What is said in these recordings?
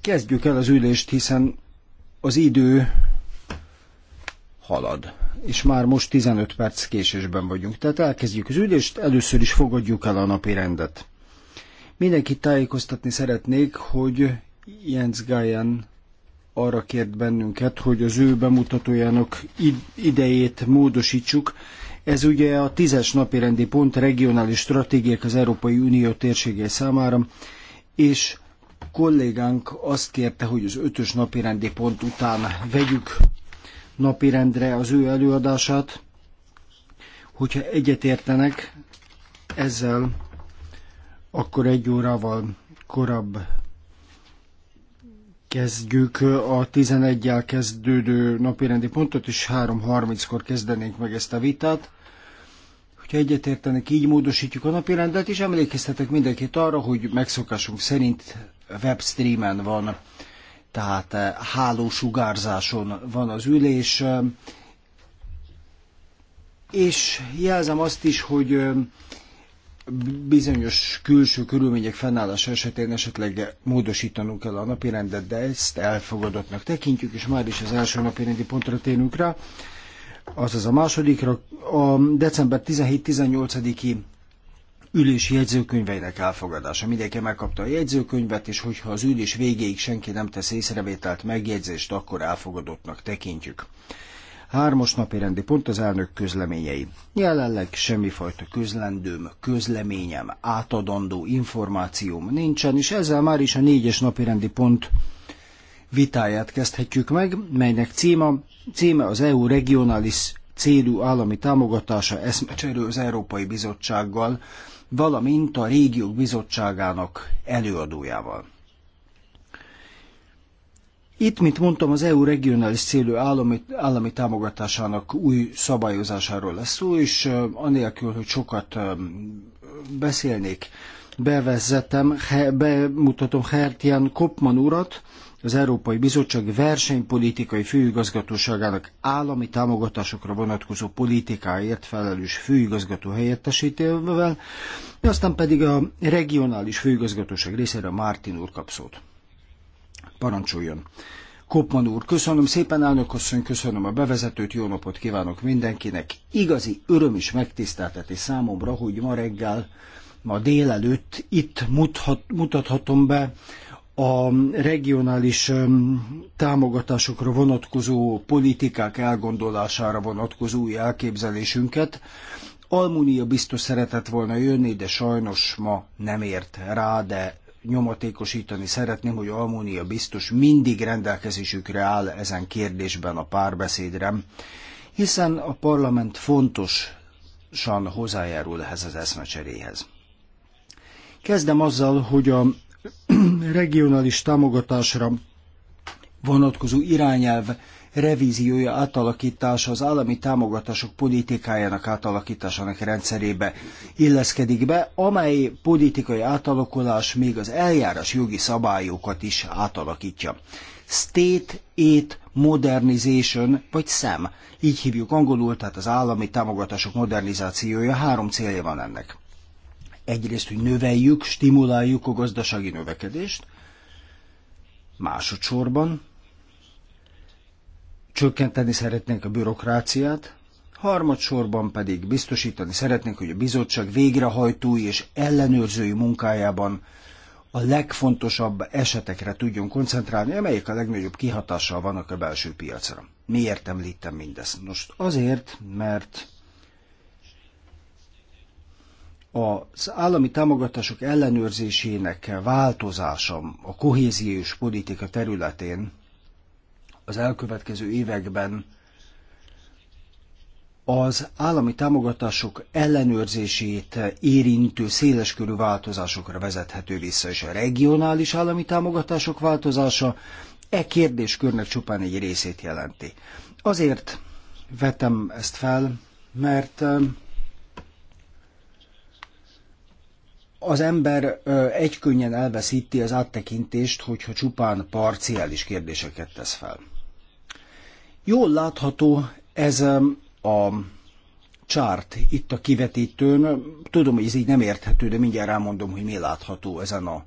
Kezdjük el az ülést, hiszen az idő halad, és már most 15 perc késésben vagyunk. Tehát elkezdjük az ülést, először is fogadjuk el a napi rendet. Mindenkit tájékoztatni szeretnék, hogy Jens Gáján arra kért bennünket, hogy az ő bemutatójának idejét módosítsuk, ez ugye a tízes napi rendi pont regionális stratégiák az Európai Unió térsége számára, és kollégánk azt kérte, hogy az ötös napi rendi pont után vegyük napirendre az ő előadását, hogyha egyetértenek ezzel, akkor egy órával korabb kezdjük a 11 kezdődő napirendi pontot, és 3.30-kor kezdenénk meg ezt a vitát. Hogyha egyetértenek, így módosítjuk a napirendet, és emlékeztetek mindenkit arra, hogy megszokásunk szerint webstreamen van, tehát eh, hálósugárzáson van az ülés, eh, és jelzem azt is, hogy eh, bizonyos külső körülmények fennállása esetén esetleg módosítanunk kell a napirendet, de ezt elfogadottnak tekintjük, és már is az első napirendi pontra térünk rá azaz a másodikra, a december 17-18-i ülési jegyzőkönyveinek elfogadása. Mindenki megkapta a jegyzőkönyvet, és hogyha az ülés végéig senki nem tesz észrevételt, megjegyzést, akkor elfogadottnak tekintjük. Hármas napi rendi pont az elnök közleményei. Jelenleg semmifajta közlendőm, közleményem, átadandó információm nincsen, és ezzel már is a négyes napi rendi pont vitáját kezdhetjük meg, melynek címa, címe az EU regionális célú állami támogatása eszmecserő az Európai Bizottsággal, valamint a Régiók Bizottságának előadójával. Itt, mint mondtam, az EU regionális célú állami, állami támogatásának új szabályozásáról lesz szó, és anélkül, hogy sokat beszélnék, bevezetem, he, bemutatom Hertian Kopman urat, az Európai Bizottság versenypolitikai főigazgatóságának állami támogatásokra vonatkozó politikáért felelős főigazgató helyettesétével, aztán pedig a regionális főigazgatóság részére Mártin úr kap szót. Parancsoljon! Kopman úr, köszönöm szépen, elnök asszony, köszönöm a bevezetőt, jó napot kívánok mindenkinek. Igazi öröm is megtiszteltetés számomra, hogy ma reggel, ma délelőtt itt mutathatom be a regionális támogatásokra vonatkozó politikák elgondolására vonatkozó új elképzelésünket. Almunia biztos szeretett volna jönni, de sajnos ma nem ért rá, de nyomatékosítani szeretném, hogy Almunia biztos mindig rendelkezésükre áll ezen kérdésben a párbeszédre, hiszen a parlament fontosan hozzájárul ehhez az eszmecseréhez. Kezdem azzal, hogy a regionális támogatásra vonatkozó irányelv revíziója átalakítása az állami támogatások politikájának átalakításának rendszerébe illeszkedik be, amely politikai átalakulás még az eljárás jogi szabályokat is átalakítja. State Aid Modernization, vagy SEM, így hívjuk angolul, tehát az állami támogatások modernizációja, három célja van ennek egyrészt, hogy növeljük, stimuláljuk a gazdasági növekedést, másodszorban csökkenteni szeretnénk a bürokráciát, harmadsorban pedig biztosítani szeretnénk, hogy a bizottság végrehajtói és ellenőrzői munkájában a legfontosabb esetekre tudjon koncentrálni, amelyek a legnagyobb kihatással vannak a belső piacra. Miért említem mindezt? Most azért, mert az állami támogatások ellenőrzésének változása a kohéziós politika területén az elkövetkező években az állami támogatások ellenőrzését érintő széleskörű változásokra vezethető vissza, és a regionális állami támogatások változása e kérdéskörnek csupán egy részét jelenti. Azért vetem ezt fel, mert az ember egykönnyen elveszíti az áttekintést, hogyha csupán parciális kérdéseket tesz fel. Jól látható ez a csárt itt a kivetítőn. Tudom, hogy ez így nem érthető, de mindjárt rámondom, hogy mi látható ezen a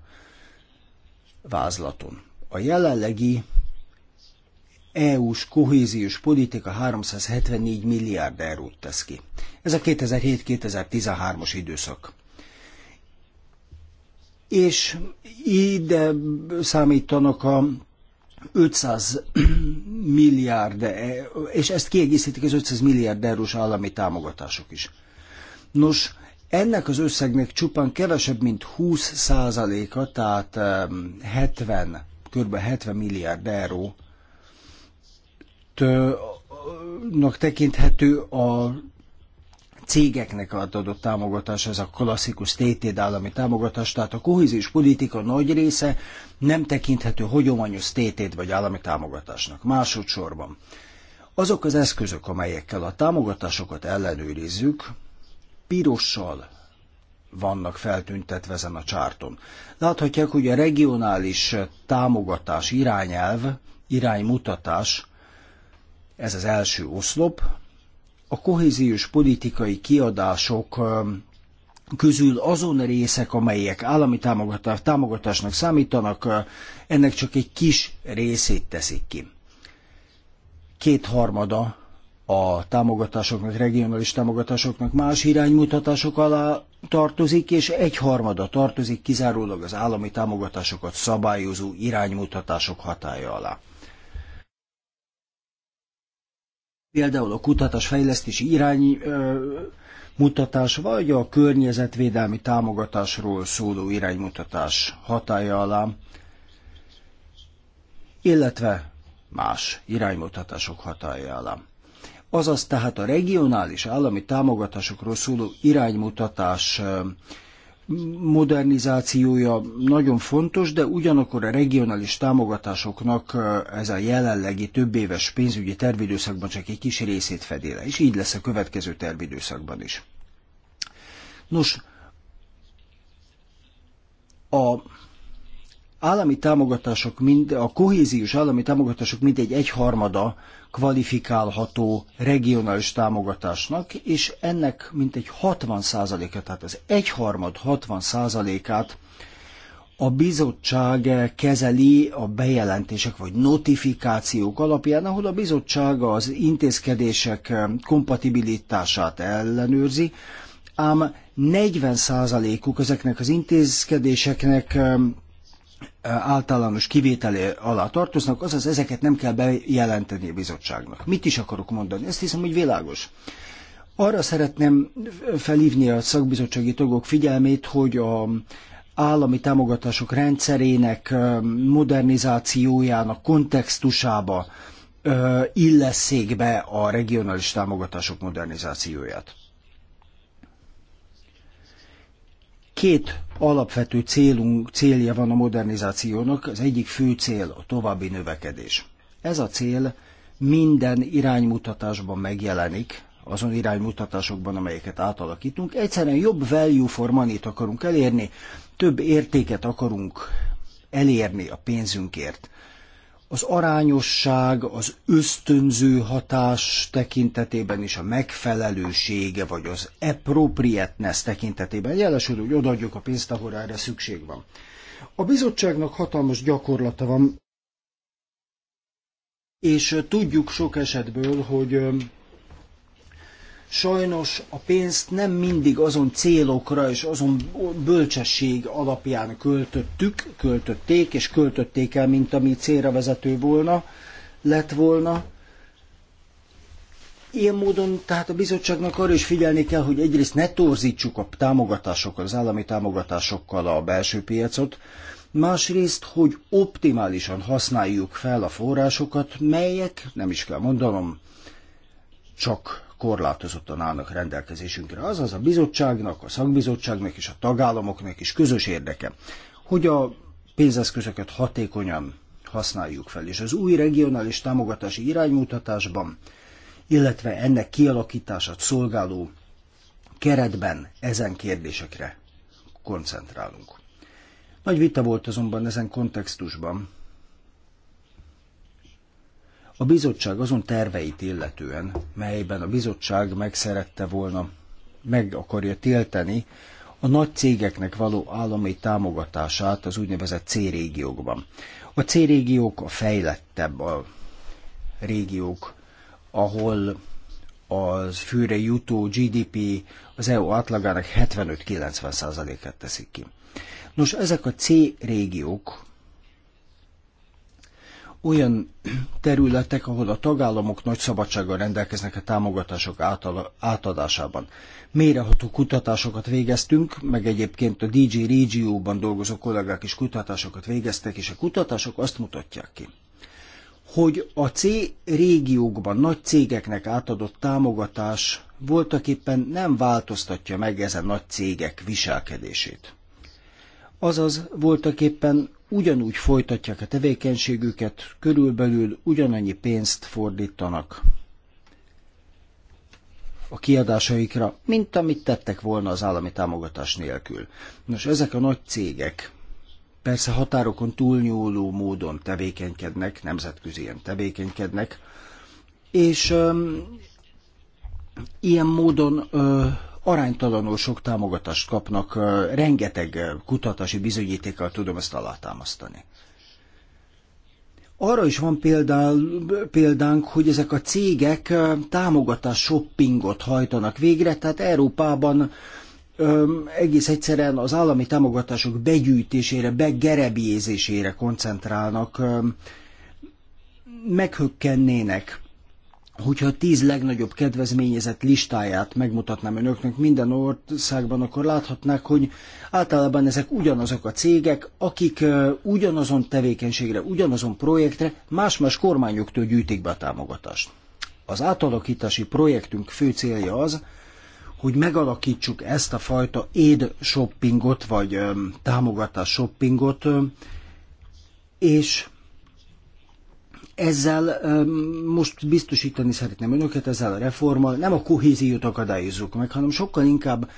vázlaton. A jelenlegi EU-s kohéziós politika 374 milliárd eurót tesz ki. Ez a 2007 2013 os időszak és ide számítanak a 500 milliárd, e, és ezt kiegészítik az 500 milliárd eurós állami támogatások is. Nos, ennek az összegnek csupán kevesebb, mint 20%-a, tehát 70, kb. 70 milliárd euró tekinthető a cégeknek adott támogatás, ez a klasszikus tétéd állami támogatás, tehát a kohéziós politika nagy része nem tekinthető hagyományos tétét vagy állami támogatásnak. Másodszorban azok az eszközök, amelyekkel a támogatásokat ellenőrizzük, pirossal vannak feltüntetve ezen a csárton. Láthatják, hogy a regionális támogatás irányelv, iránymutatás, ez az első oszlop, a kohéziós politikai kiadások um, közül azon részek, amelyek állami támogatásnak számítanak, uh, ennek csak egy kis részét teszik ki. Kétharmada a támogatásoknak, regionális támogatásoknak más iránymutatások alá tartozik, és egyharmada tartozik kizárólag az állami támogatásokat szabályozó iránymutatások hatája alá. például a kutatásfejlesztési irány mutatás vagy a környezetvédelmi támogatásról szóló iránymutatás hatája alá, illetve más iránymutatások hatája alá. Azaz tehát a regionális állami támogatásokról szóló iránymutatás modernizációja nagyon fontos, de ugyanakkor a regionális támogatásoknak ez a jelenlegi több éves pénzügyi tervidőszakban csak egy kis részét fedi le, és így lesz a következő tervidőszakban is. Nos, a állami támogatások mind, a kohéziós állami támogatások mindegy egyharmada kvalifikálható regionális támogatásnak, és ennek mintegy 60 át tehát az egyharmad 60%-át a bizottság kezeli a bejelentések vagy notifikációk alapján, ahol a bizottság az intézkedések kompatibilitását ellenőrzi, ám 40%-uk ezeknek az intézkedéseknek általános kivételé alá tartoznak, azaz ezeket nem kell bejelenteni a bizottságnak. Mit is akarok mondani? Ezt hiszem, hogy világos. Arra szeretném felhívni a szakbizottsági tagok figyelmét, hogy a állami támogatások rendszerének modernizációjának kontextusába illesszék be a regionális támogatások modernizációját. Két alapvető célunk, célja van a modernizációnak, az egyik fő cél a további növekedés. Ez a cél minden iránymutatásban megjelenik, azon iránymutatásokban, amelyeket átalakítunk. Egyszerűen jobb value for money-t akarunk elérni, több értéket akarunk elérni a pénzünkért az arányosság, az ösztönző hatás tekintetében is a megfelelősége, vagy az appropriateness tekintetében jelesül, hogy odaadjuk a pénzt, ahol erre szükség van. A bizottságnak hatalmas gyakorlata van, és tudjuk sok esetből, hogy Sajnos a pénzt nem mindig azon célokra és azon bölcsesség alapján költöttük, költötték és költötték el, mint ami célra vezető volna, lett volna. Ilyen módon tehát a bizottságnak arra is figyelni kell, hogy egyrészt ne torzítsuk a támogatásokkal, az állami támogatásokkal a belső piacot, másrészt, hogy optimálisan használjuk fel a forrásokat, melyek, nem is kell mondanom, csak korlátozottan állnak rendelkezésünkre. Azaz a bizottságnak, a szakbizottságnak és a tagállamoknak is közös érdeke, hogy a pénzeszközöket hatékonyan használjuk fel, és az új regionális támogatási iránymutatásban, illetve ennek kialakítását szolgáló keretben ezen kérdésekre koncentrálunk. Nagy vita volt azonban ezen kontextusban, a bizottság azon terveit illetően, melyben a bizottság meg szerette volna, meg akarja tilteni a nagy cégeknek való állami támogatását az úgynevezett C-régiókban. A C-régiók a fejlettebb a régiók, ahol az fűre jutó GDP az EU átlagának 75-90%-át teszik ki. Nos, ezek a C régiók olyan területek, ahol a tagállamok nagy szabadsággal rendelkeznek a támogatások átadásában. Méreható kutatásokat végeztünk, meg egyébként a DJ Régióban dolgozó kollégák is kutatásokat végeztek, és a kutatások azt mutatják ki, hogy a C régiókban nagy cégeknek átadott támogatás voltak éppen nem változtatja meg ezen nagy cégek viselkedését. Azaz voltak éppen ugyanúgy folytatják a tevékenységüket, körülbelül ugyanannyi pénzt fordítanak a kiadásaikra, mint amit tettek volna az állami támogatás nélkül. Nos, ezek a nagy cégek persze határokon túlnyúló módon tevékenykednek, nemzetközien tevékenykednek, és um, ilyen módon uh, aránytalanul sok támogatást kapnak, rengeteg kutatási bizonyítékkal tudom ezt alátámasztani. Arra is van példál, példánk, hogy ezek a cégek támogatás shoppingot hajtanak végre, tehát Európában öm, egész egyszerűen az állami támogatások begyűjtésére, begerebjézésére koncentrálnak, öm, meghökkennének hogyha a tíz legnagyobb kedvezményezett listáját megmutatnám önöknek minden országban, akkor láthatnák, hogy általában ezek ugyanazok a cégek, akik ugyanazon tevékenységre, ugyanazon projektre más-más kormányoktól gyűjtik be a támogatást. Az átalakítási projektünk fő célja az, hogy megalakítsuk ezt a fajta aid shoppingot, vagy támogatás shoppingot, és ezzel most biztosítani szeretném önöket, ezzel a reformmal nem a kohéziót akadályozzuk meg, hanem sokkal inkább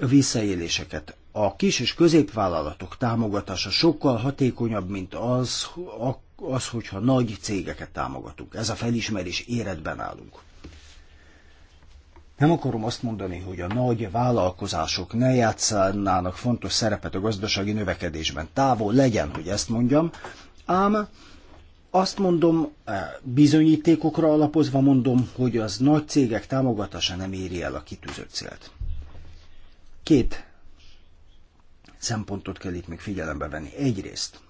a visszaéléseket. A kis és középvállalatok támogatása sokkal hatékonyabb, mint az, az, hogyha nagy cégeket támogatunk. Ez a felismerés éretben állunk. Nem akarom azt mondani, hogy a nagy vállalkozások ne játszanának fontos szerepet a gazdasági növekedésben. Távol legyen, hogy ezt mondjam, ám azt mondom, eh, bizonyítékokra alapozva mondom, hogy az nagy cégek támogatása nem éri el a kitűzött célt. Két szempontot kell itt még figyelembe venni. Egyrészt,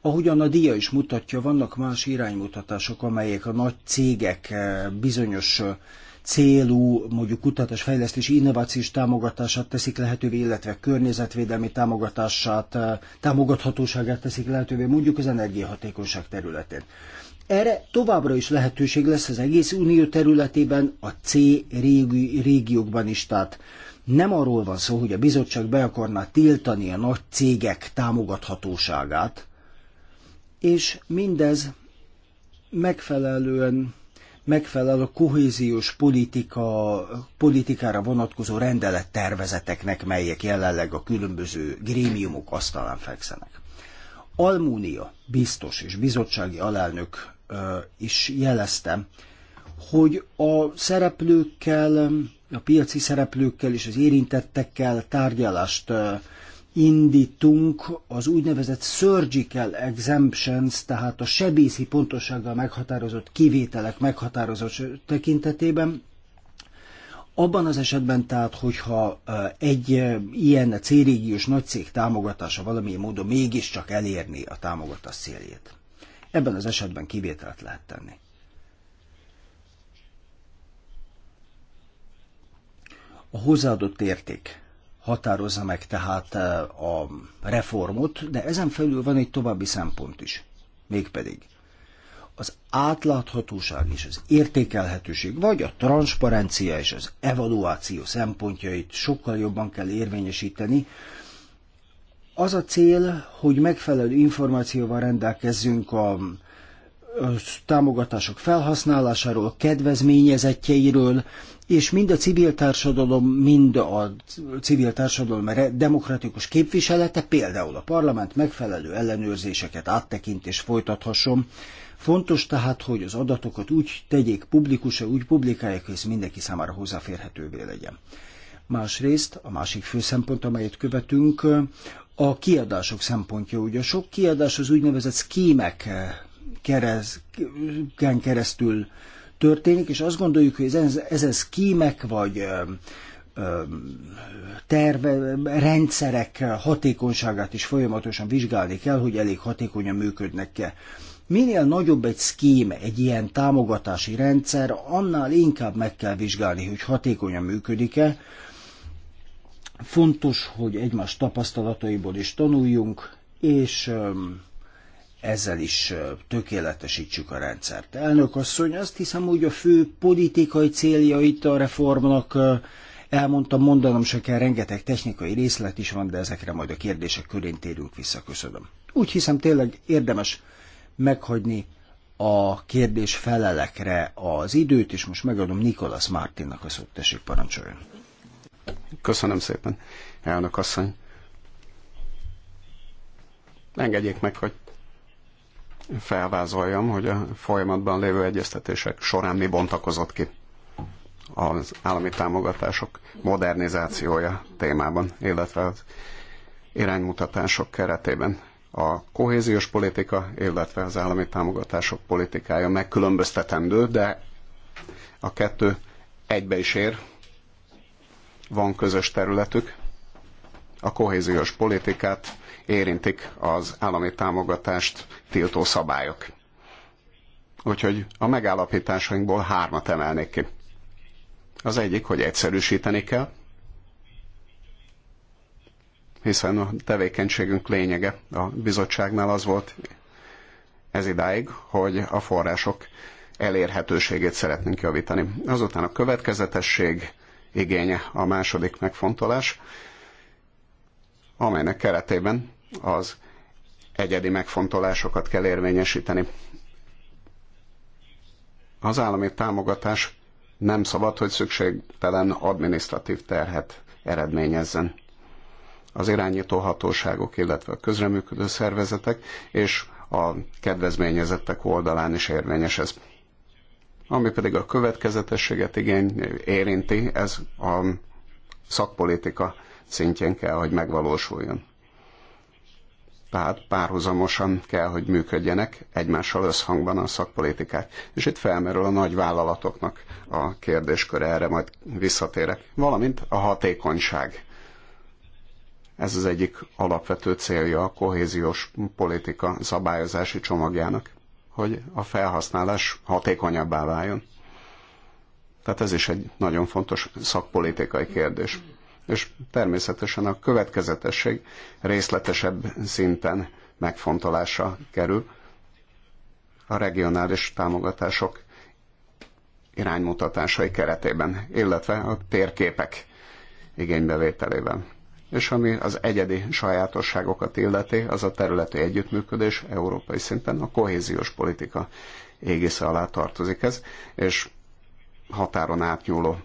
ahogyan a díja is mutatja, vannak más iránymutatások, amelyek a nagy cégek eh, bizonyos eh, célú, mondjuk kutatás-fejlesztési innovációs támogatását teszik lehetővé, illetve környezetvédelmi támogatását, eh, támogathatóságát teszik lehetővé, mondjuk az energiahatékonyság területén. Erre továbbra is lehetőség lesz az egész unió területében, a C régi, régiókban is, tehát nem arról van szó, hogy a bizottság be akarná tiltani a nagy cégek támogathatóságát, és mindez megfelelően megfelel a kohéziós politika, politikára vonatkozó rendelettervezeteknek, melyek jelenleg a különböző grémiumok asztalán fekszenek. Almúnia biztos és bizottsági alelnök is jelezte, hogy a szereplőkkel, a piaci szereplőkkel és az érintettekkel tárgyalást indítunk az úgynevezett surgical exemptions, tehát a sebészi pontosággal meghatározott kivételek meghatározott tekintetében, abban az esetben tehát, hogyha egy ilyen cérégiós nagycég támogatása valamilyen módon mégiscsak elérni a támogatás széljét. Ebben az esetben kivételt lehet tenni. A hozzáadott érték határozza meg tehát e, a reformot, de ezen felül van egy további szempont is. Mégpedig az átláthatóság és az értékelhetőség, vagy a transparencia és az evaluáció szempontjait sokkal jobban kell érvényesíteni. Az a cél, hogy megfelelő információval rendelkezzünk a, támogatások felhasználásáról, kedvezményezetjeiről, és mind a civil társadalom, mind a civil társadalom demokratikus képviselete, például a parlament megfelelő ellenőrzéseket áttekint és folytathasson. Fontos tehát, hogy az adatokat úgy tegyék publikusra, úgy publikálják, hogy ez mindenki számára hozzáférhetővé legyen. Másrészt, a másik fő szempont, amelyet követünk, a kiadások szempontja. Ugye sok kiadás az úgynevezett szkémeken eh, keresztül történik, és azt gondoljuk, hogy ez, ez kímek, vagy terve, rendszerek hatékonyságát is folyamatosan vizsgálni kell, hogy elég hatékonyan működnek-e. Minél nagyobb egy szkém, egy ilyen támogatási rendszer, annál inkább meg kell vizsgálni, hogy hatékonyan működik-e. Fontos, hogy egymás tapasztalataiból is tanuljunk, és ezzel is tökéletesítsük a rendszert. Elnök asszony, azt hiszem, hogy a fő politikai itt a reformnak elmondtam, mondanom se kell, rengeteg technikai részlet is van, de ezekre majd a kérdések körén térünk vissza, köszönöm. Úgy hiszem tényleg érdemes meghagyni a kérdés felelekre az időt, és most megadom Nikolas Mártinnak a szót, tessék parancsoljon. Köszönöm szépen, elnök asszony. Engedjék meg, hogy felvázoljam, hogy a folyamatban lévő egyeztetések során mi bontakozott ki az állami támogatások modernizációja témában, illetve az iránymutatások keretében a kohéziós politika, illetve az állami támogatások politikája megkülönböztetendő, de a kettő egybe is ér, van közös területük. A kohéziós politikát érintik az állami támogatást tiltó szabályok. Úgyhogy a megállapításainkból hármat emelnék ki. Az egyik, hogy egyszerűsíteni kell, hiszen a tevékenységünk lényege a bizottságnál az volt ez idáig, hogy a források elérhetőségét szeretnénk javítani. Azután a következetesség igénye a második megfontolás amelynek keretében az egyedi megfontolásokat kell érvényesíteni. Az állami támogatás nem szabad, hogy szükségtelen adminisztratív terhet eredményezzen. Az irányító hatóságok, illetve a közreműködő szervezetek és a kedvezményezettek oldalán is érvényes ez. Ami pedig a következetességet igény érinti, ez a szakpolitika szintjén kell, hogy megvalósuljon. Tehát párhuzamosan kell, hogy működjenek egymással összhangban a szakpolitikák. És itt felmerül a nagy vállalatoknak a kérdésköre, erre majd visszatérek. Valamint a hatékonyság. Ez az egyik alapvető célja a kohéziós politika szabályozási csomagjának, hogy a felhasználás hatékonyabbá váljon. Tehát ez is egy nagyon fontos szakpolitikai kérdés és természetesen a következetesség részletesebb szinten megfontolása kerül a regionális támogatások iránymutatásai keretében, illetve a térképek igénybevételében. És ami az egyedi sajátosságokat illeti, az a területi együttműködés európai szinten a kohéziós politika égisze alá tartozik ez, és határon átnyúló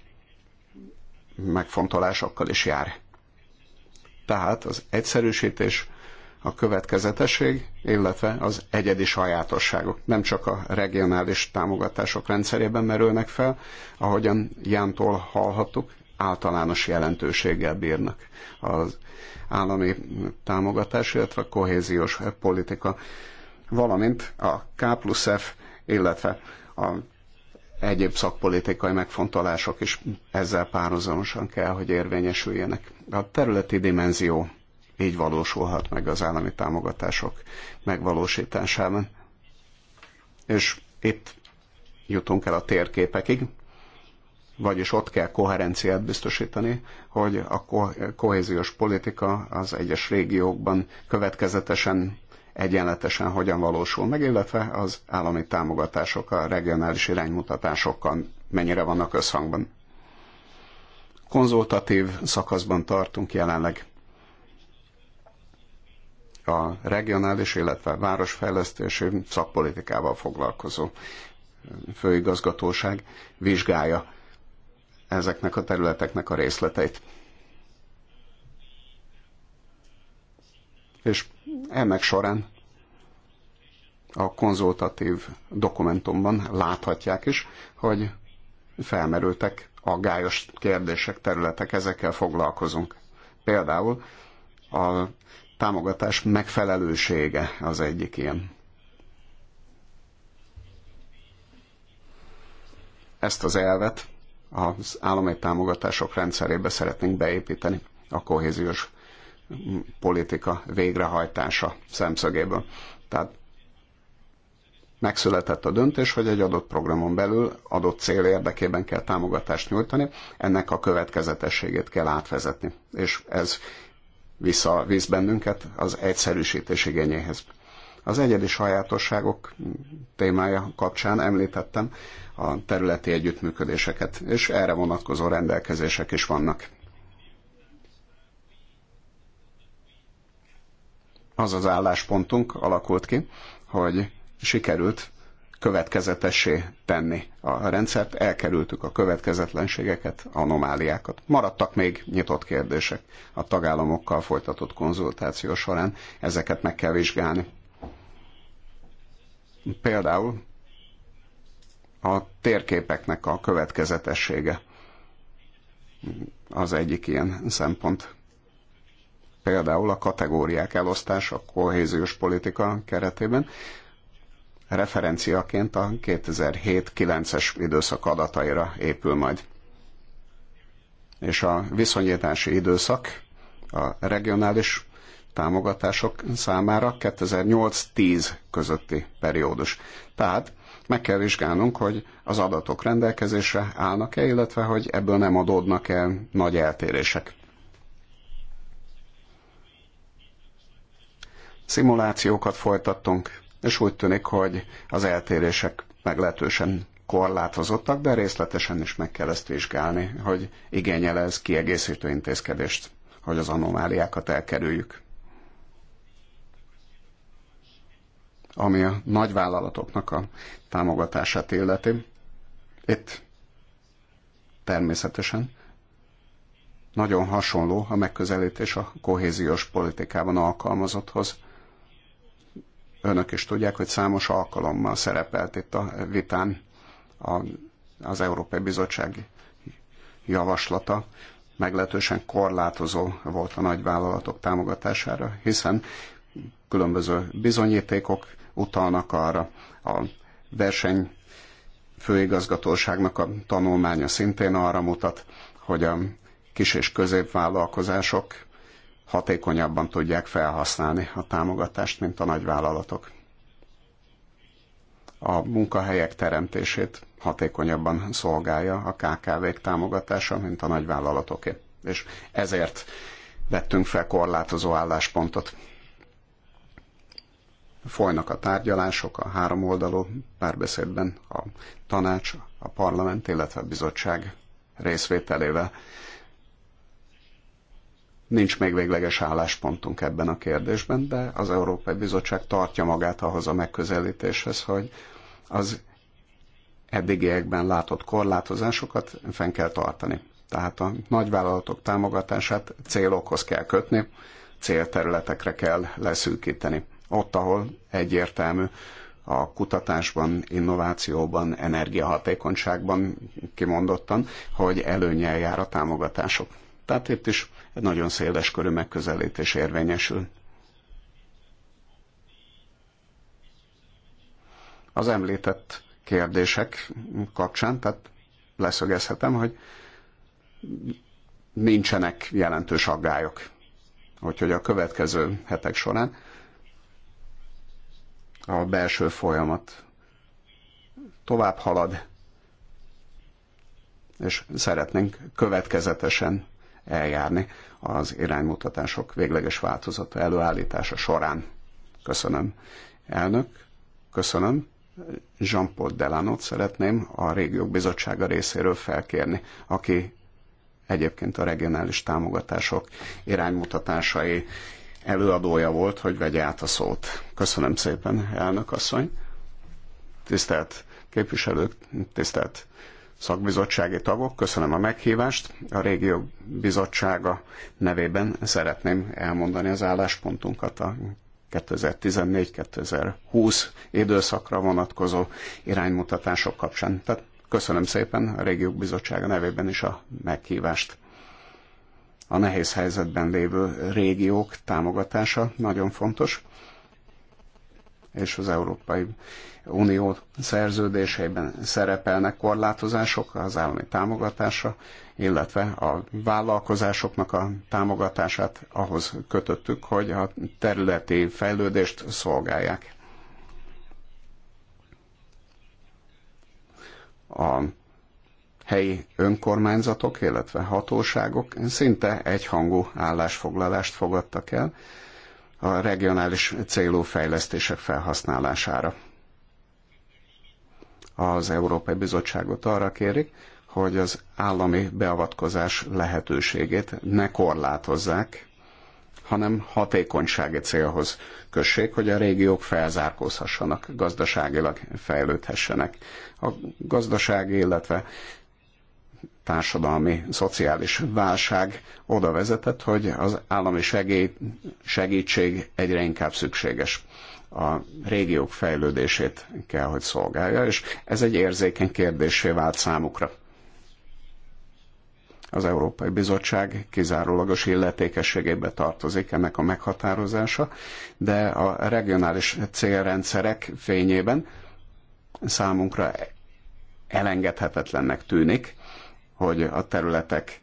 megfontolásokkal is jár. Tehát az egyszerűsítés, a következetesség, illetve az egyedi sajátosságok. Nem csak a regionális támogatások rendszerében merülnek fel, ahogyan Jántól hallhattuk, általános jelentőséggel bírnak az állami támogatás, illetve a kohéziós politika, valamint a K plusz F, illetve a egyéb szakpolitikai megfontolások is ezzel párhuzamosan kell, hogy érvényesüljenek. A területi dimenzió így valósulhat meg az állami támogatások megvalósításában. És itt jutunk el a térképekig, vagyis ott kell koherenciát biztosítani, hogy a kohéziós politika az egyes régiókban következetesen egyenletesen hogyan valósul meg, illetve az állami támogatások a regionális iránymutatásokkal mennyire vannak összhangban. Konzultatív szakaszban tartunk jelenleg. A regionális, illetve városfejlesztési szakpolitikával foglalkozó főigazgatóság vizsgálja ezeknek a területeknek a részleteit. És ennek során a konzultatív dokumentumban láthatják is, hogy felmerültek a gályos kérdések, területek, ezekkel foglalkozunk. Például a támogatás megfelelősége az egyik ilyen. Ezt az elvet az állami támogatások rendszerébe szeretnénk beépíteni a kohéziós politika végrehajtása szemszögéből. Tehát megszületett a döntés, hogy egy adott programon belül adott cél érdekében kell támogatást nyújtani, ennek a következetességét kell átvezetni. És ez visz bennünket az egyszerűsítés igényéhez. Az egyedi sajátosságok témája kapcsán említettem a területi együttműködéseket, és erre vonatkozó rendelkezések is vannak. az az álláspontunk alakult ki, hogy sikerült következetessé tenni a rendszert, elkerültük a következetlenségeket, anomáliákat. Maradtak még nyitott kérdések a tagállamokkal folytatott konzultáció során, ezeket meg kell vizsgálni. Például a térképeknek a következetessége az egyik ilyen szempont például a kategóriák elosztása a kohéziós politika keretében, referenciaként a 2007-9-es időszak adataira épül majd. És a viszonyítási időszak a regionális támogatások számára 2008-10 közötti periódus. Tehát meg kell vizsgálnunk, hogy az adatok rendelkezésre állnak-e, illetve hogy ebből nem adódnak-e nagy eltérések. szimulációkat folytattunk, és úgy tűnik, hogy az eltérések meglehetősen korlátozottak, de részletesen is meg kell ezt vizsgálni, hogy igényel ez kiegészítő intézkedést, hogy az anomáliákat elkerüljük. Ami a nagyvállalatoknak a támogatását illeti, itt természetesen nagyon hasonló a megközelítés a kohéziós politikában alkalmazotthoz. Önök is tudják, hogy számos alkalommal szerepelt itt a vitán a, az Európai Bizottság javaslata, meglehetősen korlátozó volt a nagyvállalatok támogatására, hiszen különböző bizonyítékok utalnak arra. A verseny főigazgatóságnak a tanulmánya szintén arra mutat, hogy a kis és középvállalkozások hatékonyabban tudják felhasználni a támogatást, mint a nagyvállalatok. A munkahelyek teremtését hatékonyabban szolgálja a KKV-k támogatása, mint a nagyvállalatoké. És ezért vettünk fel korlátozó álláspontot. Folynak a tárgyalások a oldalú párbeszédben a tanács, a parlament, illetve a bizottság részvételével Nincs még végleges álláspontunk ebben a kérdésben, de az Európai Bizottság tartja magát ahhoz a megközelítéshez, hogy az eddigiekben látott korlátozásokat fenn kell tartani. Tehát a nagyvállalatok támogatását célokhoz kell kötni, célterületekre kell leszűkíteni. Ott, ahol egyértelmű a kutatásban, innovációban, energiahatékonyságban kimondottan, hogy előnyel jár a támogatások tehát itt is egy nagyon széles körű megközelítés érvényesül. Az említett kérdések kapcsán, tehát leszögezhetem, hogy nincsenek jelentős aggályok. Úgyhogy a következő hetek során a belső folyamat tovább halad, és szeretnénk következetesen eljárni az iránymutatások végleges változata előállítása során. Köszönöm. Elnök, köszönöm. Jean-Paul Delanot szeretném a Régiók Bizottsága részéről felkérni, aki egyébként a regionális támogatások iránymutatásai előadója volt, hogy vegye át a szót. Köszönöm szépen, elnök asszony. Tisztelt képviselők, tisztelt szakbizottsági tagok, köszönöm a meghívást. A régió bizottsága nevében szeretném elmondani az álláspontunkat a 2014-2020 időszakra vonatkozó iránymutatások kapcsán. Tehát köszönöm szépen a régiók bizottsága nevében is a meghívást. A nehéz helyzetben lévő régiók támogatása nagyon fontos, és az európai Unió szerződéseiben szerepelnek korlátozások az állami támogatásra, illetve a vállalkozásoknak a támogatását ahhoz kötöttük, hogy a területi fejlődést szolgálják. A helyi önkormányzatok, illetve hatóságok szinte egyhangú állásfoglalást fogadtak el a regionális célú fejlesztések felhasználására az Európai Bizottságot arra kérik, hogy az állami beavatkozás lehetőségét ne korlátozzák, hanem hatékonysági célhoz kössék, hogy a régiók felzárkózhassanak, gazdaságilag fejlődhessenek. A gazdasági, illetve társadalmi, szociális válság oda vezetett, hogy az állami segély, segítség egyre inkább szükséges a régiók fejlődését kell, hogy szolgálja, és ez egy érzékeny kérdésé vált számukra. Az Európai Bizottság kizárólagos illetékességébe tartozik ennek a meghatározása, de a regionális célrendszerek fényében számunkra elengedhetetlennek tűnik, hogy a területek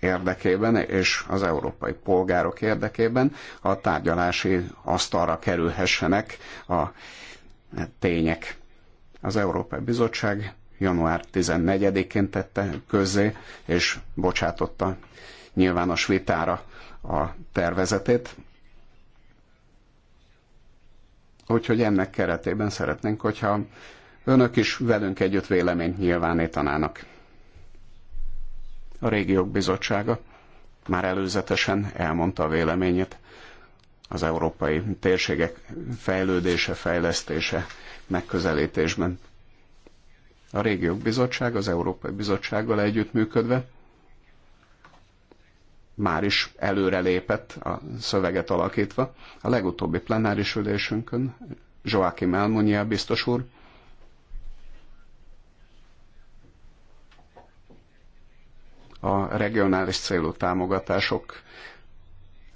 érdekében és az európai polgárok érdekében a tárgyalási asztalra kerülhessenek a tények. Az Európai Bizottság január 14-én tette közzé, és bocsátotta nyilvános vitára a tervezetét. Úgyhogy ennek keretében szeretnénk, hogyha önök is velünk együtt véleményt nyilvánítanának. A régiók bizottsága már előzetesen elmondta a véleményét az európai térségek fejlődése, fejlesztése megközelítésben. A régiók bizottság az Európai Bizottsággal együttműködve már is előrelépett a szöveget alakítva. A legutóbbi plenáris ülésünkön Joachim Elmonyi biztos úr a regionális célú támogatások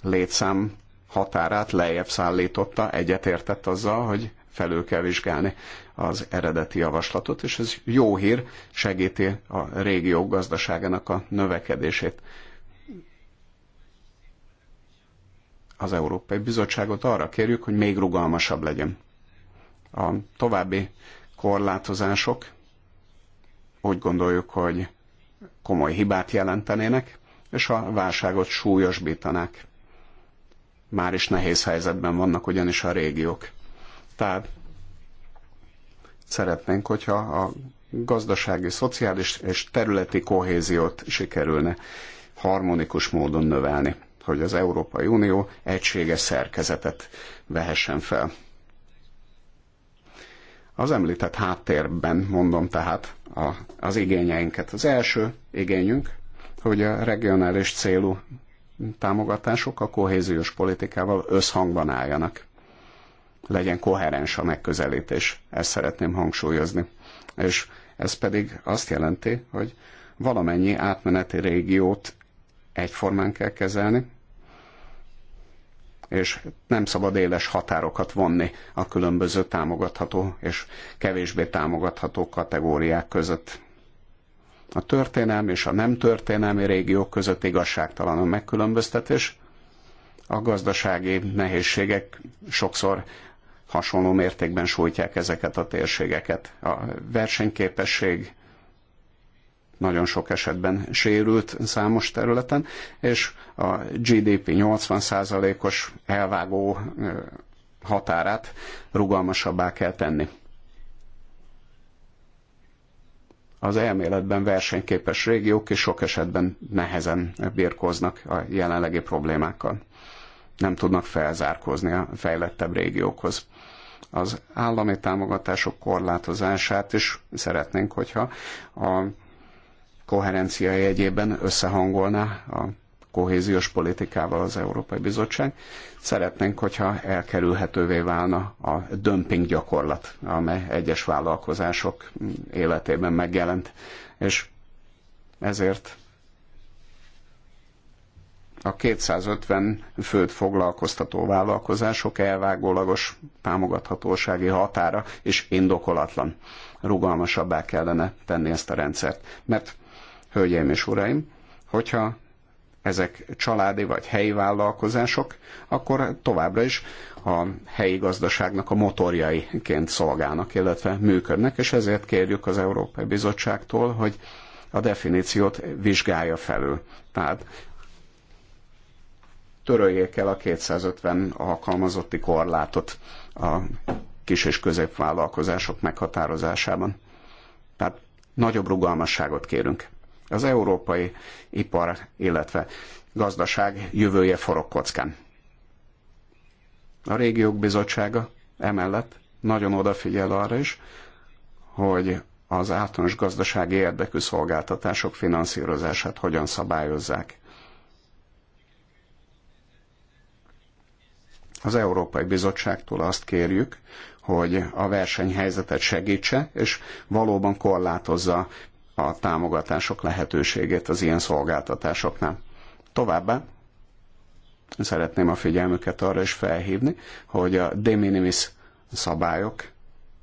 létszám határát lejjebb szállította, egyetértett azzal, hogy felül kell vizsgálni az eredeti javaslatot, és ez jó hír, segíti a régió gazdaságának a növekedését. Az Európai Bizottságot arra kérjük, hogy még rugalmasabb legyen. A további korlátozások úgy gondoljuk, hogy komoly hibát jelentenének, és a válságot súlyosbítanák. Már is nehéz helyzetben vannak ugyanis a régiók. Tehát szeretnénk, hogyha a gazdasági, szociális és területi kohéziót sikerülne harmonikus módon növelni, hogy az Európai Unió egységes szerkezetet vehessen fel. Az említett háttérben mondom tehát a, az igényeinket. Az első igényünk, hogy a regionális célú támogatások a kohéziós politikával összhangban álljanak. Legyen koherens a megközelítés, ezt szeretném hangsúlyozni. És ez pedig azt jelenti, hogy valamennyi átmeneti régiót egyformán kell kezelni, és nem szabad éles határokat vonni a különböző támogatható és kevésbé támogatható kategóriák között. A történelmi és a nem történelmi régiók között igazságtalan a megkülönböztetés, a gazdasági nehézségek sokszor hasonló mértékben sújtják ezeket a térségeket. A versenyképesség nagyon sok esetben sérült számos területen, és a GDP 80%-os elvágó határát rugalmasabbá kell tenni. Az elméletben versenyképes régiók és sok esetben nehezen birkoznak a jelenlegi problémákkal. Nem tudnak felzárkózni a fejlettebb régiókhoz az állami támogatások korlátozását is szeretnénk, hogyha a koherencia jegyében összehangolná a kohéziós politikával az Európai Bizottság. Szeretnénk, hogyha elkerülhetővé válna a dömping gyakorlat, amely egyes vállalkozások életében megjelent, és ezért a 250 főt foglalkoztató vállalkozások elvágólagos támogathatósági határa és indokolatlan. Rugalmasabbá kellene tenni ezt a rendszert, mert hölgyeim és uraim, hogyha ezek családi vagy helyi vállalkozások, akkor továbbra is a helyi gazdaságnak a motorjaiként szolgálnak, illetve működnek, és ezért kérjük az Európai Bizottságtól, hogy a definíciót vizsgálja felül. Tehát töröljék el a 250 alkalmazotti korlátot a kis és középvállalkozások meghatározásában. Tehát nagyobb rugalmasságot kérünk. Az európai ipar, illetve gazdaság jövője forog kockán. A régiók bizottsága emellett nagyon odafigyel arra is, hogy az általános gazdasági érdekű szolgáltatások finanszírozását hogyan szabályozzák. Az Európai Bizottságtól azt kérjük, hogy a versenyhelyzetet segítse, és valóban korlátozza a támogatások lehetőségét az ilyen szolgáltatásoknál. Továbbá szeretném a figyelmüket arra is felhívni, hogy a de minimis szabályok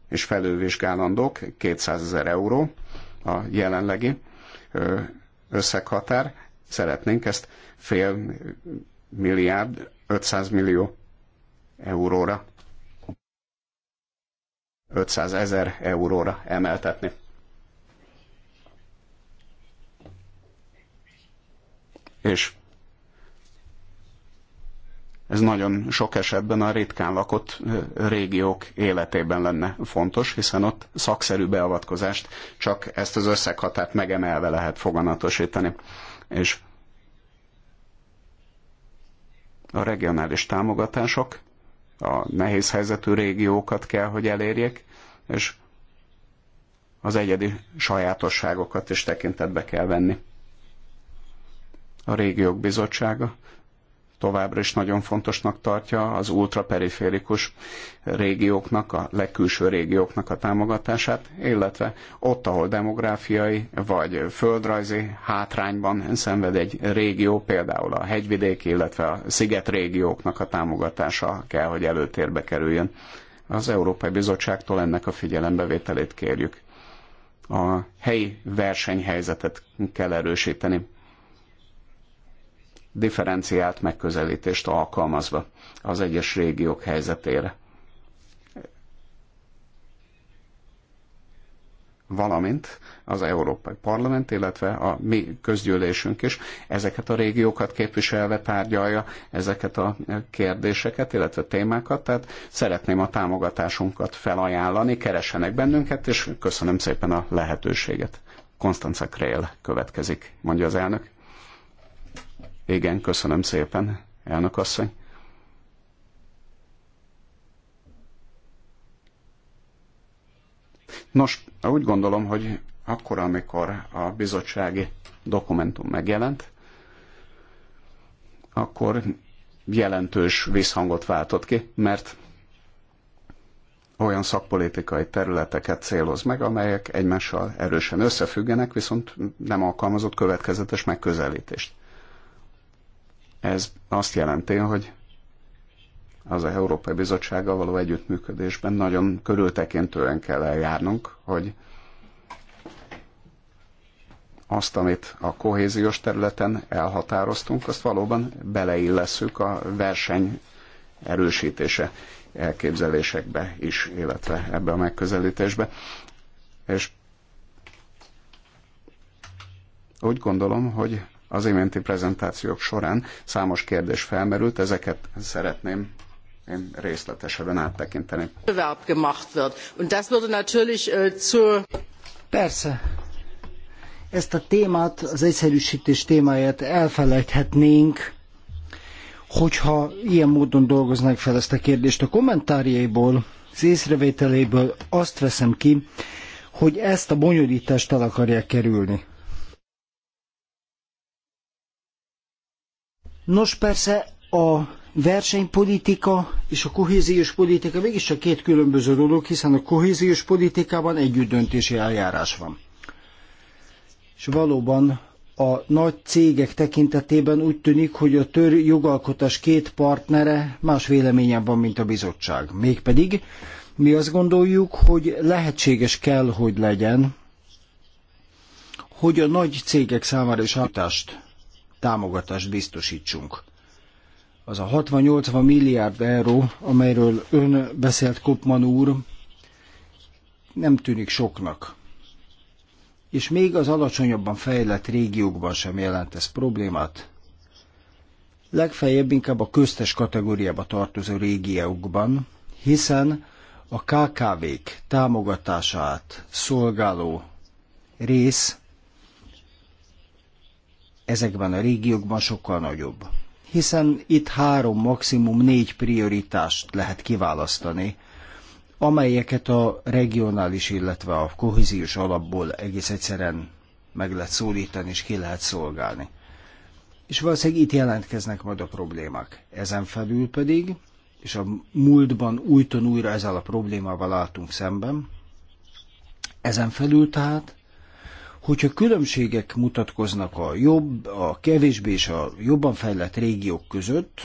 és felővizsgálandók 200 ezer euró a jelenlegi összeghatár. Szeretnénk ezt fél milliárd 500 millió euróra 500 ezer euróra emeltetni. És ez nagyon sok esetben a ritkán lakott régiók életében lenne fontos, hiszen ott szakszerű beavatkozást csak ezt az összeghatárt megemelve lehet foganatosítani. És a regionális támogatások a nehéz helyzetű régiókat kell, hogy elérjék, és az egyedi sajátosságokat is tekintetbe kell venni. A régiók bizottsága továbbra is nagyon fontosnak tartja az ultraperiférikus régióknak, a legkülső régióknak a támogatását, illetve ott, ahol demográfiai vagy földrajzi hátrányban szenved egy régió, például a hegyvidéki, illetve a sziget régióknak a támogatása kell, hogy előtérbe kerüljön. Az Európai Bizottságtól ennek a figyelembevételét kérjük. A helyi versenyhelyzetet kell erősíteni differenciált megközelítést alkalmazva az egyes régiók helyzetére. valamint az Európai Parlament, illetve a mi közgyűlésünk is ezeket a régiókat képviselve tárgyalja ezeket a kérdéseket, illetve témákat, tehát szeretném a támogatásunkat felajánlani, keresenek bennünket, és köszönöm szépen a lehetőséget. Konstanza Krél következik, mondja az elnök. Igen, köszönöm szépen, elnök asszony. Nos, úgy gondolom, hogy akkor, amikor a bizottsági dokumentum megjelent, akkor jelentős visszhangot váltott ki, mert olyan szakpolitikai területeket céloz meg, amelyek egymással erősen összefüggenek, viszont nem alkalmazott következetes megközelítést. Ez azt jelenti, hogy az Európai Bizottsággal való együttműködésben nagyon körültekintően kell eljárnunk, hogy azt, amit a kohéziós területen elhatároztunk, azt valóban beleillesszük a verseny erősítése elképzelésekbe is, illetve ebbe a megközelítésbe. És úgy gondolom, hogy az iménti prezentációk során számos kérdés felmerült, ezeket szeretném én részletesebben áttekinteni. Äh, Persze. Ezt a témát, az egyszerűsítés témáját elfelejthetnénk, hogyha ilyen módon dolgoznak fel ezt a kérdést. A kommentárjaiból, az észrevételéből azt veszem ki, hogy ezt a bonyolítást el akarják kerülni. Nos, persze a versenypolitika és a kohéziós politika mégiscsak két különböző dolog, hiszen a kohéziós politikában együttdöntési eljárás van. És valóban a nagy cégek tekintetében úgy tűnik, hogy a tör jogalkotás két partnere más véleményen van, mint a bizottság. Mégpedig mi azt gondoljuk, hogy lehetséges kell, hogy legyen, hogy a nagy cégek számára is hatást támogatást biztosítsunk. Az a 60-80 milliárd euró, amelyről ön beszélt Kopman úr, nem tűnik soknak. És még az alacsonyabban fejlett régiókban sem jelent ez problémát. Legfeljebb inkább a köztes kategóriába tartozó régiókban, hiszen a KKV-k támogatását szolgáló rész ezekben a régiókban sokkal nagyobb. Hiszen itt három, maximum négy prioritást lehet kiválasztani, amelyeket a regionális, illetve a kohéziós alapból egész egyszerűen meg lehet szólítani és ki lehet szolgálni. És valószínűleg itt jelentkeznek majd a problémák. Ezen felül pedig, és a múltban újton újra ezzel a problémával álltunk szemben, ezen felül tehát Hogyha különbségek mutatkoznak a jobb, a kevésbé és a jobban fejlett régiók között,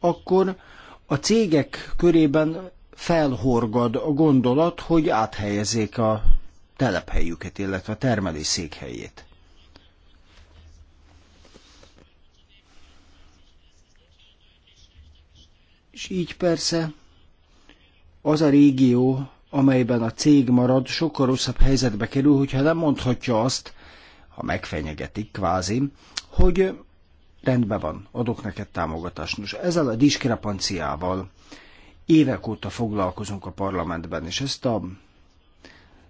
akkor a cégek körében felhorgad a gondolat, hogy áthelyezzék a telephelyüket, illetve a termelés székhelyét. És így persze az a régió, amelyben a cég marad, sokkal rosszabb helyzetbe kerül, hogyha nem mondhatja azt, ha megfenyegetik kvázi, hogy rendben van, adok neked támogatást. Nos, ezzel a diskrepanciával évek óta foglalkozunk a parlamentben, és ezt a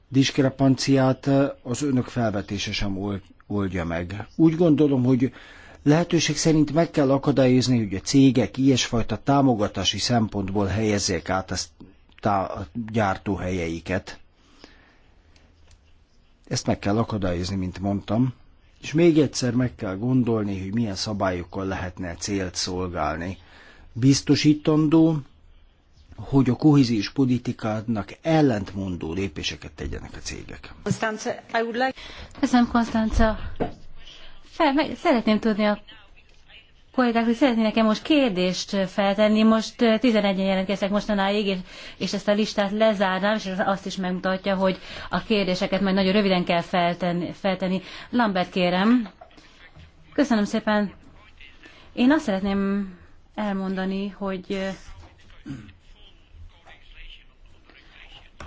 diskrepanciát az önök felvetése sem oldja meg. Úgy gondolom, hogy lehetőség szerint meg kell akadályozni, hogy a cégek ilyesfajta támogatási szempontból helyezzék át ezt tá- gyártóhelyeiket. Ezt meg kell akadályozni, mint mondtam, és még egyszer meg kell gondolni, hogy milyen szabályokkal lehetne célt szolgálni. Biztosítandó, hogy a kohéziós politikának ellentmondó lépéseket tegyenek a cégek. I would like... Köszönöm, Konstanca. Fel, meg, szeretném tudni a kollégák, hogy szeretnének-e most kérdést feltenni. Most 11-en jelentkeztek mostanáig, és, és ezt a listát lezárnám, és ez azt is megmutatja, hogy a kérdéseket majd nagyon röviden kell feltenni. feltenni. Lambert kérem. Köszönöm szépen. Én azt szeretném elmondani, hogy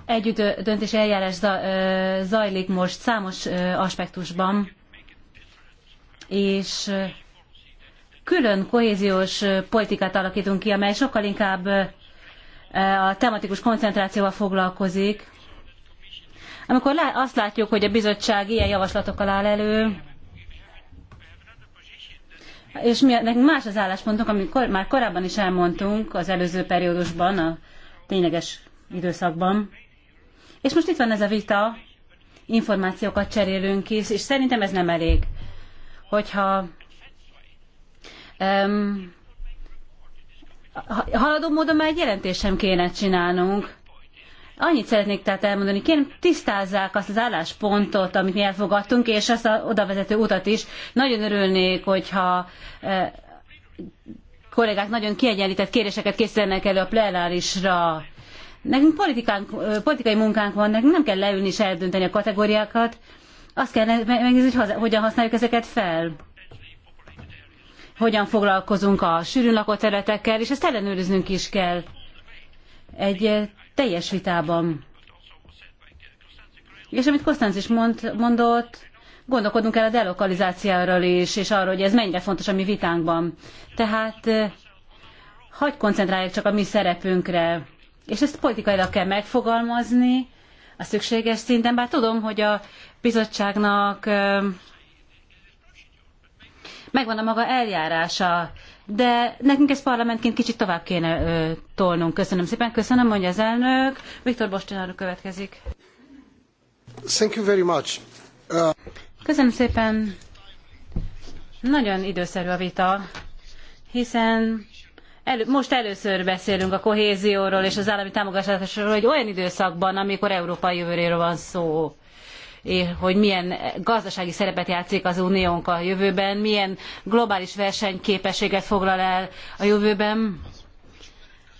együtt döntés eljárás zajlik most számos aspektusban, és külön kohéziós politikát alakítunk ki, amely sokkal inkább a tematikus koncentrációval foglalkozik. Amikor azt látjuk, hogy a bizottság ilyen javaslatokkal áll elő, és mi, nekünk más az álláspontunk, amit kor, már korábban is elmondtunk az előző periódusban, a tényleges időszakban. És most itt van ez a vita, információkat cserélünk ki, és szerintem ez nem elég. Hogyha um, haladó módon már egy jelentést sem kéne csinálnunk. Annyit szeretnék tehát elmondani, kérem tisztázzák azt az álláspontot, amit mi elfogadtunk, és azt a odavezető utat is. Nagyon örülnék, hogyha e, kollégák nagyon kiegyenlített kéréseket készítenek elő a plenárisra. Nekünk e, politikai munkánk van, nekünk nem kell leülni és eldönteni a kategóriákat. Azt kell megnézni, hogy hogyan használjuk ezeket fel hogyan foglalkozunk a sűrűn lakott területekkel, és ezt ellenőriznünk is kell egy eh, teljes vitában. És amit Kostánc is mond, mondott, gondolkodunk el a delokalizációról is, és arról, hogy ez mennyire fontos a mi vitánkban. Tehát eh, hagyj koncentrálják csak a mi szerepünkre. És ezt politikailag kell megfogalmazni a szükséges szinten, bár tudom, hogy a bizottságnak eh, megvan a maga eljárása, de nekünk ezt parlamentként kicsit tovább kéne ö, tolnunk. Köszönöm szépen, köszönöm, mondja az elnök. Viktor Bostináru következik. Thank you very much. Uh... Köszönöm szépen. Nagyon időszerű a vita, hiszen elő, most először beszélünk a kohézióról és az állami támogatásról egy olyan időszakban, amikor Európai jövőről van szó hogy milyen gazdasági szerepet játszik az uniónk a jövőben, milyen globális versenyképességet foglal el a jövőben.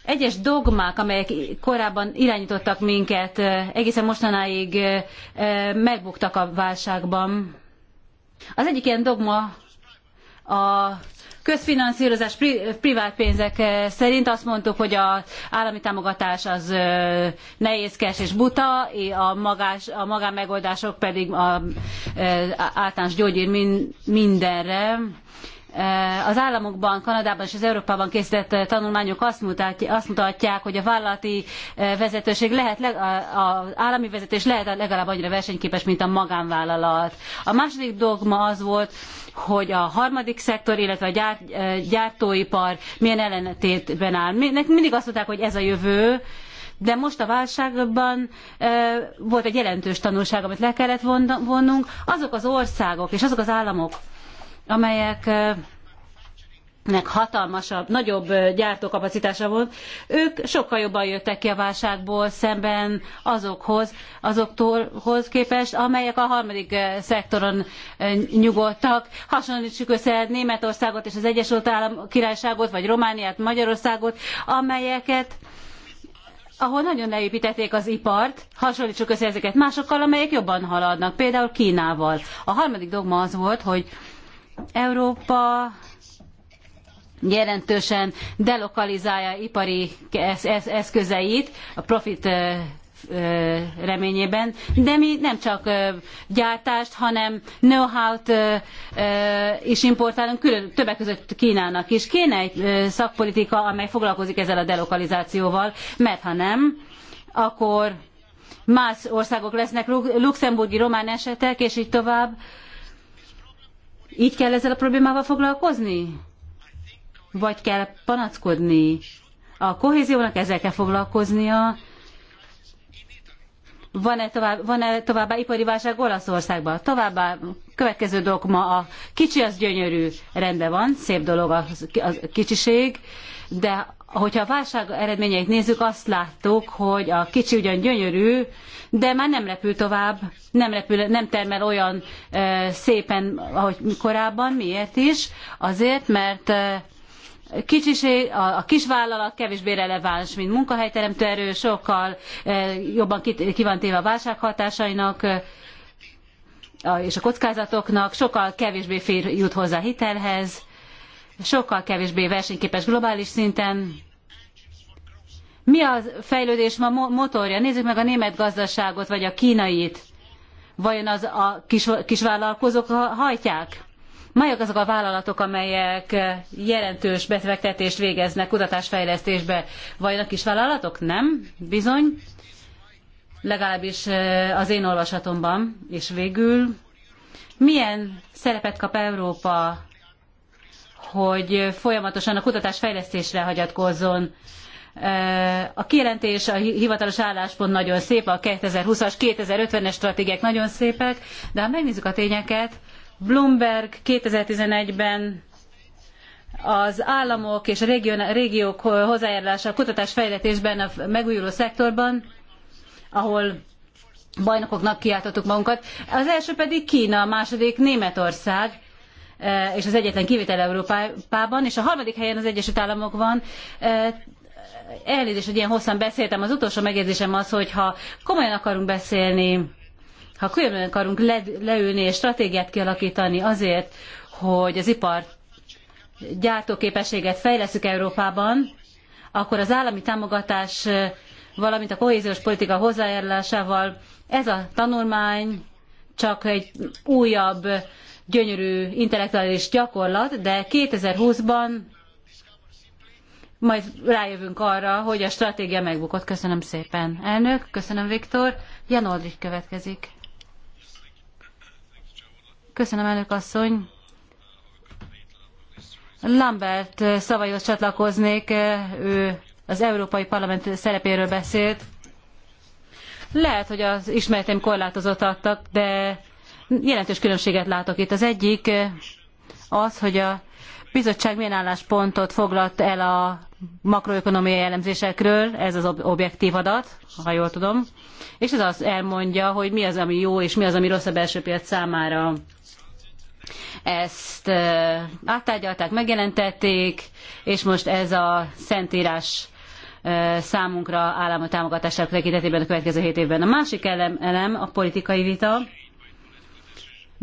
Egyes dogmák, amelyek korábban irányítottak minket, egészen mostanáig megbuktak a válságban. Az egyik ilyen dogma a közfinanszírozás pri, privát pénzek eh, szerint azt mondtuk, hogy az állami támogatás az eh, nehézkes és buta, a, magás, a magánmegoldások pedig a, eh, általános gyógyír mindenre Eh, az államokban, Kanadában és az Európában készített eh, tanulmányok azt mutatják, hogy a vállalati eh, vezetőség lehet, az állami vezetés lehet legalább annyira versenyképes, mint a magánvállalat. A második dogma az volt, hogy a harmadik szektor, illetve a gyártóipar milyen ellentétben áll. Mindig azt mondták, hogy ez a jövő, de most a válságban volt egy jelentős tanulság, amit le kellett vonnunk. Azok az országok és azok az államok, amelyeknek hatalmasabb, nagyobb gyártókapacitása volt, ők sokkal jobban jöttek ki a válságból szemben azokhoz, azoktólhoz képest, amelyek a harmadik szektoron nyugodtak. Hasonlítsuk össze Németországot és az Egyesült Állam Királyságot, vagy Romániát, Magyarországot, amelyeket ahol nagyon leépítették az ipart, hasonlítsuk össze ezeket másokkal, amelyek jobban haladnak, például Kínával. A harmadik dogma az volt, hogy Európa jelentősen delokalizálja ipari eszközeit a profit reményében, de mi nem csak gyártást, hanem know-how-t is importálunk, külön, többek között Kínának is. Kéne egy szakpolitika, amely foglalkozik ezzel a delokalizációval, mert ha nem, akkor más országok lesznek, luxemburgi román esetek, és így tovább így kell ezzel a problémával foglalkozni? Vagy kell panackodni? A kohéziónak ezzel kell foglalkoznia, van-e, tovább, van-e továbbá ipari válság Olaszországban? Továbbá következő dogma a kicsi az gyönyörű, rendben van, szép dolog a, a kicsiség, de hogyha a válság eredményeit nézzük, azt láttuk, hogy a kicsi ugyan gyönyörű, de már nem repül tovább, nem, repül, nem termel olyan e, szépen, ahogy korábban. Miért is? Azért, mert e, kicsiség, a, a kisvállalat kevésbé releváns, mint munkahelyteremtő erő, sokkal e, jobban ki, ki van téve a válság hatásainak, e, és a kockázatoknak, sokkal kevésbé fér, jut hozzá hitelhez, sokkal kevésbé versenyképes globális szinten. Mi a fejlődés ma motorja? Nézzük meg a német gazdaságot, vagy a kínait. Vajon az a kis, kisvállalkozók hajtják? Melyek azok a vállalatok, amelyek eh, jelentős befektetést végeznek kutatásfejlesztésbe? Vajon a kisvállalatok? Nem, bizony. Legalábbis eh, az én olvasatomban. És végül, milyen szerepet kap Európa hogy folyamatosan a kutatásfejlesztésre hagyatkozzon. A kijelentés, a hivatalos álláspont nagyon szép, a 2020-as, 2050-es stratégiák nagyon szépek, de ha megnézzük a tényeket, Bloomberg 2011-ben az államok és a régiók hozzájárulása a fejlesztésben a megújuló szektorban, ahol bajnokoknak kiáltottuk magunkat. Az első pedig Kína, a második Németország, Eh, és az egyetlen kivétel Európában, és a harmadik helyen az Egyesült Államok van. Eh, elnézést, hogy ilyen hosszan beszéltem. Az utolsó megjegyzésem az, hogy ha komolyan akarunk beszélni, ha komolyan akarunk le, leülni és stratégiát kialakítani azért, hogy az ipar gyártóképességet fejleszünk Európában, akkor az állami támogatás, eh, valamint a kohéziós politika hozzájárulásával ez a tanulmány csak egy újabb gyönyörű intellektuális gyakorlat, de 2020-ban majd rájövünk arra, hogy a stratégia megbukott. Köszönöm szépen, elnök. Köszönöm, Viktor. Jan Oldrich következik. Köszönöm, elnök asszony. Lambert szavaihoz csatlakoznék, ő az Európai Parlament szerepéről beszélt. Lehet, hogy az ismeretem korlátozottak, de Jelentős különbséget látok itt. Az egyik eh, az, hogy a bizottság milyen álláspontot foglalt el a makroökonomiai elemzésekről, ez az objektív adat, ha jól tudom, és ez azt elmondja, hogy mi az, ami jó, és mi az, ami rossz a belső piac számára. Ezt eh, áttárgyalták, megjelentették, és most ez a szentírás eh, számunkra állami támogatásának tekintetében a következő hét évben. A másik elem, elem a politikai vita,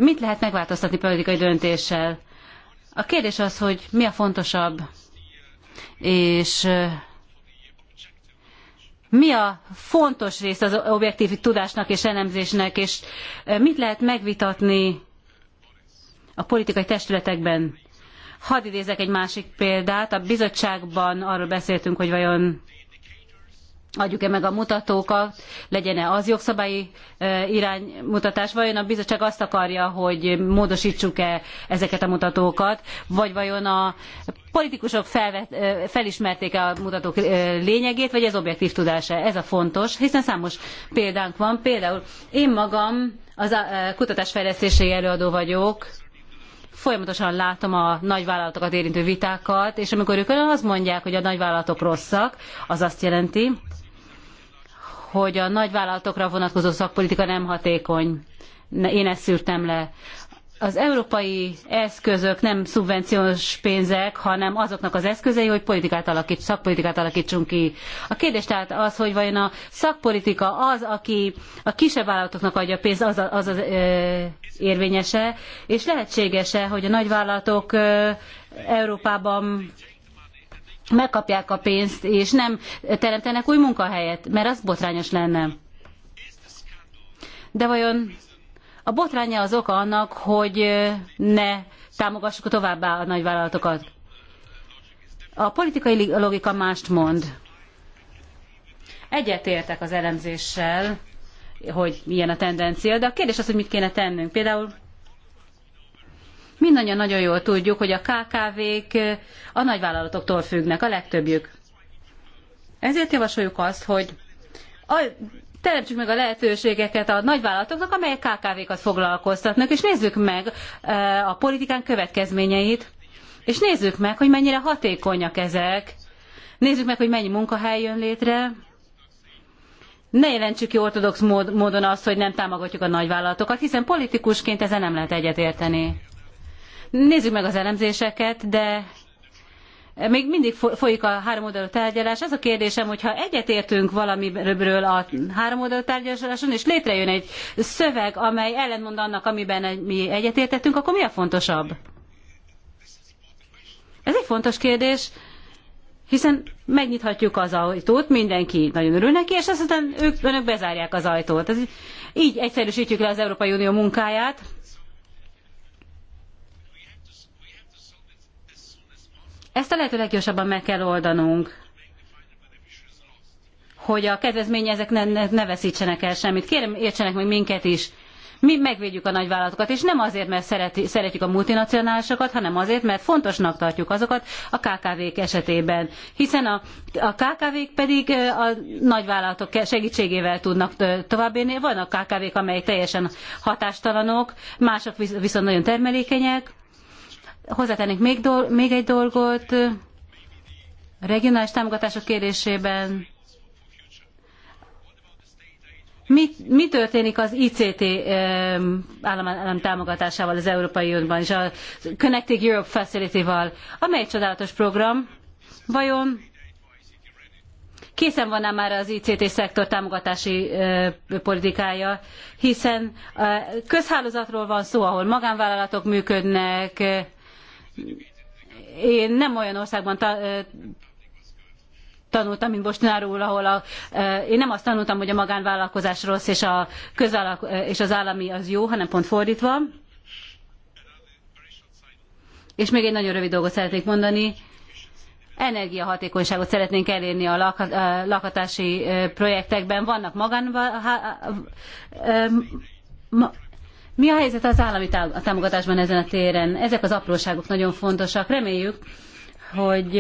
Mit lehet megváltoztatni politikai döntéssel? A kérdés az, hogy mi a fontosabb, és mi a fontos rész az objektív tudásnak és elemzésnek, és mit lehet megvitatni a politikai testületekben. Hadd idézek egy másik példát. A bizottságban arról beszéltünk, hogy vajon adjuk-e meg a mutatókat, legyen-e az jogszabályi e, iránymutatás, vajon a bizottság azt akarja, hogy módosítsuk-e ezeket a mutatókat, vagy vajon a politikusok felvet, e, felismerték-e a mutatók e, lényegét, vagy ez objektív tudása. Ez a fontos, hiszen számos példánk van. Például én magam az kutatásfejlesztési előadó vagyok, folyamatosan látom a nagyvállalatokat érintő vitákat, és amikor ők azt mondják, hogy a nagyvállalatok rosszak, az azt jelenti, hogy a nagyvállalatokra vonatkozó szakpolitika nem hatékony. Én ezt szűrtem le az európai eszközök nem szubvenciós pénzek, hanem azoknak az eszközei, hogy politikát alakít, szakpolitikát alakítsunk ki. A kérdés tehát az, hogy vajon a szakpolitika az, aki a kisebb vállalatoknak adja a pénzt, az az, az érvényese, és lehetséges-e, hogy a nagyvállalatok Európában megkapják a pénzt, és nem teremtenek új munkahelyet, mert az botrányos lenne. De vajon a botránya az oka annak, hogy ne támogassuk továbbá a nagyvállalatokat. A politikai logika mást mond. Egyetértek az elemzéssel, hogy milyen a tendencia, de a kérdés az, hogy mit kéne tennünk. Például mindannyian nagyon jól tudjuk, hogy a KKV-k a nagyvállalatoktól függnek, a legtöbbjük. Ezért javasoljuk azt, hogy teremtsük meg a lehetőségeket a nagyvállalatoknak, amelyek KKV-kat foglalkoztatnak, és nézzük meg e, a politikán következményeit, és nézzük meg, hogy mennyire hatékonyak ezek, nézzük meg, hogy mennyi munkahely jön létre, ne jelentsük ki ortodox módon azt, hogy nem támogatjuk a nagyvállalatokat, hiszen politikusként ezzel nem lehet egyetérteni. Nézzük meg az elemzéseket, de még mindig folyik a háromoldalú tárgyalás. Az a kérdésem, hogy ha egyetértünk valamiről a háromoldalú tárgyaláson, és létrejön egy szöveg, amely ellentmond annak, amiben mi egyetértettünk, akkor mi a fontosabb? Ez egy fontos kérdés, hiszen megnyithatjuk az ajtót, mindenki nagyon örül neki, és aztán ők, önök bezárják az ajtót. Ez, így egyszerűsítjük le az Európai Unió munkáját, Ezt a lehető leggyorsabban meg kell oldanunk, hogy a kedvezményezek ne, ne, ne veszítsenek el semmit. Kérem, értsenek meg minket is. Mi megvédjük a nagyvállalatokat, és nem azért, mert szereti, szeretjük a multinacionálisokat, hanem azért, mert fontosnak tartjuk azokat a KKV-k esetében. Hiszen a, a KKV-k pedig a nagyvállalatok segítségével tudnak élni. Vannak KKV-k, amelyek teljesen hatástalanok, mások viszont nagyon termelékenyek, Hozzátennék még, dol- még egy dolgot a regionális támogatások kérdésében. Mi, mi történik az ICT állam, állam támogatásával az Európai Unióban és a Connecting Europe Facility-val, amely egy csodálatos program. Vajon készen van-e már az ICT szektor támogatási politikája, hiszen közhálózatról van szó, ahol magánvállalatok működnek, én nem olyan országban ta, tanultam, mint Bostonáról, ahol a, én nem azt tanultam, hogy a magánvállalkozás rossz, és, a közalak, és az állami az jó, hanem pont fordítva. És még egy nagyon rövid dolgot szeretnék mondani. Energiahatékonyságot szeretnénk elérni a lakhatási projektekben. Vannak magánvállalkozások, mi a helyzet az állami támogatásban ezen a téren? Ezek az apróságok nagyon fontosak. Reméljük, hogy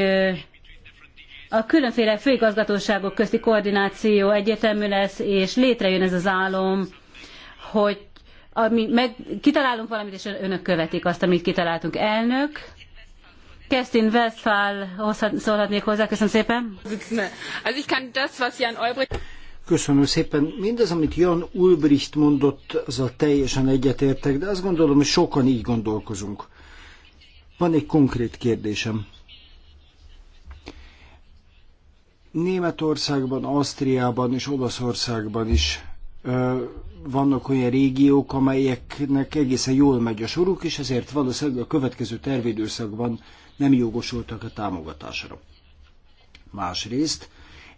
a különféle főigazgatóságok közti koordináció egyetemű lesz, és létrejön ez az álom, hogy ami meg, kitalálunk valamit, és önök követik azt, amit kitaláltunk. Elnök, Kerstin Westphal szólhatnék hozzá, köszönöm szépen. Köszönöm szépen. Mindez, amit Jan Ulbricht mondott, azzal teljesen egyetértek, de azt gondolom, hogy sokan így gondolkozunk. Van egy konkrét kérdésem. Németországban, Ausztriában és Olaszországban is ö, vannak olyan régiók, amelyeknek egészen jól megy a soruk, és ezért valószínűleg a következő tervidőszakban nem jogosultak a támogatásra. Másrészt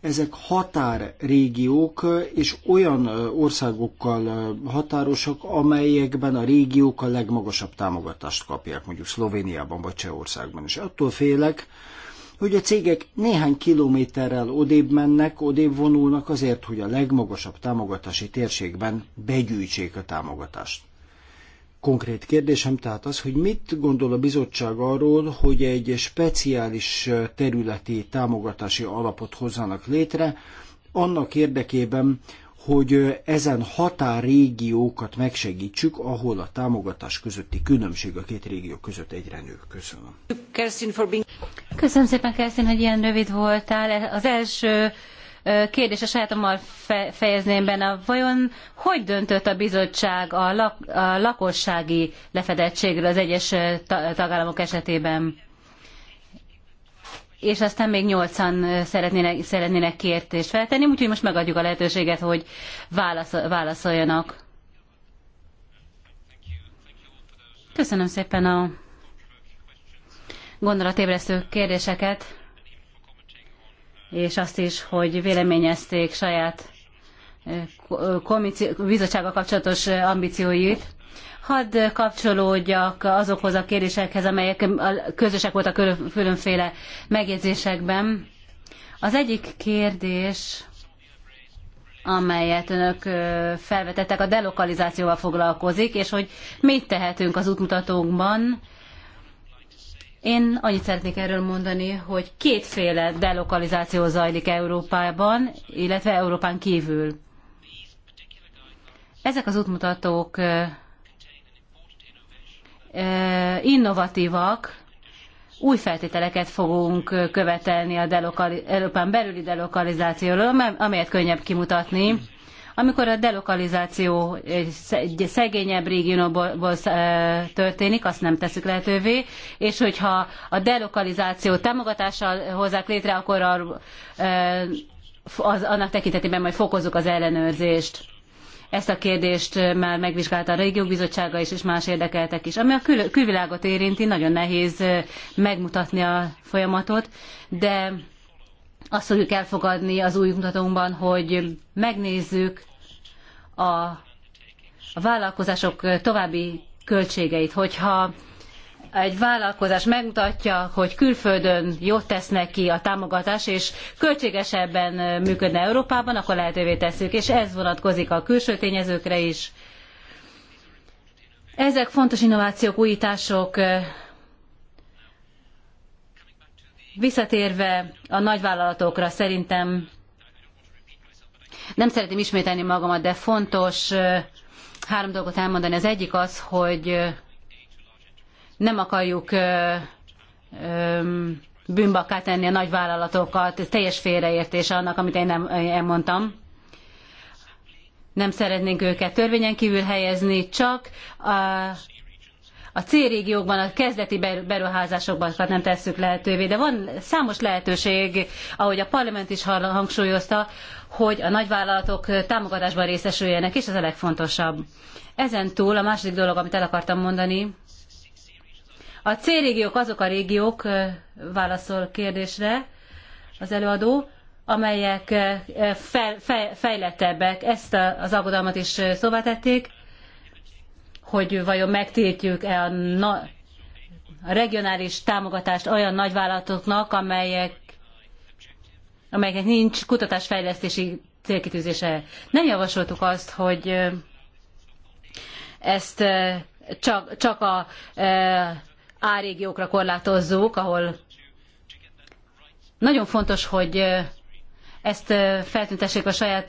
ezek határrégiók és olyan országokkal határosak, amelyekben a régiók a legmagasabb támogatást kapják, mondjuk Szlovéniában vagy Csehországban. És attól félek, hogy a cégek néhány kilométerrel odébb mennek, odébb vonulnak azért, hogy a legmagasabb támogatási térségben begyűjtsék a támogatást. Konkrét kérdésem tehát az, hogy mit gondol a bizottság arról, hogy egy speciális területi támogatási alapot hozzanak létre, annak érdekében, hogy ezen határrégiókat megsegítsük, ahol a támogatás közötti különbség a két régió között egyre nő. Köszönöm. Köszönöm szépen, Kerstin, hogy ilyen rövid voltál. Az első kérdés a sajátommal fejezném benne, vajon hogy döntött a bizottság a, lak, a lakossági lefedettségről az egyes tagállamok esetében? És aztán még nyolcan szeretnének, szeretnének kértést feltenni, úgyhogy most megadjuk a lehetőséget, hogy válaszoljanak. Köszönöm szépen a gondolatébresztő kérdéseket és azt is, hogy véleményezték saját eh, eh, bizottsága kapcsolatos eh, ambícióit. Hadd kapcsolódjak azokhoz a kérdésekhez, amelyek közösek voltak különféle megjegyzésekben. Az egyik kérdés, amelyet önök felvetettek, a delokalizációval foglalkozik, és hogy mit tehetünk az útmutatónkban én annyit szeretnék erről mondani, hogy kétféle delokalizáció zajlik Európában, illetve Európán kívül. Ezek az útmutatók innovatívak, új feltételeket fogunk követelni a delokali, Európán belüli delokalizációról, amelyet könnyebb kimutatni amikor a delokalizáció szegényebb régióból történik, azt nem teszük lehetővé, és hogyha a delokalizáció támogatással hozzák létre, akkor a, az, annak tekintetében majd fokozzuk az ellenőrzést. Ezt a kérdést már megvizsgálta a Régiók Bizottsága is, és más érdekeltek is. Ami a kül- külvilágot érinti, nagyon nehéz megmutatni a folyamatot, de azt fogjuk elfogadni az új mutatónkban, hogy megnézzük a vállalkozások további költségeit. Hogyha egy vállalkozás megmutatja, hogy külföldön jót tesz neki a támogatás, és költségesebben működne Európában, akkor lehetővé tesszük, és ez vonatkozik a külső tényezőkre is. Ezek fontos innovációk, újítások. Visszatérve a nagyvállalatokra szerintem nem szeretném ismételni magamat, de fontos három dolgot elmondani. Az egyik az, hogy nem akarjuk bűnbakká tenni a nagyvállalatokat, ez teljes félreértés annak, amit én nem elmondtam. Nem szeretnénk őket törvényen kívül helyezni, csak a, a C régiókban, a kezdeti beruházásokban nem tesszük lehetővé, de van számos lehetőség, ahogy a parlament is hangsúlyozta, hogy a nagyvállalatok támogatásban részesüljenek, és ez a legfontosabb. Ezen túl a második dolog, amit el akartam mondani, a C régiók azok a régiók, válaszol kérdésre az előadó, amelyek fejlettebbek. Ezt az aggodalmat is szóvá tették, hogy vajon megtiltjuk-e a, a regionális támogatást olyan nagyvállalatoknak, amelyek amelyeknek nincs kutatásfejlesztési célkitűzése. Nem javasoltuk azt, hogy ezt csak, csak a árégiókra korlátozzuk, ahol nagyon fontos, hogy ezt feltüntessék a saját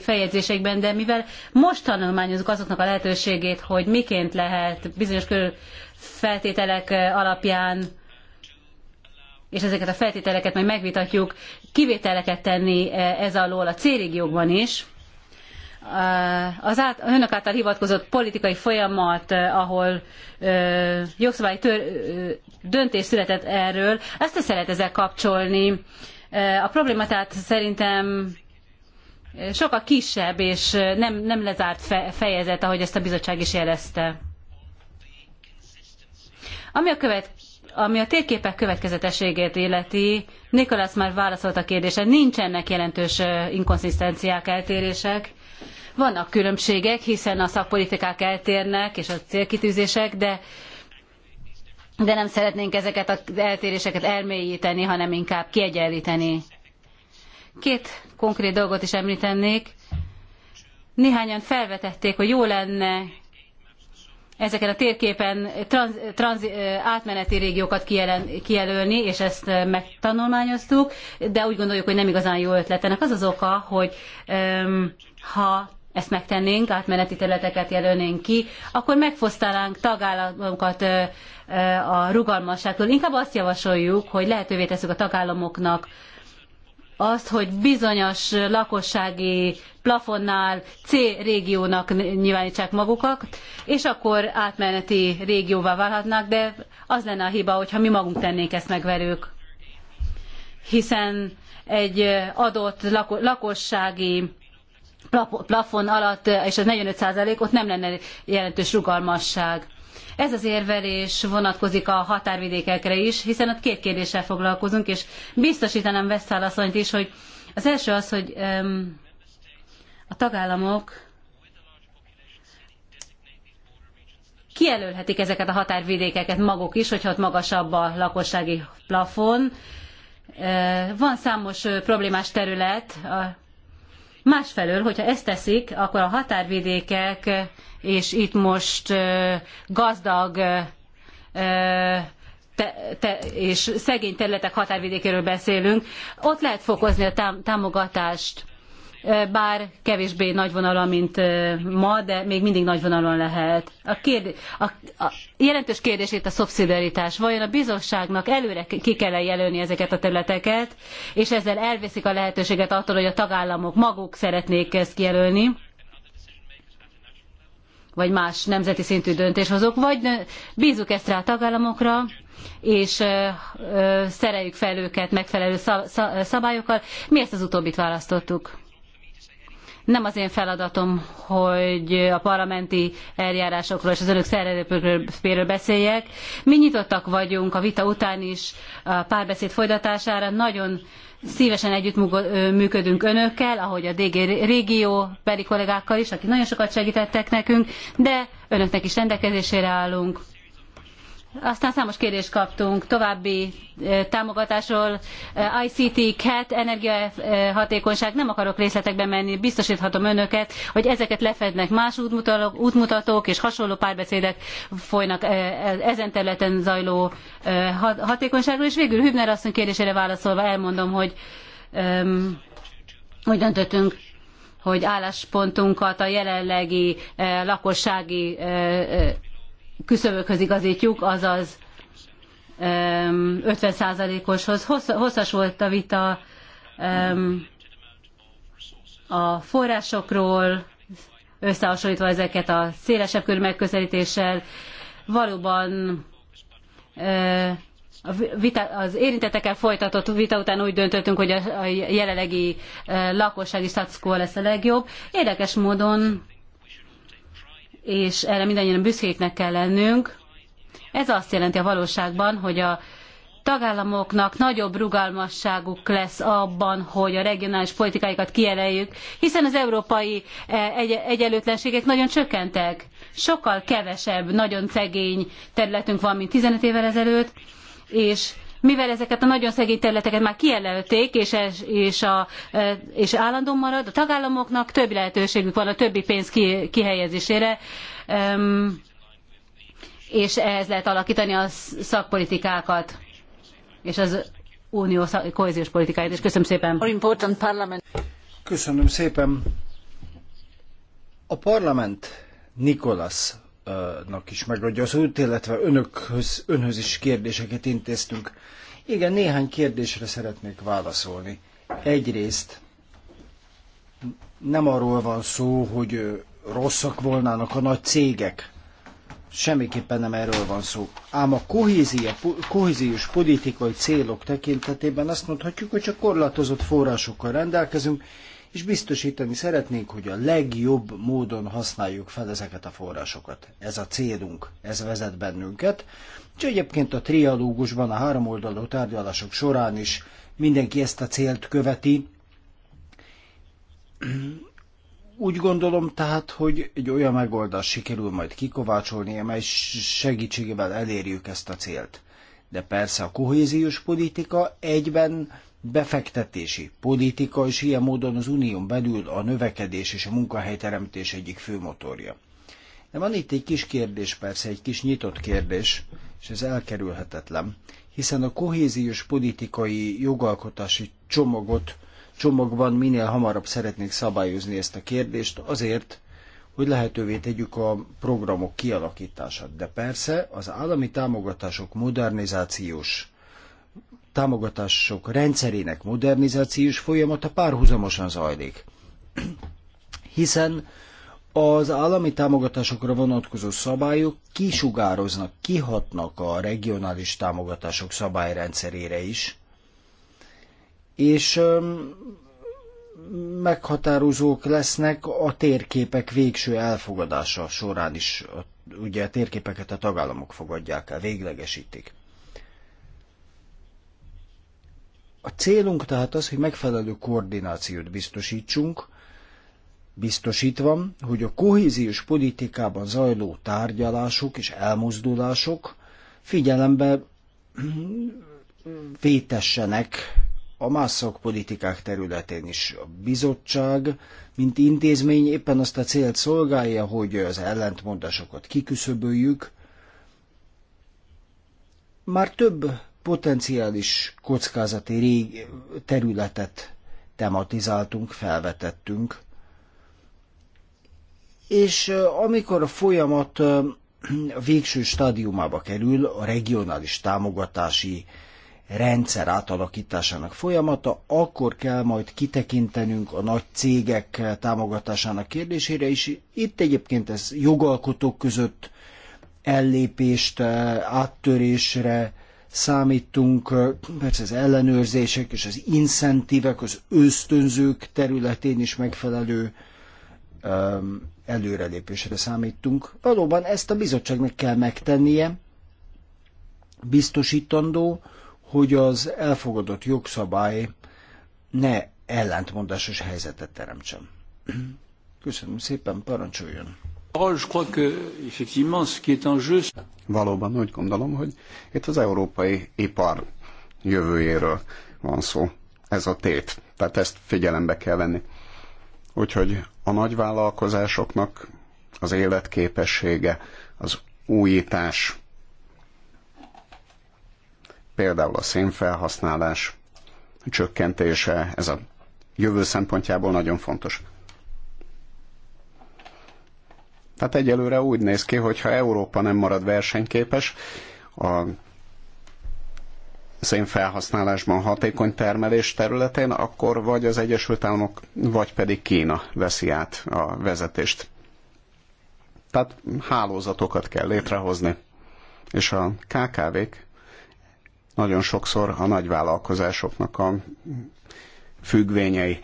feljegyzéseikben, de mivel most tanulmányozunk azoknak a lehetőségét, hogy miként lehet bizonyos körül feltételek alapján és ezeket a feltételeket majd megvitatjuk, kivételeket tenni e, ez alól a C-régiókban is. Az át, önök által hivatkozott politikai folyamat, e, ahol ö, e, jogszabályi döntés született erről, ezt is szeret ezzel kapcsolni. A probléma tehát szerintem sokkal kisebb és nem, nem lezárt fejezet, ahogy ezt a bizottság is jelezte. Ami a követ, ami a térképek következetességét illeti, Nikolász már válaszolt a kérdésre, nincsenek jelentős inkonzisztenciák, eltérések. Vannak különbségek, hiszen a szakpolitikák eltérnek, és a célkitűzések, de de nem szeretnénk ezeket az eltéréseket elmélyíteni, hanem inkább kiegyenlíteni. Két konkrét dolgot is említenék. Néhányan felvetették, hogy jó lenne ezeken a térképen transz, transz, átmeneti régiókat kijelen, kijelölni, és ezt megtanulmányoztuk, de úgy gondoljuk, hogy nem igazán jó ötlet. Ennek az az oka, hogy ha ezt megtennénk, átmeneti területeket jelölnénk ki, akkor megfosztanánk tagállamokat a rugalmasságtól. Inkább azt javasoljuk, hogy lehetővé tesszük a tagállamoknak, azt, hogy bizonyos lakossági plafonnál C régiónak nyilvánítsák magukat, és akkor átmeneti régióvá válhatnak, de az lenne a hiba, hogyha mi magunk tennénk ezt meg velük. Hiszen egy adott lakossági plafon alatt, és ez 45 százalék, ott nem lenne jelentős rugalmasság. Ez az érvelés vonatkozik a határvidékekre is, hiszen ott két kérdéssel foglalkozunk, és biztosítanám Veszfál asszonyt is, hogy az első az, hogy a tagállamok kijelölhetik ezeket a határvidékeket maguk is, hogyha ott magasabb a lakossági plafon. Van számos problémás terület, Másfelől, hogyha ezt teszik, akkor a határvidékek, és itt most gazdag te, te, és szegény területek határvidékéről beszélünk, ott lehet fokozni a támogatást bár kevésbé nagyvonalon, mint ma, de még mindig nagyvonalon lehet. A, kérd- a, a jelentős kérdés itt a szubszidiaritás. Vajon a bizottságnak előre ki kell -e jelölni ezeket a területeket, és ezzel elveszik a lehetőséget attól, hogy a tagállamok maguk szeretnék ezt kijelölni? vagy más nemzeti szintű döntéshozók, vagy bízzuk ezt rá a tagállamokra, és szereljük fel őket megfelelő szabályokkal. Mi ezt az utóbbit választottuk. Nem az én feladatom, hogy a parlamenti eljárásokról és az önök szerelőpéről beszéljek. Mi nyitottak vagyunk a vita után is a párbeszéd folytatására. Nagyon szívesen együttműködünk önökkel, ahogy a DG régió beli kollégákkal is, akik nagyon sokat segítettek nekünk, de önöknek is rendelkezésére állunk aztán számos kérdést kaptunk további eh, támogatásról. Eh, ICT, CAT, e energiahatékonyság, nem akarok részletekbe menni, biztosíthatom önöket, hogy ezeket lefednek más útmutatók, útmutatók és hasonló párbeszédek folynak eh, ezen területen zajló hatékonyságról. És végül Hübner asszony kérdésére válaszolva elmondom, hogy úgy döntöttünk, hogy álláspontunkat a jelenlegi lakossági küszöbökhöz igazítjuk, azaz 50%-oshoz. Hosszas volt a vita a forrásokról, összehasonlítva ezeket a szélesebb körű megközelítéssel. Valóban eh, az érintetekkel folytatott vita után úgy döntöttünk, hogy a jelenlegi eh, lakossági status lesz a legjobb. Érdekes módon és erre mindannyian büszkéknek kell lennünk. Ez azt jelenti a valóságban, hogy a tagállamoknak nagyobb rugalmasságuk lesz abban, hogy a regionális politikáikat kieleljük, hiszen az európai e, egy egyenlőtlenségek nagyon csökkentek. Sokkal kevesebb, nagyon szegény területünk van, mint 15 évvel ezelőtt, és mivel ezeket a nagyon szegény területeket már kijelölték, és, és, a, e, és állandó marad, a tagállamoknak több lehetőségük van a többi pénz ki, kihelyezésére, és ehhez lehet alakítani a szakpolitikákat és az unió kohéziós politikáját. És köszönöm szépen. Köszönöm szépen. A parlament Nikolas nak is megadja az út, illetve önökhöz, önhöz is kérdéseket intéztünk. Igen, néhány kérdésre szeretnék válaszolni. Egyrészt nem arról van szó, hogy rosszak volnának a nagy cégek. Semmiképpen nem erről van szó. Ám a kohézia, kohéziós politikai célok tekintetében azt mondhatjuk, hogy csak korlátozott forrásokkal rendelkezünk, és biztosítani szeretnénk, hogy a legjobb módon használjuk fel ezeket a forrásokat. Ez a célunk, ez vezet bennünket, és egyébként a trialógusban, a háromoldalú tárgyalások során is mindenki ezt a célt követi. Úgy gondolom tehát, hogy egy olyan megoldás sikerül majd kikovácsolni, amely segítségével elérjük ezt a célt. De persze a kohéziós politika egyben befektetési politika, és ilyen módon az unión belül a növekedés és a munkahelyteremtés egyik fő motorja. De van itt egy kis kérdés, persze egy kis nyitott kérdés, és ez elkerülhetetlen, hiszen a kohéziós politikai jogalkotási csomagot, csomagban minél hamarabb szeretnék szabályozni ezt a kérdést, azért, hogy lehetővé tegyük a programok kialakítását. De persze az állami támogatások modernizációs támogatások rendszerének modernizációs folyamata párhuzamosan zajlik. Hiszen az állami támogatásokra vonatkozó szabályok kisugároznak, kihatnak a regionális támogatások szabályrendszerére is, és meghatározók lesznek a térképek végső elfogadása során is. Ugye a térképeket a tagállamok fogadják el, véglegesítik. A célunk tehát az, hogy megfelelő koordinációt biztosítsunk, biztosítva, hogy a kohéziós politikában zajló tárgyalások és elmozdulások figyelembe vétessenek a más szakpolitikák területén is. A bizottság, mint intézmény éppen azt a célt szolgálja, hogy az ellentmondásokat kiküszöböljük. Már több potenciális kockázati rég területet tematizáltunk, felvetettünk. És amikor a folyamat végső stádiumába kerül, a regionális támogatási rendszer átalakításának folyamata, akkor kell majd kitekintenünk a nagy cégek támogatásának kérdésére is. Itt egyébként ez jogalkotók között ellépést, áttörésre, számítunk, persze az ellenőrzések és az incentívek, az ösztönzők területén is megfelelő um, előrelépésre számítunk. Valóban ezt a bizottságnak kell megtennie, biztosítandó, hogy az elfogadott jogszabály ne ellentmondásos helyzetet teremtsen. Köszönöm szépen, parancsoljon! Oh, Valóban úgy gondolom, hogy itt az európai ipar jövőjéről van szó. Ez a tét. Tehát ezt figyelembe kell venni. Úgyhogy a nagyvállalkozásoknak az életképessége, az újítás, például a szénfelhasználás csökkentése, ez a jövő szempontjából nagyon fontos. Tehát egyelőre úgy néz ki, hogy ha Európa nem marad versenyképes, a szénfelhasználásban hatékony termelés területén, akkor vagy az Egyesült Államok, vagy pedig Kína veszi át a vezetést. Tehát hálózatokat kell létrehozni. És a KKV-k nagyon sokszor a nagyvállalkozásoknak a függvényei.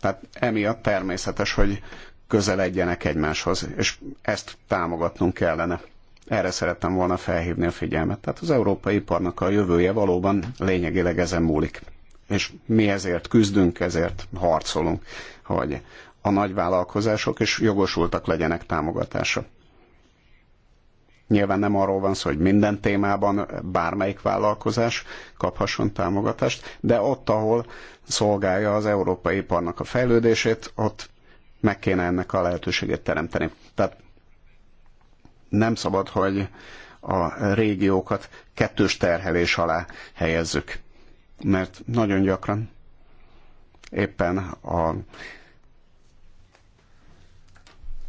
Tehát emiatt természetes, hogy közeledjenek egymáshoz, és ezt támogatnunk kellene. Erre szerettem volna felhívni a figyelmet. Tehát az európai iparnak a jövője valóban lényegileg ezen múlik. És mi ezért küzdünk, ezért harcolunk, hogy a nagyvállalkozások és jogosultak legyenek támogatása. Nyilván nem arról van szó, hogy minden témában bármelyik vállalkozás kaphasson támogatást, de ott, ahol szolgálja az európai iparnak a fejlődését, ott meg kéne ennek a lehetőséget teremteni. Tehát nem szabad, hogy a régiókat kettős terhelés alá helyezzük, mert nagyon gyakran éppen a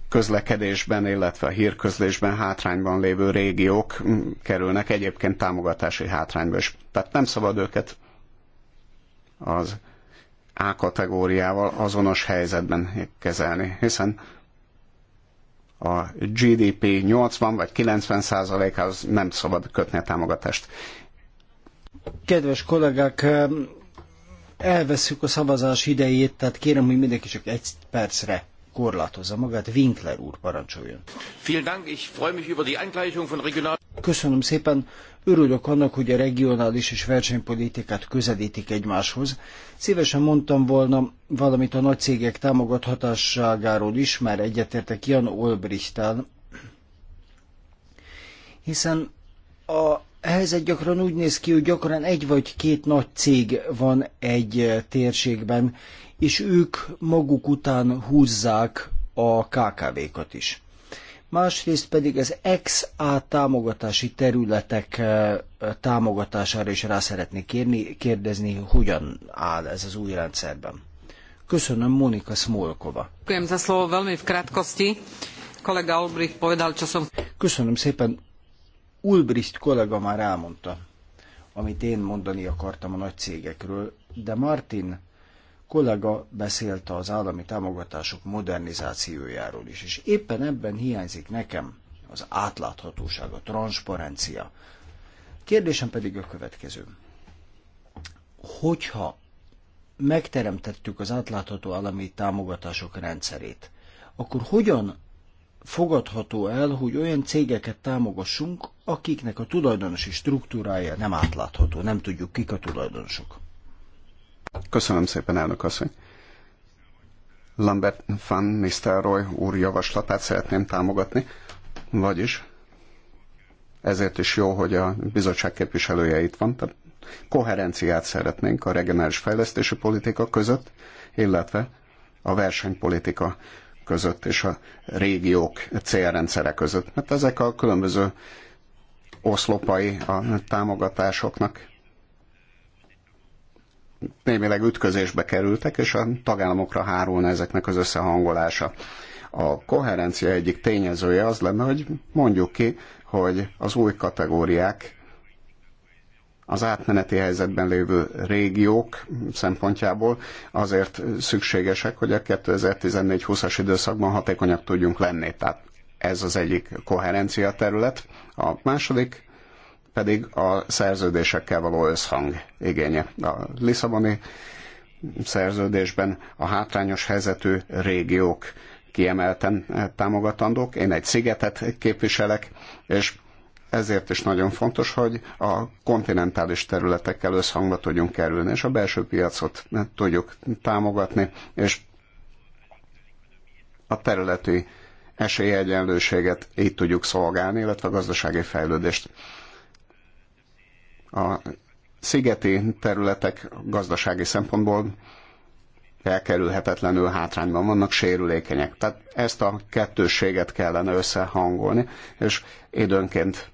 közlekedésben, illetve a hírközlésben hátrányban lévő régiók kerülnek egyébként támogatási hátrányba is. Tehát nem szabad őket az a kategóriával azonos helyzetben kezelni, hiszen a GDP 80 vagy 90 százalékához nem szabad kötni a támogatást. Kedves kollégák, elveszük a szavazás idejét, tehát kérem, hogy mindenki csak egy percre korlátozza magát. Winkler úr parancsoljon. Köszönöm szépen. Örülök annak, hogy a regionális és versenypolitikát közelítik egymáshoz. Szívesen mondtam volna valamit a nagy cégek támogathatásságáról is, már egyetértek Jan Olbrichtel, hiszen a helyzet gyakran úgy néz ki, hogy gyakran egy vagy két nagy cég van egy térségben, és ők maguk után húzzák a KKV-kat is másrészt pedig az ex-A támogatási területek eh, támogatására is rá szeretnék kérni, kérdezni, hogyan áll ez az új rendszerben. Köszönöm, Monika Smolkova. Köszönöm za slovo veľmi v krátkosti. Kolega Ulbricht povedal, čo som... Köszönöm szépen. Ulbricht kollega már elmondta, amit én mondani akartam a nagy cégekről, de Martin kollega beszélt az állami támogatások modernizációjáról is, és éppen ebben hiányzik nekem az átláthatóság, a transzparencia. Kérdésem pedig a következő. Hogyha megteremtettük az átlátható állami támogatások rendszerét, akkor hogyan fogadható el, hogy olyan cégeket támogassunk, akiknek a tulajdonosi struktúrája nem átlátható, nem tudjuk kik a tulajdonosok. Köszönöm szépen, elnök asszony. Lambert van Nistelrooy úr javaslatát szeretném támogatni, vagyis ezért is jó, hogy a bizottság képviselője itt van, tehát koherenciát szeretnénk a regionális fejlesztési politika között, illetve a versenypolitika között és a régiók célrendszere között. Mert ezek a különböző oszlopai a támogatásoknak némileg ütközésbe kerültek, és a tagállamokra hárulna ezeknek az összehangolása. A koherencia egyik tényezője az lenne, hogy mondjuk ki, hogy az új kategóriák az átmeneti helyzetben lévő régiók szempontjából azért szükségesek, hogy a 2014-20-as időszakban hatékonyak tudjunk lenni. Tehát ez az egyik koherencia terület. A második pedig a szerződésekkel való összhang igénye. A Lisszaboni szerződésben a hátrányos helyzetű régiók kiemelten támogatandók. Én egy szigetet képviselek, és ezért is nagyon fontos, hogy a kontinentális területekkel összhangba tudjunk kerülni, és a belső piacot tudjuk támogatni, és a területi esélyegyenlőséget így tudjuk szolgálni, illetve a gazdasági fejlődést a szigeti területek gazdasági szempontból elkerülhetetlenül hátrányban vannak, sérülékenyek. Tehát ezt a kettősséget kellene összehangolni, és időnként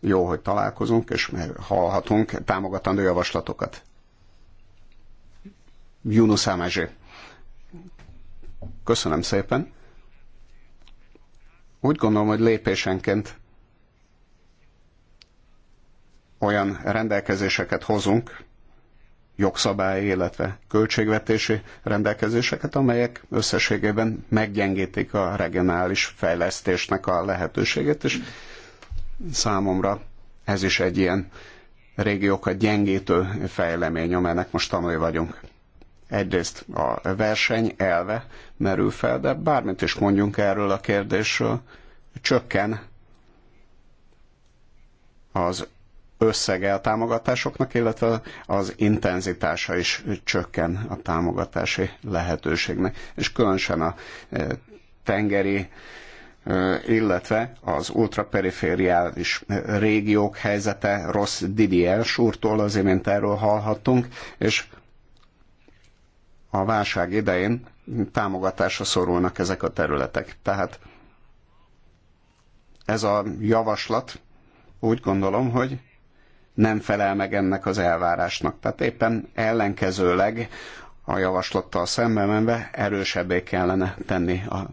jó, hogy találkozunk, és hallhatunk támogatandó javaslatokat. Yunus Amazsi. Köszönöm szépen. Úgy gondolom, hogy lépésenként olyan rendelkezéseket hozunk, jogszabályi, illetve költségvetési rendelkezéseket, amelyek összességében meggyengítik a regionális fejlesztésnek a lehetőségét, és számomra ez is egy ilyen régiókat gyengítő fejlemény, amelynek most tanulni vagyunk. Egyrészt a verseny elve merül fel, de bármit is mondjunk erről a kérdésről, csökken az összege a támogatásoknak, illetve az intenzitása is csökken a támogatási lehetőségnek. És különösen a e, tengeri, e, illetve az ultraperifériális régiók helyzete rossz Didier súrtól, az imént erről hallhattunk, és a válság idején támogatásra szorulnak ezek a területek. Tehát ez a javaslat úgy gondolom, hogy nem felel meg ennek az elvárásnak. Tehát éppen ellenkezőleg a javaslattal szemben menve erősebbé kellene tenni a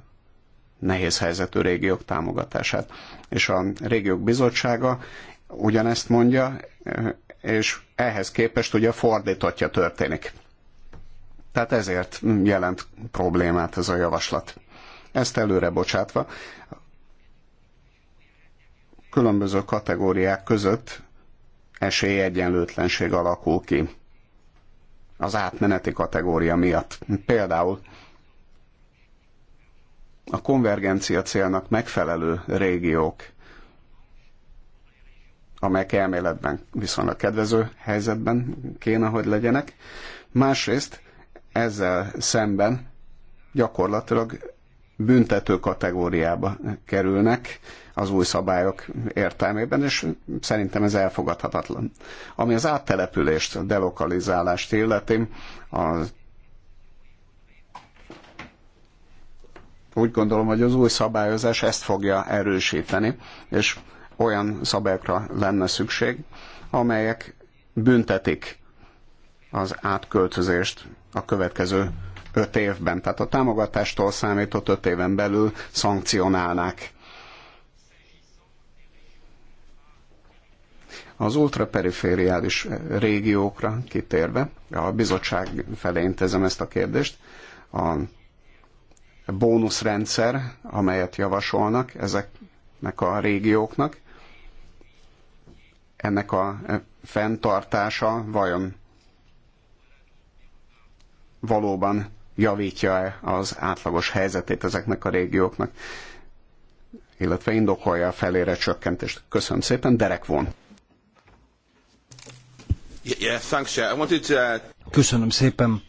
nehéz helyzetű régiók támogatását. És a régiók bizottsága ugyanezt mondja, és ehhez képest ugye fordítottja történik. Tehát ezért jelent problémát ez a javaslat. Ezt előre bocsátva, különböző kategóriák között esélyegyenlőtlenség alakul ki az átmeneti kategória miatt. Például a konvergencia célnak megfelelő régiók, amelyek elméletben viszonylag kedvező helyzetben kéne, hogy legyenek. Másrészt ezzel szemben gyakorlatilag büntető kategóriába kerülnek az új szabályok értelmében, és szerintem ez elfogadhatatlan. Ami az áttelepülést, a delokalizálást illeti, az úgy gondolom, hogy az új szabályozás ezt fogja erősíteni, és olyan szabályokra lenne szükség, amelyek büntetik az átköltözést a következő öt évben, tehát a támogatástól számított öt éven belül szankcionálnák. Az ultraperifériális régiókra kitérve, a bizottság felé intézem ezt a kérdést, a bónuszrendszer, amelyet javasolnak ezeknek a régióknak, ennek a fenntartása vajon valóban javítja-e az átlagos helyzetét ezeknek a régióknak, illetve indokolja a felére csökkentést. Köszönöm szépen, Derek von. Uh, Köszönöm szépen.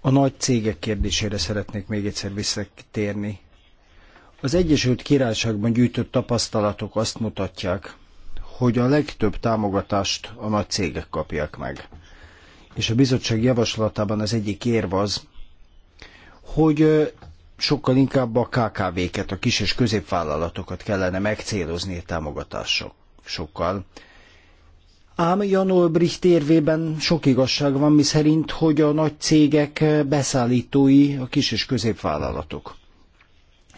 A nagy cégek kérdésére szeretnék még egyszer visszatérni. Az Egyesült Királyságban gyűjtött tapasztalatok azt mutatják, hogy a legtöbb támogatást a nagy cégek kapják meg és a bizottság javaslatában az egyik érv az, hogy sokkal inkább a KKV-ket, a kis és középvállalatokat kellene megcélozni a támogatásokkal. Ám Jan Olbricht érvében sok igazság van, miszerint, hogy a nagy cégek beszállítói a kis és középvállalatok.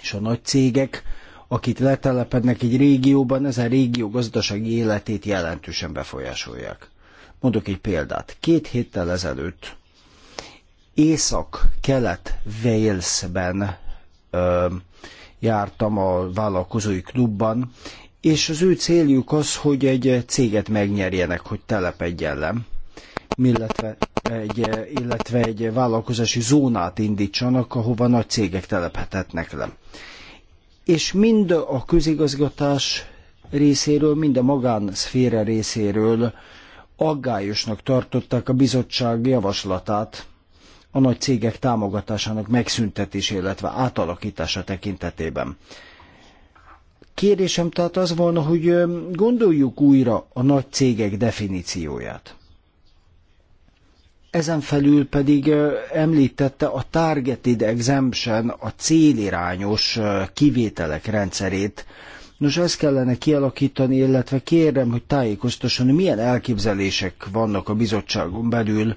És a nagy cégek, akik letelepednek egy régióban, ezen régió gazdasági életét jelentősen befolyásolják. Mondok egy példát. Két héttel ezelőtt észak-kelet Walesben ö, jártam a vállalkozói klubban, és az ő céljuk az, hogy egy céget megnyerjenek, hogy telepedjen le, illetve egy, illetve egy vállalkozási zónát indítsanak, ahova nagy cégek telephetetnek le. És mind a közigazgatás részéről, mind a magánszféra részéről aggályosnak tartották a bizottság javaslatát a nagy cégek támogatásának megszüntetése, illetve átalakítása tekintetében. Kérdésem tehát az volna, hogy gondoljuk újra a nagy cégek definícióját. Ezen felül pedig említette a targeted exemption, a célirányos kivételek rendszerét, Nos, ezt kellene kialakítani, illetve kérem, hogy tájékoztasson, milyen elképzelések vannak a bizottságon belül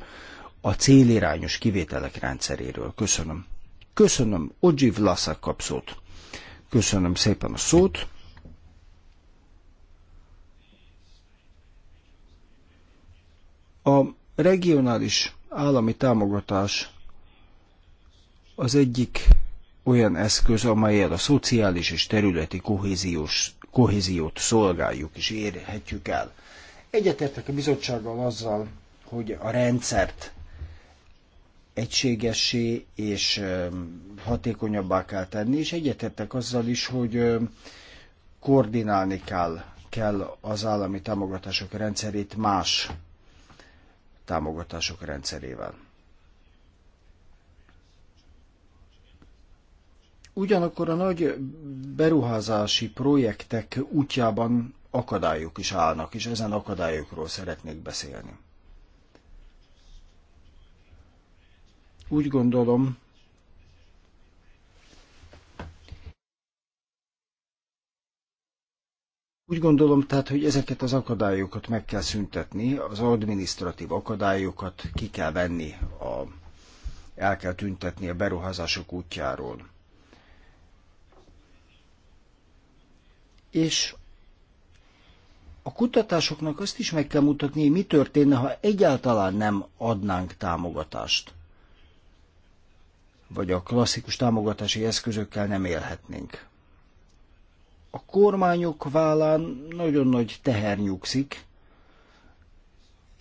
a célirányos kivételek rendszeréről. Köszönöm. Köszönöm, Odzsiv Laszak kap szót. Köszönöm szépen a szót. A regionális állami támogatás az egyik olyan eszköz, amelyel a szociális és területi kohéziós, kohéziót szolgáljuk és érhetjük el. Egyetértek a bizottsággal azzal, hogy a rendszert egységessé és hatékonyabbá kell tenni, és egyetértek azzal is, hogy koordinálni kell, kell az állami támogatások rendszerét más támogatások rendszerével. Ugyanakkor a nagy beruházási projektek útjában akadályok is állnak, és ezen akadályokról szeretnék beszélni. Úgy gondolom, Úgy gondolom tehát, hogy ezeket az akadályokat meg kell szüntetni, az administratív akadályokat ki kell venni, a, el kell tüntetni a beruházások útjáról. És a kutatásoknak azt is meg kell mutatni, hogy mi történne, ha egyáltalán nem adnánk támogatást. Vagy a klasszikus támogatási eszközökkel nem élhetnénk. A kormányok vállán nagyon nagy teher nyugszik,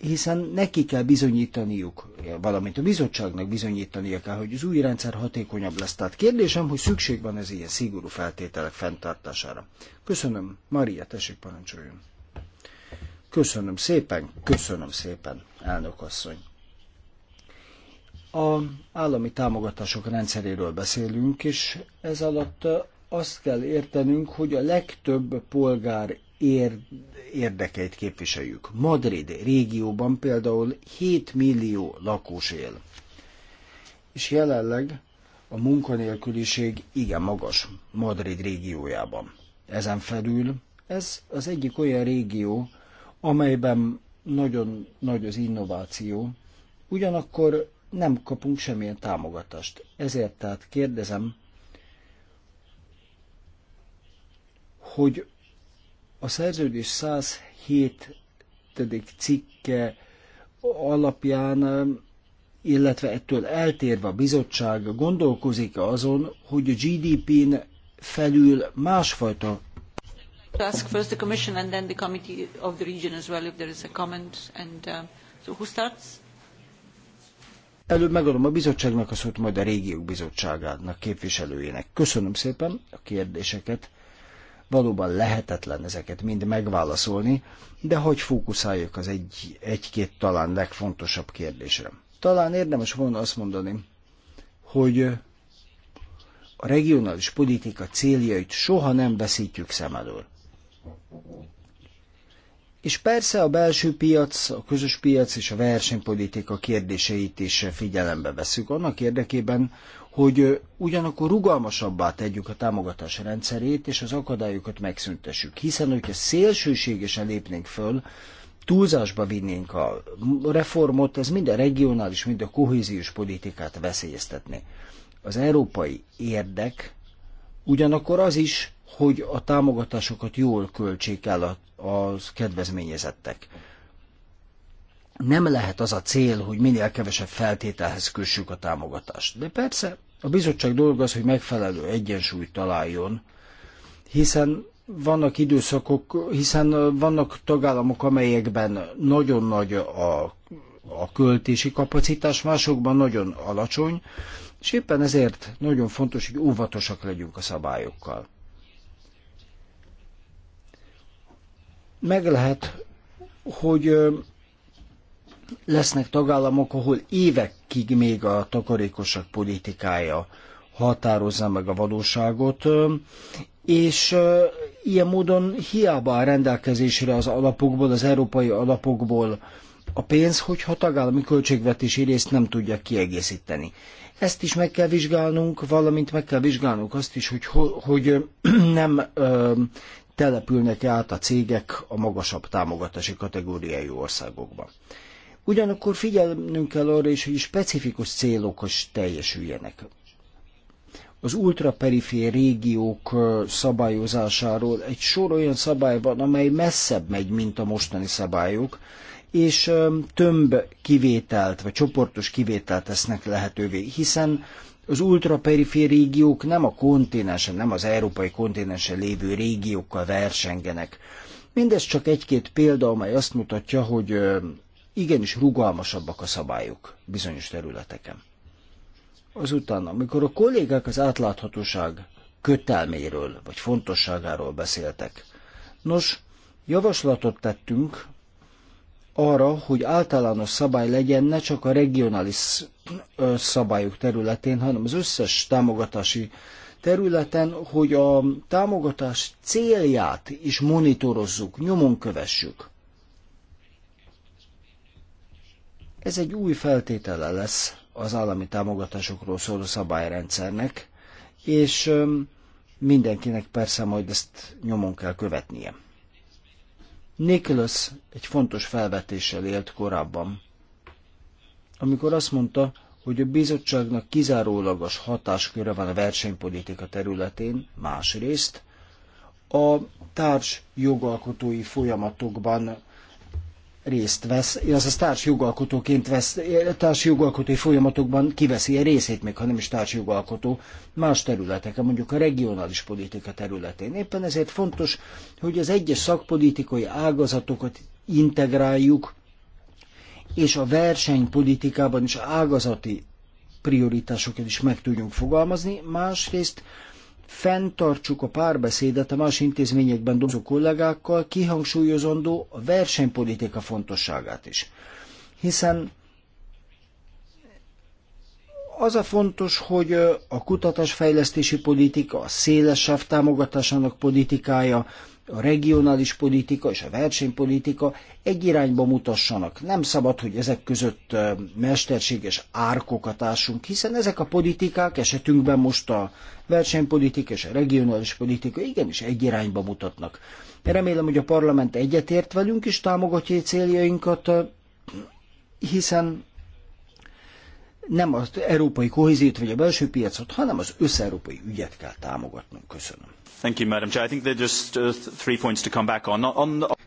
hiszen neki kell bizonyítaniuk, valamint a bizottságnak bizonyítania kell, hogy az új rendszer hatékonyabb lesz. Tehát kérdésem, hogy szükség van ez ilyen szigorú feltételek fenntartására. Köszönöm. Maria, tessék parancsoljon. Köszönöm szépen, köszönöm szépen, elnök asszony. A állami támogatások rendszeréről beszélünk, és ez alatt azt kell értenünk, hogy a legtöbb polgár ér, érdekeit képviseljük. Madrid régióban például 7 millió lakos él. És jelenleg a munkanélküliség igen magas Madrid régiójában. Ezen felül ez az egyik olyan régió, amelyben nagyon nagy az innováció, ugyanakkor nem kapunk semmilyen támogatást. Ezért tehát kérdezem, hogy a szerződés 107. cikke alapján, illetve ettől eltérve a bizottság gondolkozik azon, hogy a GDP-n felül másfajta ask first the Commission and then the Committee of the Region as well if there is a comment. And uh, so who starts? Előbb megadom a bizottságnak a szót, majd a régiók bizottságának képviselőjének. Köszönöm szépen a kérdéseket. Valóban lehetetlen ezeket mind megválaszolni, de hogy fókuszáljuk az egy, egy-két talán legfontosabb kérdésre. Talán érdemes volna azt mondani, hogy a regionális politika céljait soha nem veszítjük szem elől. És persze a belső piac, a közös piac és a versenypolitika kérdéseit is figyelembe veszük annak érdekében, hogy ugyanakkor rugalmasabbá tegyük a támogatás rendszerét, és az akadályokat megszüntessük. Hiszen, hogyha szélsőségesen lépnénk föl, túlzásba vinnénk a reformot, ez mind a regionális, mind a kohéziós politikát veszélyeztetné. Az európai érdek ugyanakkor az is, hogy a támogatásokat jól költsék el a, az kedvezményezettek nem lehet az a cél, hogy minél kevesebb feltételhez kössük a támogatást. De persze a bizottság dolga az, hogy megfelelő egyensúlyt találjon, hiszen vannak időszakok, hiszen vannak tagállamok, amelyekben nagyon nagy a, a költési kapacitás, másokban nagyon alacsony, és éppen ezért nagyon fontos, hogy óvatosak legyünk a szabályokkal. Meg lehet, hogy lesznek tagállamok, ahol évekig még a takarékosság politikája határozza meg a valóságot, és ilyen módon hiába a rendelkezésre az alapokból, az európai alapokból a pénz, hogyha a tagállami költségvetési részt nem tudja kiegészíteni. Ezt is meg kell vizsgálnunk, valamint meg kell vizsgálnunk azt is, hogy, hogy nem ö, települnek át a cégek a magasabb támogatási kategóriájú országokba. Ugyanakkor figyelnünk kell arra is, hogy specifikus célok is teljesüljenek. Az ultraperifér régiók szabályozásáról egy sor olyan szabály van, amely messzebb megy, mint a mostani szabályok, és több kivételt, vagy csoportos kivételt tesznek lehetővé, hiszen az ultraperifér régiók nem a kontinensen, nem az európai kontinensen lévő régiókkal versengenek. Mindez csak egy-két példa, amely azt mutatja, hogy igenis rugalmasabbak a szabályok bizonyos területeken. Azután, amikor a kollégák az átláthatóság kötelméről vagy fontosságáról beszéltek, nos, javaslatot tettünk arra, hogy általános szabály legyen ne csak a regionális szabályok területén, hanem az összes támogatási területen, hogy a támogatás célját is monitorozzuk, nyomon kövessük. Ez egy új feltétele lesz az állami támogatásokról szóló szabályrendszernek, és mindenkinek persze majd ezt nyomon kell követnie. Nicholas egy fontos felvetéssel élt korábban, amikor azt mondta, hogy a bizottságnak kizárólagos hatásköre van a versenypolitika területén, másrészt a társ jogalkotói folyamatokban részt vesz, azaz társjogalkotóként vesz, társjogalkotói folyamatokban kiveszi a részét, még ha nem is társjogalkotó, más területeken, mondjuk a regionális politika területén. Éppen ezért fontos, hogy az egyes szakpolitikai ágazatokat integráljuk, és a versenypolitikában is ágazati prioritásokat is meg tudjunk fogalmazni, másrészt fenntartsuk a párbeszédet a más intézményekben dolgozó kollégákkal, kihangsúlyozandó a versenypolitika fontosságát is. Hiszen az a fontos, hogy a kutatásfejlesztési politika, a szélesebb támogatásának politikája, a regionális politika és a versenypolitika egy irányba mutassanak. Nem szabad, hogy ezek között mesterséges árkokat ássunk, hiszen ezek a politikák, esetünkben most a versenypolitika és a regionális politika igenis egy irányba mutatnak. Remélem, hogy a parlament egyetért velünk és támogatja céljainkat, hiszen nem az európai kohéziót vagy a belső piacot, hanem az összeurópai ügyet kell támogatnunk. Köszönöm.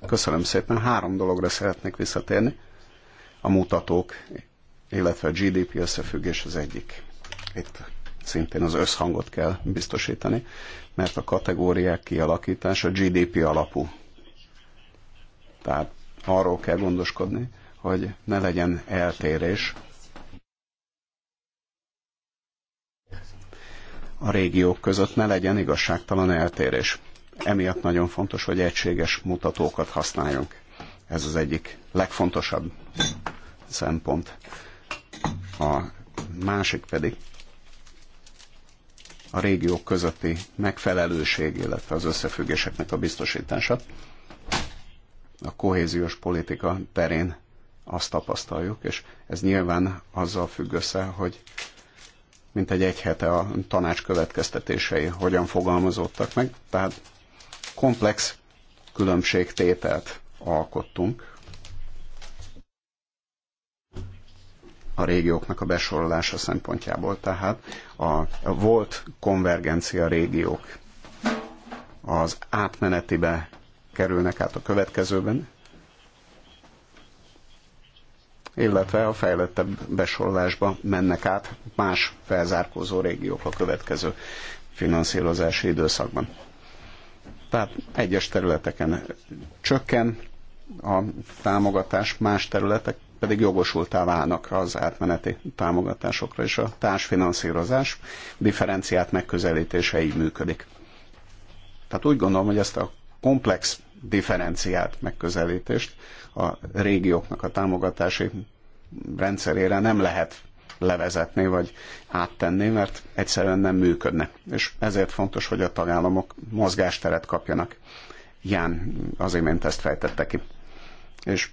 Köszönöm szépen. Három dologra szeretnék visszatérni. A mutatók, illetve a GDP összefüggés az egyik. Itt szintén az összhangot kell biztosítani, mert a kategóriák kialakítása GDP alapú. Tehát arról kell gondoskodni, hogy ne legyen eltérés a régiók között ne legyen igazságtalan eltérés. Emiatt nagyon fontos, hogy egységes mutatókat használjunk. Ez az egyik legfontosabb szempont. A másik pedig a régiók közötti megfelelőség, illetve az összefüggéseknek a biztosítása. A kohéziós politika terén azt tapasztaljuk, és ez nyilván azzal függ össze, hogy mint egy egy hete a tanács következtetései hogyan fogalmazódtak meg. Tehát komplex különbségtételt alkottunk a régióknak a besorolása szempontjából. Tehát a, volt konvergencia régiók az átmenetibe kerülnek át a következőben, illetve a fejlettebb besorolásba mennek át más felzárkózó régiók a következő finanszírozási időszakban. Tehát egyes területeken csökken a támogatás, más területek pedig jogosultá válnak az átmeneti támogatásokra, és a társfinanszírozás differenciát megközelítése így működik. Tehát úgy gondolom, hogy ezt a komplex differenciát megközelítést a régióknak a támogatási rendszerére nem lehet levezetni vagy áttenni, mert egyszerűen nem működne. És ezért fontos, hogy a tagállamok mozgásteret kapjanak. Ján az imént ezt fejtette ki. És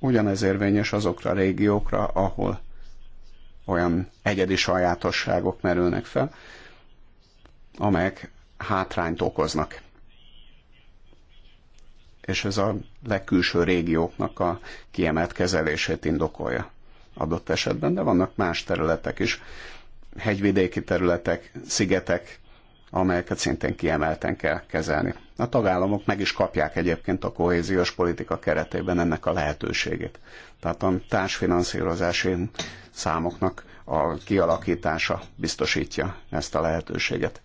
ugyanez érvényes azokra a régiókra, ahol olyan egyedi sajátosságok merülnek fel, amelyek hátrányt okoznak és ez a legkülső régióknak a kiemelt kezelését indokolja adott esetben, de vannak más területek is, hegyvidéki területek, szigetek, amelyeket szintén kiemelten kell kezelni. A tagállamok meg is kapják egyébként a kohéziós politika keretében ennek a lehetőségét. Tehát a társfinanszírozási számoknak a kialakítása biztosítja ezt a lehetőséget.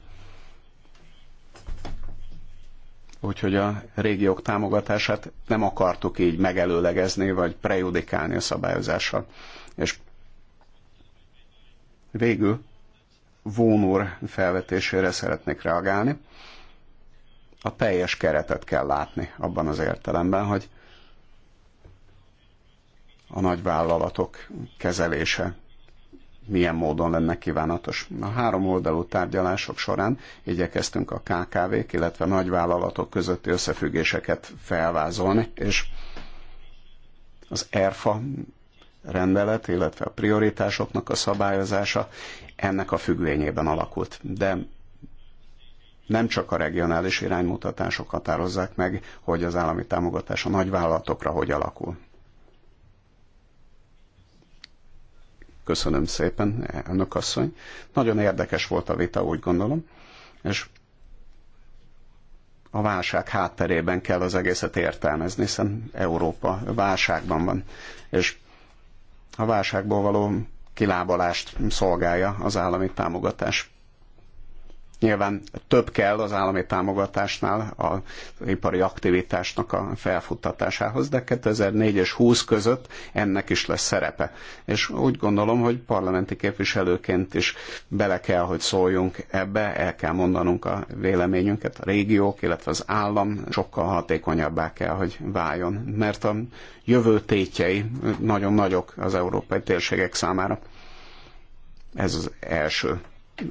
Úgyhogy a régiók támogatását nem akartuk így megelőlegezni, vagy prejudikálni a szabályozással. És végül Vón úr felvetésére szeretnék reagálni. A teljes keretet kell látni abban az értelemben, hogy a nagyvállalatok kezelése milyen módon lenne kívánatos. A három oldalú tárgyalások során igyekeztünk a KKV-k, illetve nagyvállalatok közötti összefüggéseket felvázolni, és az ERFA rendelet, illetve a prioritásoknak a szabályozása ennek a függvényében alakult. De nem csak a regionális iránymutatások határozzák meg, hogy az állami támogatás a nagyvállalatokra hogy alakul Köszönöm szépen, elnök asszony. Nagyon érdekes volt a vita, úgy gondolom, és a válság hátterében kell az egészet értelmezni, hiszen Európa válságban van, és a válságból való kilábalást szolgálja az állami támogatás. Nyilván több kell az állami támogatásnál az ipari aktivitásnak a felfuttatásához, de 2004 és 20 között ennek is lesz szerepe. És úgy gondolom, hogy parlamenti képviselőként is bele kell, hogy szóljunk ebbe, el kell mondanunk a véleményünket, a régiók, illetve az állam sokkal hatékonyabbá kell, hogy váljon, mert a jövő tétjei nagyon nagyok az európai térségek számára. Ez az első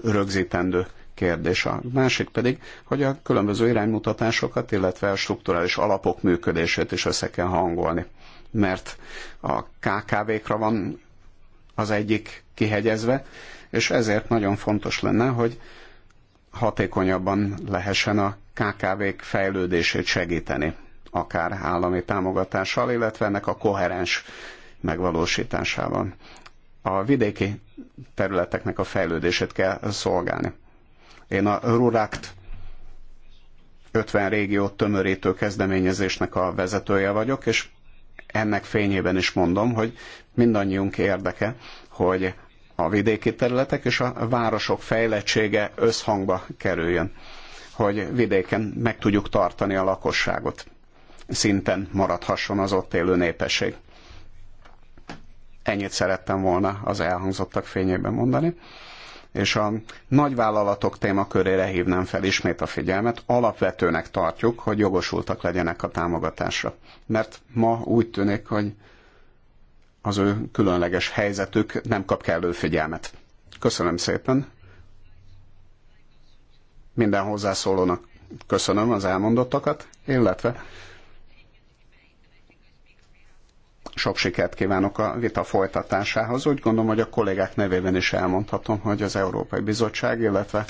rögzítendő kérdés. A másik pedig, hogy a különböző iránymutatásokat, illetve a strukturális alapok működését is össze kell hangolni. Mert a KKV-kra van az egyik kihegyezve, és ezért nagyon fontos lenne, hogy hatékonyabban lehessen a KKV-k fejlődését segíteni, akár állami támogatással, illetve ennek a koherens megvalósításával. A vidéki területeknek a fejlődését kell szolgálni. Én a Rurakt 50 régiót tömörítő kezdeményezésnek a vezetője vagyok, és ennek fényében is mondom, hogy mindannyiunk érdeke, hogy a vidéki területek és a városok fejlettsége összhangba kerüljön, hogy vidéken meg tudjuk tartani a lakosságot, szinten maradhasson az ott élő népesség. Ennyit szerettem volna az elhangzottak fényében mondani és a nagyvállalatok témakörére hívnám fel ismét a figyelmet. Alapvetőnek tartjuk, hogy jogosultak legyenek a támogatásra. Mert ma úgy tűnik, hogy az ő különleges helyzetük nem kap kellő figyelmet. Köszönöm szépen. Minden hozzászólónak köszönöm az elmondottakat, illetve sok sikert kívánok a vita folytatásához. Úgy gondolom, hogy a kollégák nevében is elmondhatom, hogy az Európai Bizottság, illetve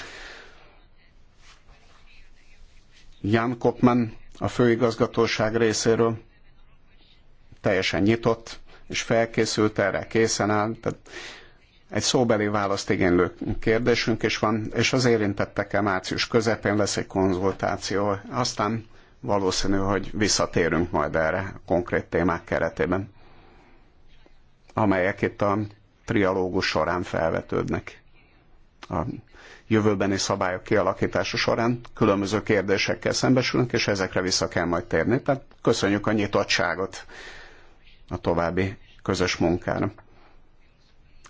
Jan Kopman a főigazgatóság részéről teljesen nyitott és felkészült erre, készen áll. Tehát egy szóbeli választ igénylő kérdésünk is van, és az érintettekkel március közepén lesz egy konzultáció. Aztán valószínű, hogy visszatérünk majd erre konkrét témák keretében amelyek itt a trialógus során felvetődnek. A jövőbeni szabályok kialakítása során különböző kérdésekkel szembesülünk, és ezekre vissza kell majd térni. Tehát köszönjük a nyitottságot a további közös munkára.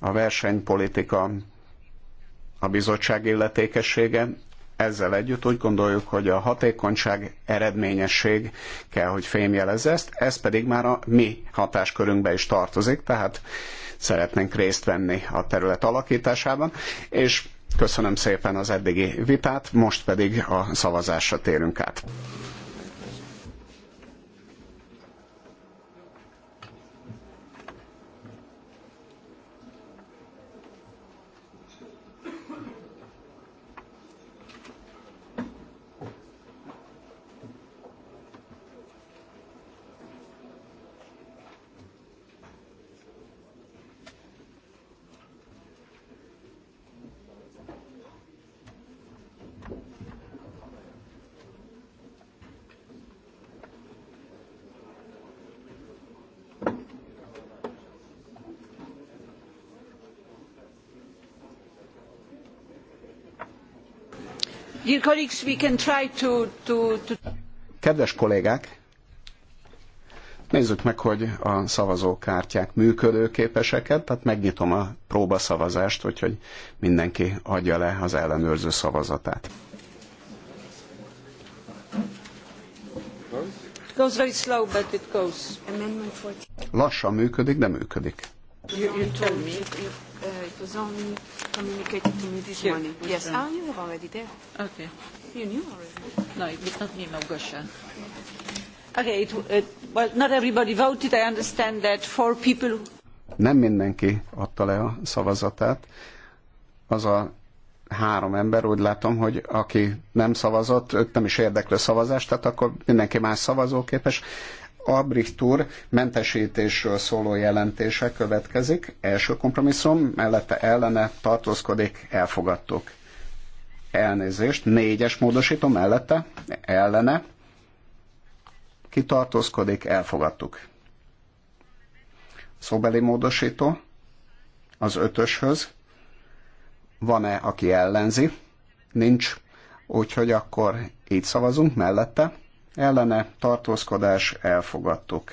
A versenypolitika, a bizottság illetékessége ezzel együtt úgy gondoljuk, hogy a hatékonyság, eredményesség kell, hogy fémjelez ezt, ez pedig már a mi hatáskörünkbe is tartozik, tehát szeretnénk részt venni a terület alakításában, és köszönöm szépen az eddigi vitát, most pedig a szavazásra térünk át. Kedves kollégák, nézzük meg, hogy a szavazókártyák működőképeseket, tehát megnyitom a próbaszavazást, úgyhogy mindenki adja le az ellenőrző szavazatát. goes very slow, but it goes. Lassan működik, de működik. You, you told me. uh communicated to me this Here, morning. Yes, ah, you were already there. Okay. You knew already. No, it was not me, Małgosia. Okay, it, it, well, not everybody voted. I understand that four people... Nem mindenki adta le a szavazatát. Az a három ember, úgy látom, hogy aki nem szavazott, őt nem is érdekli a szavazást, tehát akkor mindenki más szavazóképes. Albrecht úr mentesítésről szóló jelentése következik. Első kompromisszum, mellette ellene tartózkodik, elfogadtuk. Elnézést, négyes módosító mellette, ellene, kitartózkodik, elfogadtuk. Szóbeli módosító az ötöshöz. Van-e, aki ellenzi? Nincs. Úgyhogy akkor így szavazunk mellette ellene tartózkodás elfogadtuk.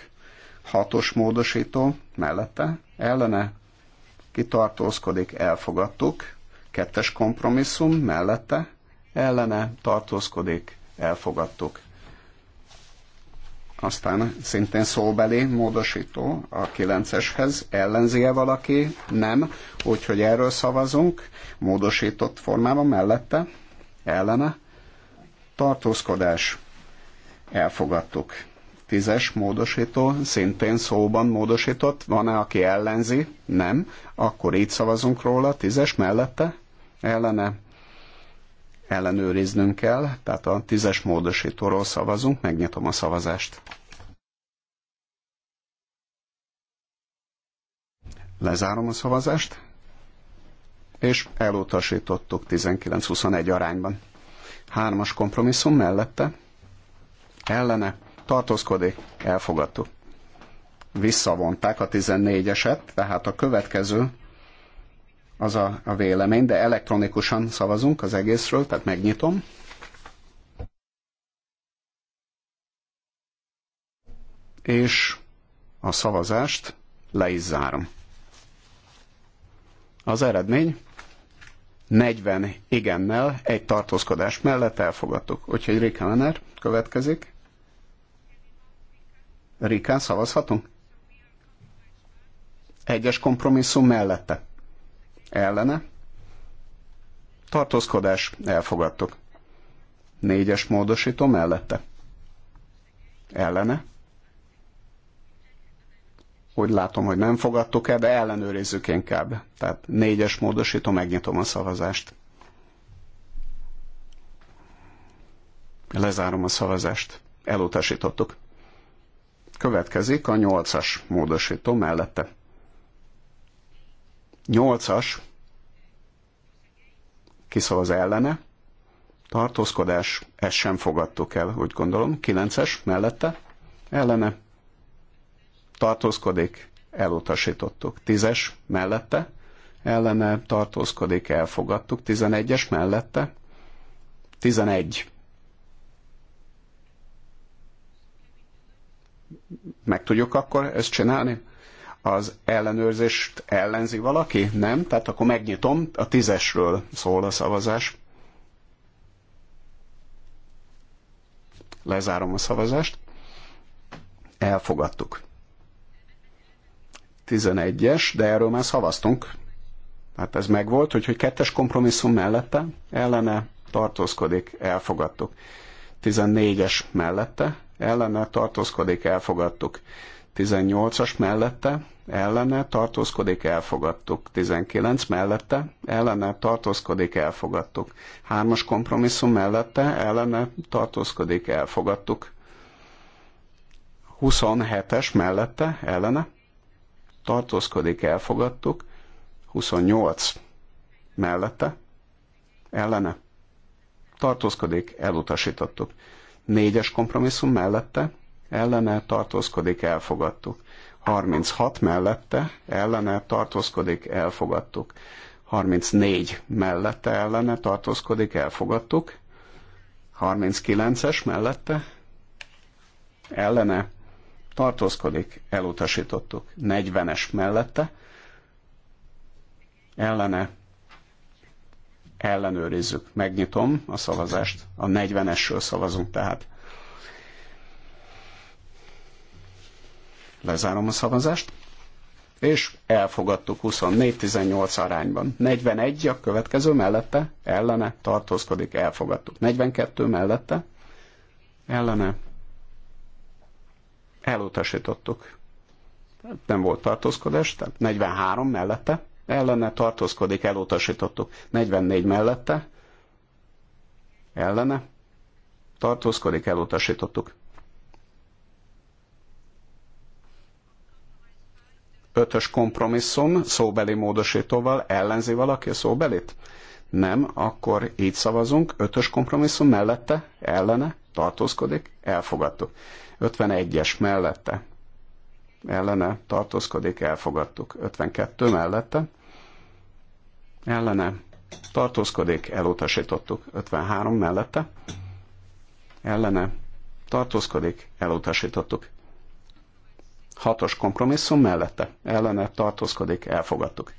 Hatos módosító mellette ellene kitartózkodik elfogadtuk. Kettes kompromisszum mellette ellene tartózkodik elfogadtuk. Aztán szintén szóbeli módosító a kilenceshez ellenzi-e valaki? Nem. Úgyhogy erről szavazunk, módosított formában mellette, ellene. Tartózkodás Elfogadtuk. Tízes módosító, szintén szóban módosított. Van-e, aki ellenzi? Nem. Akkor így szavazunk róla. Tízes mellette? Ellene? Ellenőriznünk kell. Tehát a tízes módosítóról szavazunk. Megnyitom a szavazást. Lezárom a szavazást és elutasítottuk 19-21 arányban. Hármas kompromisszum mellette ellene tartózkodik, elfogadtuk. Visszavonták a 14-eset, tehát a következő az a, a vélemény, de elektronikusan szavazunk az egészről, tehát megnyitom. És a szavazást le is zárom. Az eredmény 40 igennel, egy tartózkodás mellett elfogadtuk. Úgyhogy Rikemener következik. Rikán szavazhatunk? Egyes kompromisszum mellette. Ellene? Tartózkodás. Elfogadtuk. Négyes módosító mellette. Ellene? Úgy látom, hogy nem fogadtuk el, de ellenőrizzük inkább. Tehát négyes módosító, megnyitom a szavazást. Lezárom a szavazást. Elutasítottuk. Következik a nyolcas módosító mellette. Nyolcas az ellene, tartózkodás, ezt sem fogadtuk el, úgy gondolom. Kilences mellette, ellene, tartózkodik, elutasítottuk. Tízes mellette, ellene tartózkodik, elfogadtuk. Tizenegyes mellette, tizenegy meg tudjuk akkor ezt csinálni? Az ellenőrzést ellenzi valaki? Nem? Tehát akkor megnyitom, a tízesről szól a szavazás. Lezárom a szavazást. Elfogadtuk. 11-es, de erről már szavaztunk. Hát ez megvolt, hogy kettes kompromisszum mellette, ellene tartózkodik, elfogadtuk. 14-es mellette, ellene tartózkodik, elfogadtuk. 18-as mellette, ellene tartózkodik, elfogadtuk. 19 mellette, ellene tartózkodik, elfogadtuk. 3-as kompromisszum mellette, ellene tartózkodik, elfogadtuk. 27-es mellette, ellene tartózkodik, elfogadtuk. 28 mellette, ellene tartózkodik, elutasítottuk. Négyes kompromisszum mellette ellene tartózkodik, elfogadtuk. 36 mellette ellene tartózkodik, elfogadtuk. 34 mellette ellene tartózkodik, elfogadtuk. 39-es mellette ellene tartózkodik, elutasítottuk. 40-es mellette ellene ellenőrizzük. Megnyitom a szavazást. A 40-esről szavazunk tehát. Lezárom a szavazást. És elfogadtuk 24-18 arányban. 41 a következő mellette, ellene tartózkodik, elfogadtuk. 42 mellette, ellene elutasítottuk. Nem volt tartózkodás, tehát 43 mellette, ellene tartózkodik, elutasítottuk. 44 mellette, ellene tartózkodik, elutasítottuk. 5-ös kompromisszum szóbeli módosítóval ellenzi valaki a szóbelit? Nem, akkor így szavazunk. 5-ös kompromisszum mellette, ellene tartózkodik, elfogadtuk. 51-es mellette, ellene tartózkodik, elfogadtuk. 52 mellette ellene tartózkodik, elutasítottuk. 53 mellette ellene tartózkodik, elutasítottuk. Hatos kompromisszum mellette ellene tartózkodik, elfogadtuk.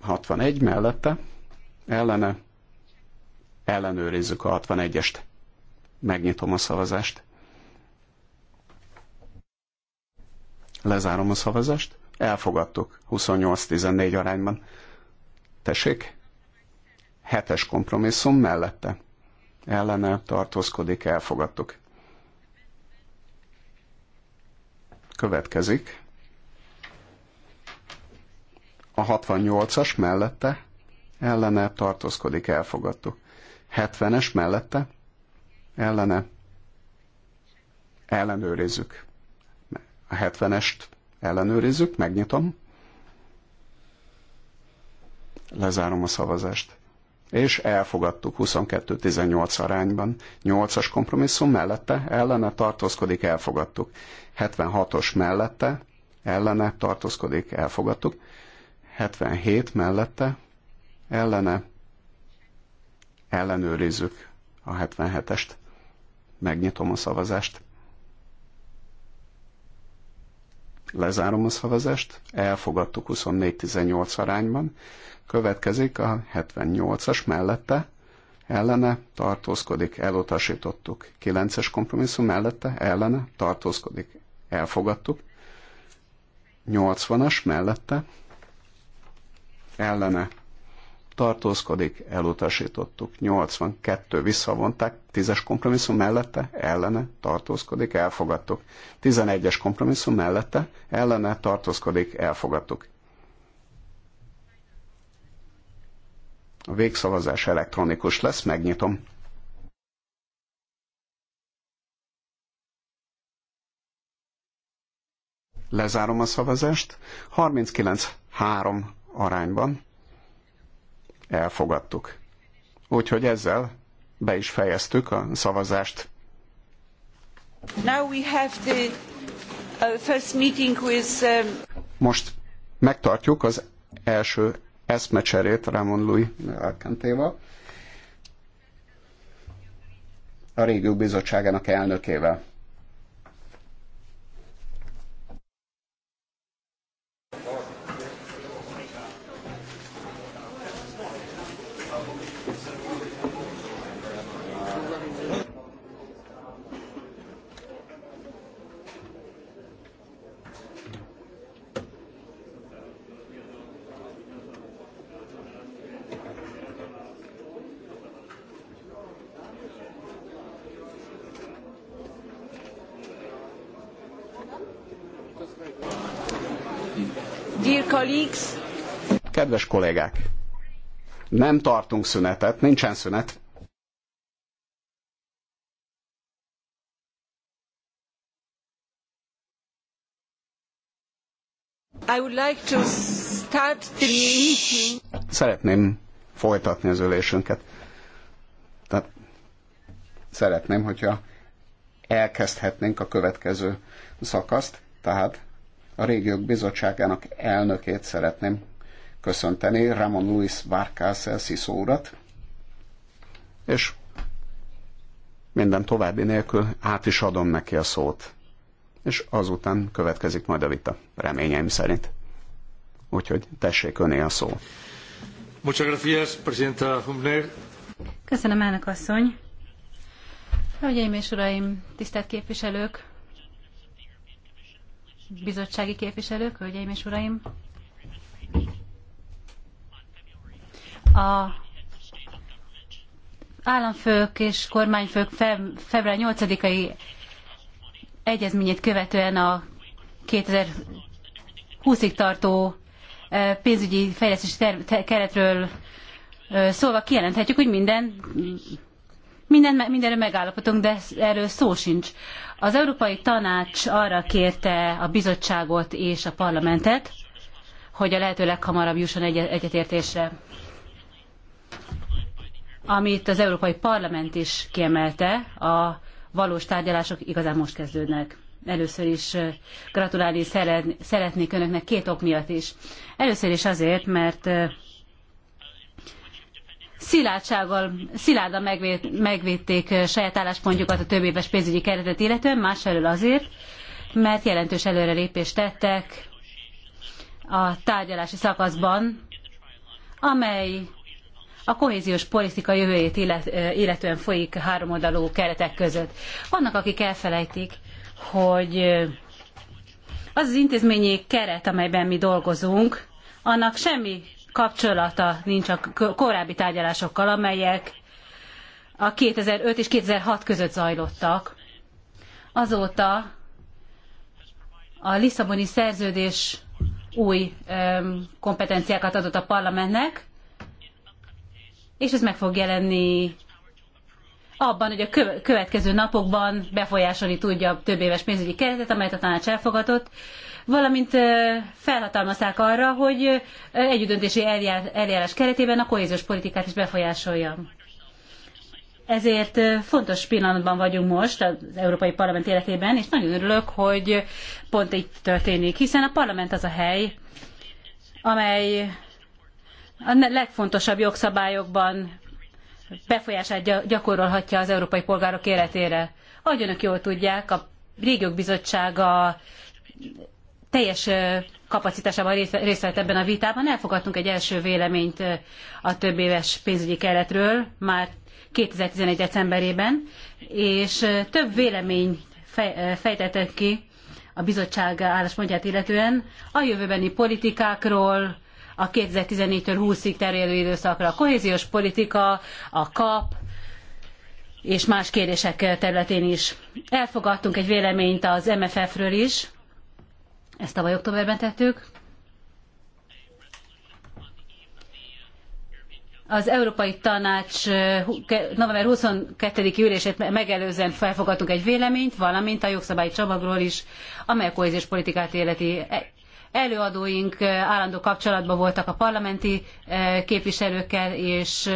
61 mellette ellene ellenőrizzük a 61-est. Megnyitom a szavazást. Lezárom a szavazást. Elfogadtuk 28-14 arányban. Tessék? Hetes kompromisszum mellette. Ellene tartózkodik, elfogadtuk. Következik a 68-as mellette, ellene tartózkodik, elfogadtuk. 70-es mellette, ellene ellenőrizzük. A 70-est ellenőrizzük, megnyitom. Lezárom a szavazást. És elfogadtuk 22-18 arányban. 8-as kompromisszum mellette, ellene tartózkodik, elfogadtuk. 76-os mellette, ellene tartózkodik, elfogadtuk. 77 mellette, ellene ellenőrizzük a 77-est. Megnyitom a szavazást. Lezárom a szavazást, elfogadtuk 24-18 arányban. Következik a 78-as mellette, ellene tartózkodik, elutasítottuk. 9-es kompromisszum mellette, ellene tartózkodik, elfogadtuk. 80-as mellette, ellene tartózkodik, elutasítottuk. 82 visszavonták, 10-es kompromisszum mellette, ellene, tartózkodik, elfogadtuk. 11-es kompromisszum mellette, ellene, tartózkodik, elfogadtuk. A végszavazás elektronikus lesz, megnyitom. Lezárom a szavazást. 39-3 arányban elfogadtuk. Úgyhogy ezzel be is fejeztük a szavazást. Now we have the uh, first meeting with, um... Most megtartjuk az első eszmecserét Ramon Louis Alcantéval, a régió bizottságának elnökével. kollégák. Nem tartunk szünetet, nincsen szünet. I would like to start the meeting. Szeretném folytatni az ülésünket. Tehát szeretném, hogyha elkezdhetnénk a következő szakaszt, tehát a régiók bizottságának elnökét szeretném köszönteni Ramon Luis Varkász Sziszó urat, és minden további nélkül át is adom neki a szót. És azután következik majd a vita, reményeim szerint. Úgyhogy tessék öné a szó. Muchas gracias, Presidenta Humner. Köszönöm, elnök asszony. Hölgyeim és uraim, tisztelt képviselők, bizottsági képviselők, hölgyeim és uraim, a államfők és kormányfők február 8-ai egyezményét követően a 2020-ig tartó pénzügyi fejlesztési keretről szólva kijelenthetjük, hogy minden, minden, mindenről megállapodtunk, de erről szó sincs. Az Európai Tanács arra kérte a bizottságot és a parlamentet, hogy a lehető leghamarabb jusson egyetértésre amit az Európai Parlament is kiemelte, a valós tárgyalások igazán most kezdődnek. Először is gratulálni szeretnék önöknek két ok miatt is. Először is azért, mert szilárdsággal, szilárdan megvéd, megvédték saját álláspontjukat a éves pénzügyi keretet illetően, másfelől azért, mert jelentős előrelépést tettek a tárgyalási szakaszban, amely a kohéziós politika jövőjét illet, illetően folyik háromoldalú keretek között. Vannak, akik elfelejtik, hogy az az intézményi keret, amelyben mi dolgozunk, annak semmi kapcsolata nincs a korábbi tárgyalásokkal, amelyek a 2005 és 2006 között zajlottak. Azóta a Lisszaboni szerződés új kompetenciákat adott a parlamentnek, és ez meg fog jelenni abban, hogy a következő napokban befolyásolni tudja a több éves pénzügyi keretet, amelyet a tanács elfogadott, valamint felhatalmazták arra, hogy együttdöntési eljárás keretében a kohéziós politikát is befolyásolja. Ezért fontos pillanatban vagyunk most az Európai Parlament életében, és nagyon örülök, hogy pont itt történik, hiszen a parlament az a hely, amely a legfontosabb jogszabályokban befolyását gyakorolhatja az európai polgárok életére. Ahogy önök jól tudják, a Régiók Bizottsága teljes kapacitásában részt vett ebben a vitában. Elfogadtunk egy első véleményt a több éves pénzügyi keretről már 2011. decemberében, és több vélemény fejtettek ki a bizottság álláspontját illetően a jövőbeni politikákról, a 2014-től 20-ig terjedő időszakra. A kohéziós politika, a KAP, és más kérdések területén is. Elfogadtunk egy véleményt az MFF-ről is, ezt tavaly októberben tettük. Az Európai Tanács eh, november 22. ülését megelőzően felfogadtunk egy véleményt, valamint a jogszabályi csomagról is, amely a kohéziós politikát életi Előadóink állandó kapcsolatban voltak a parlamenti képviselőkkel, és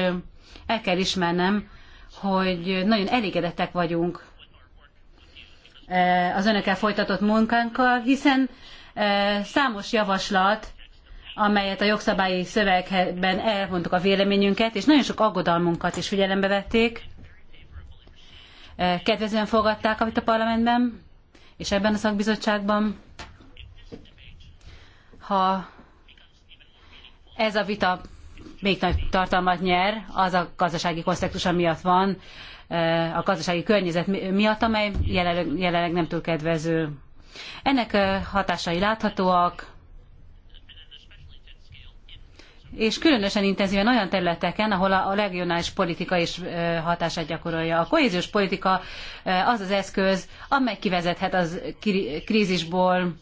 el kell ismernem, hogy nagyon elégedettek vagyunk az önökkel folytatott munkánkkal, hiszen számos javaslat, amelyet a jogszabályi szövegben elmondtuk a véleményünket, és nagyon sok aggodalmunkat is figyelembe vették. Kedvezően fogadták amit a parlamentben, és ebben a szakbizottságban ha ez a vita még nagy tartalmat nyer, az a gazdasági konszektusa miatt van, a gazdasági környezet miatt, amely jelenleg, jelenleg nem túl kedvező. Ennek hatásai láthatóak, és különösen intenzíven olyan területeken, ahol a regionális politika is hatását gyakorolja. A kohéziós politika az az eszköz, amely kivezethet az krízisból,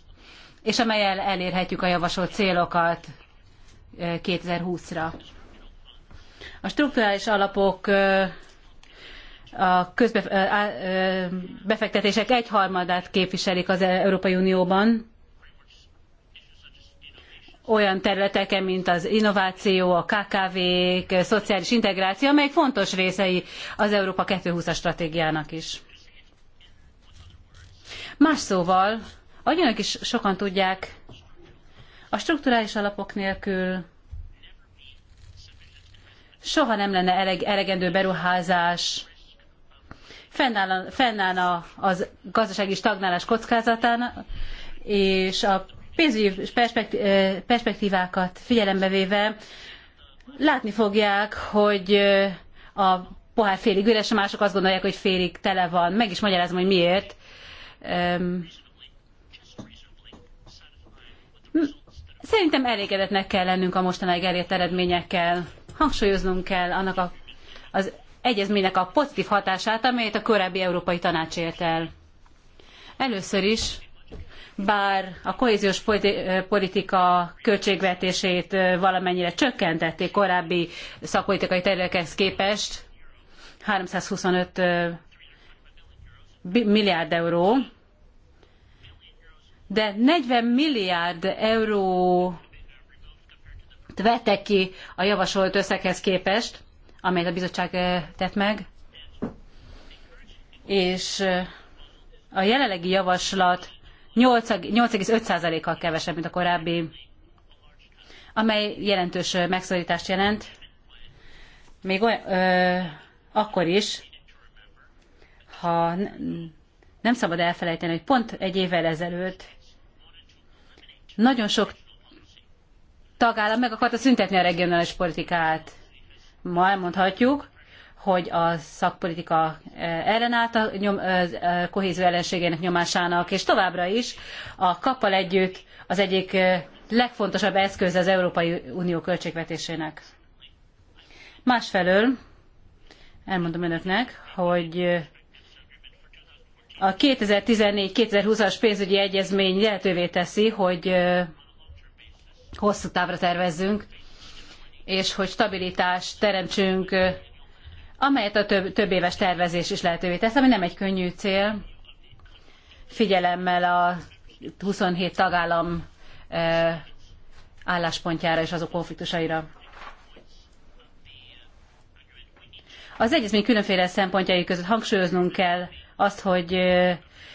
és amelyel elérhetjük a javasolt célokat 2020-ra. A strukturális alapok a közbe, befektetések egyharmadát képviselik az Európai Unióban, olyan területeken, mint az innováció, a KKV-k, szociális integráció, amelyek fontos részei az Európa 2020-as stratégiának is. Más szóval, ahogy önök is sokan tudják, a strukturális alapok nélkül soha nem lenne eleg, elegendő beruházás, fennállna, fennállna az gazdasági stagnálás kockázatán, és a pénzügyi perspektívákat figyelembe véve látni fogják, hogy a pohár félig üres, a mások azt gondolják, hogy félig tele van. Meg is magyarázom, hogy miért. Szerintem elégedetnek kell lennünk a mostanáig elért eredményekkel. Hangsúlyoznunk kell annak a, az egyezménynek a pozitív hatását, amelyet a korábbi Európai Tanács ért el. Először is, bár a kohéziós politika költségvetését valamennyire csökkentették korábbi szakpolitikai területekhez képest, 325 milliárd euró, de 40 milliárd euró vettek ki a javasolt összeghez képest, amelyet a bizottság eh, tett meg, és eh, a jelenlegi javaslat 8,5%-kal kevesebb, mint a korábbi, amely jelentős eh, megszorítást jelent, még olyan, ö, akkor is, ha nem szabad elfelejteni, hogy pont egy évvel ezelőtt nagyon sok tagállam meg akarta szüntetni a regionális politikát. Ma elmondhatjuk, hogy a szakpolitika e, ellenállt a nyom, a e, e, kohézió ellenségének nyomásának, és továbbra is a kappal együtt az egyik legfontosabb eszköz az Európai Unió költségvetésének. Másfelől elmondom önöknek, hogy a 2014-2020-as pénzügyi egyezmény lehetővé teszi, hogy hosszú távra tervezzünk, és hogy stabilitást teremtsünk, amelyet a több, több éves tervezés is lehetővé tesz, ami nem egy könnyű cél, figyelemmel a 27 tagállam álláspontjára és azok konfliktusaira. Az egyezmény különféle szempontjai között hangsúlyoznunk kell azt, hogy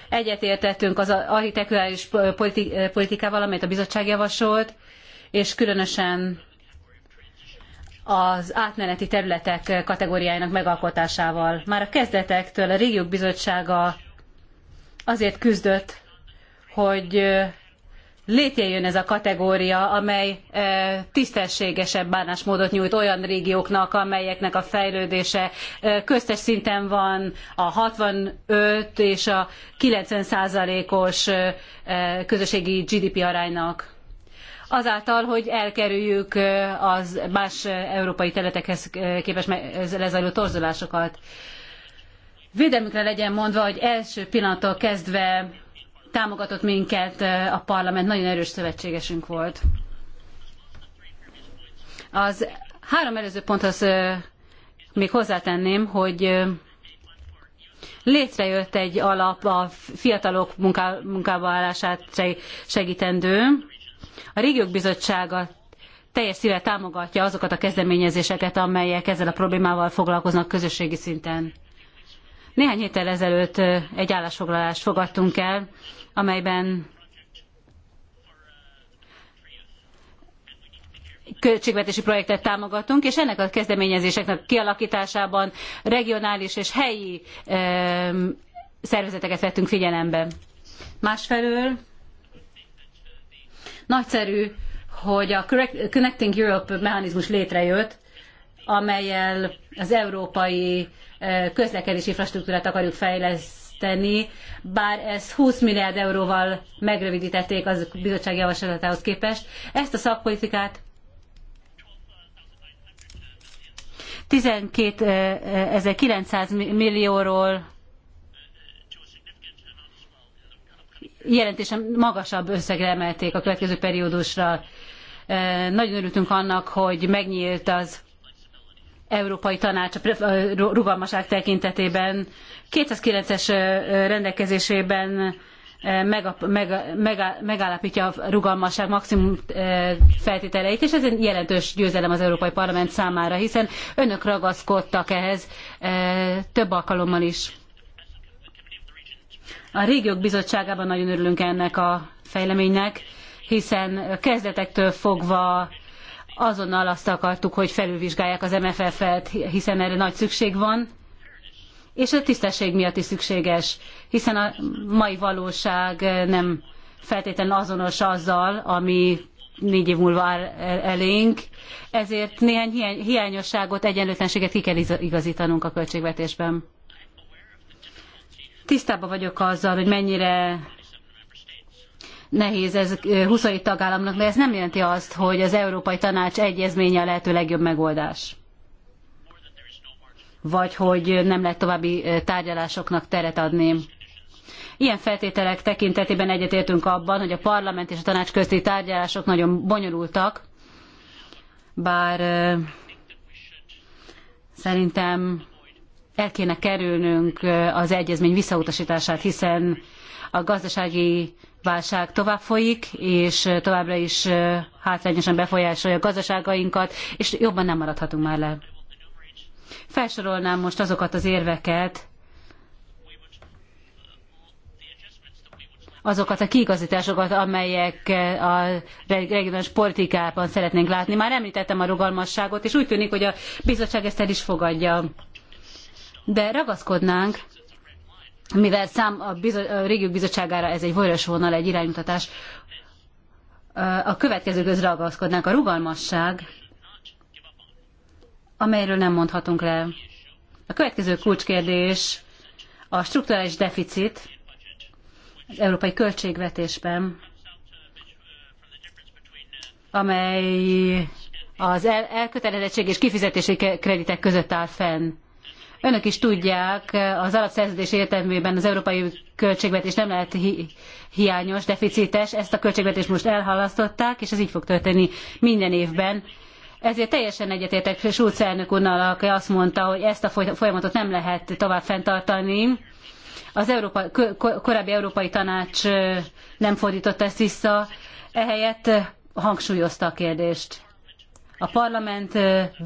egyetértettünk az architekturális politikával, amit a bizottság javasolt, és különösen az átmeneti területek kategóriájának megalkotásával. Már a kezdetektől a régiók bizottsága azért küzdött, hogy létrejön ez a kategória, amely e, tisztességesebb bánásmódot nyújt olyan régióknak, amelyeknek a fejlődése e, köztes szinten van a 65 és a 90 százalékos e, közösségi GDP aránynak. Azáltal, hogy elkerüljük az más európai területekhez képest lezajló torzulásokat. Védelmükre legyen mondva, hogy első pillanattól kezdve támogatott minket a parlament, nagyon erős szövetségesünk volt. Az három előző ponthoz még hozzátenném, hogy létrejött egy alap a fiatalok munká, munkába állását segítendő. A Régiók Bizottsága teljes szíve támogatja azokat a kezdeményezéseket, amelyek ezzel a problémával foglalkoznak közösségi szinten. Néhány héttel ezelőtt egy állásfoglalást fogadtunk el, amelyben költségvetési projektet támogatunk, és ennek a kezdeményezéseknek kialakításában regionális és helyi szervezeteket vettünk figyelembe. Másfelől nagyszerű, hogy a Connecting Europe mechanizmus létrejött, amelyel az európai közlekedési infrastruktúrát akarjuk fejleszteni, bár ezt 20 milliárd euróval megrövidítették az bizottság javaslatához képest. Ezt a szakpolitikát 12.900 eh, eh, millióról jelentősen magasabb összegre emelték a következő periódusra. Eh, nagyon örültünk annak, hogy megnyílt az Európai Tanács rugalmaság tekintetében 209-es rendelkezésében meg, meg, meg, megállapítja a rugalmasság maximum feltételeit, és ez egy jelentős győzelem az Európai Parlament számára, hiszen önök ragaszkodtak ehhez több alkalommal is. A régiók bizottságában nagyon örülünk ennek a fejleménynek, hiszen kezdetektől fogva azonnal azt akartuk, hogy felülvizsgálják az MFF-et, hiszen erre nagy szükség van, és a tisztesség miatt is szükséges, hiszen a mai valóság nem feltétlenül azonos azzal, ami négy év múlva áll elénk, ezért néhány hiányosságot, egyenlőtlenséget ki kell igazítanunk a költségvetésben. Tisztában vagyok azzal, hogy mennyire nehéz ez 27 tagállamnak, de ez nem jelenti azt, hogy az Európai Tanács egyezménye a lehető legjobb megoldás. Vagy hogy nem lehet további tárgyalásoknak teret adni. Ilyen feltételek tekintetében egyetértünk abban, hogy a parlament és a tanács közti tárgyalások nagyon bonyolultak, bár szerintem el kéne kerülnünk az egyezmény visszautasítását, hiszen a gazdasági válság tovább folyik, és továbbra is hátrányosan befolyásolja a gazdaságainkat, és jobban nem maradhatunk már le. Felsorolnám most azokat az érveket, azokat a kiigazításokat, amelyek a regionális politikában szeretnénk látni. Már említettem a rugalmasságot, és úgy tűnik, hogy a bizottság ezt el is fogadja. De ragaszkodnánk mivel szám a, bizo- a régiók bizottságára ez egy vörös vonal, egy iránymutatás, a következő közre ragaszkodnánk. A rugalmasság, amelyről nem mondhatunk le. A következő kulcskérdés a strukturális deficit az európai költségvetésben, amely az el- elkötelezettség és kifizetési kreditek között áll fenn. Önök is tudják, az alapszerződés értelmében az európai költségvetés nem lehet hi hiányos, deficites, ezt a költségvetést most elhalasztották, és ez így fog történni minden évben. Ezért teljesen egyetértek Schulz elnök úrnal, aki azt mondta, hogy ezt a folyamatot nem lehet tovább fenntartani. Az Európa, korábbi Európai Tanács nem fordította ezt vissza, ehelyett hangsúlyozta a kérdést a parlament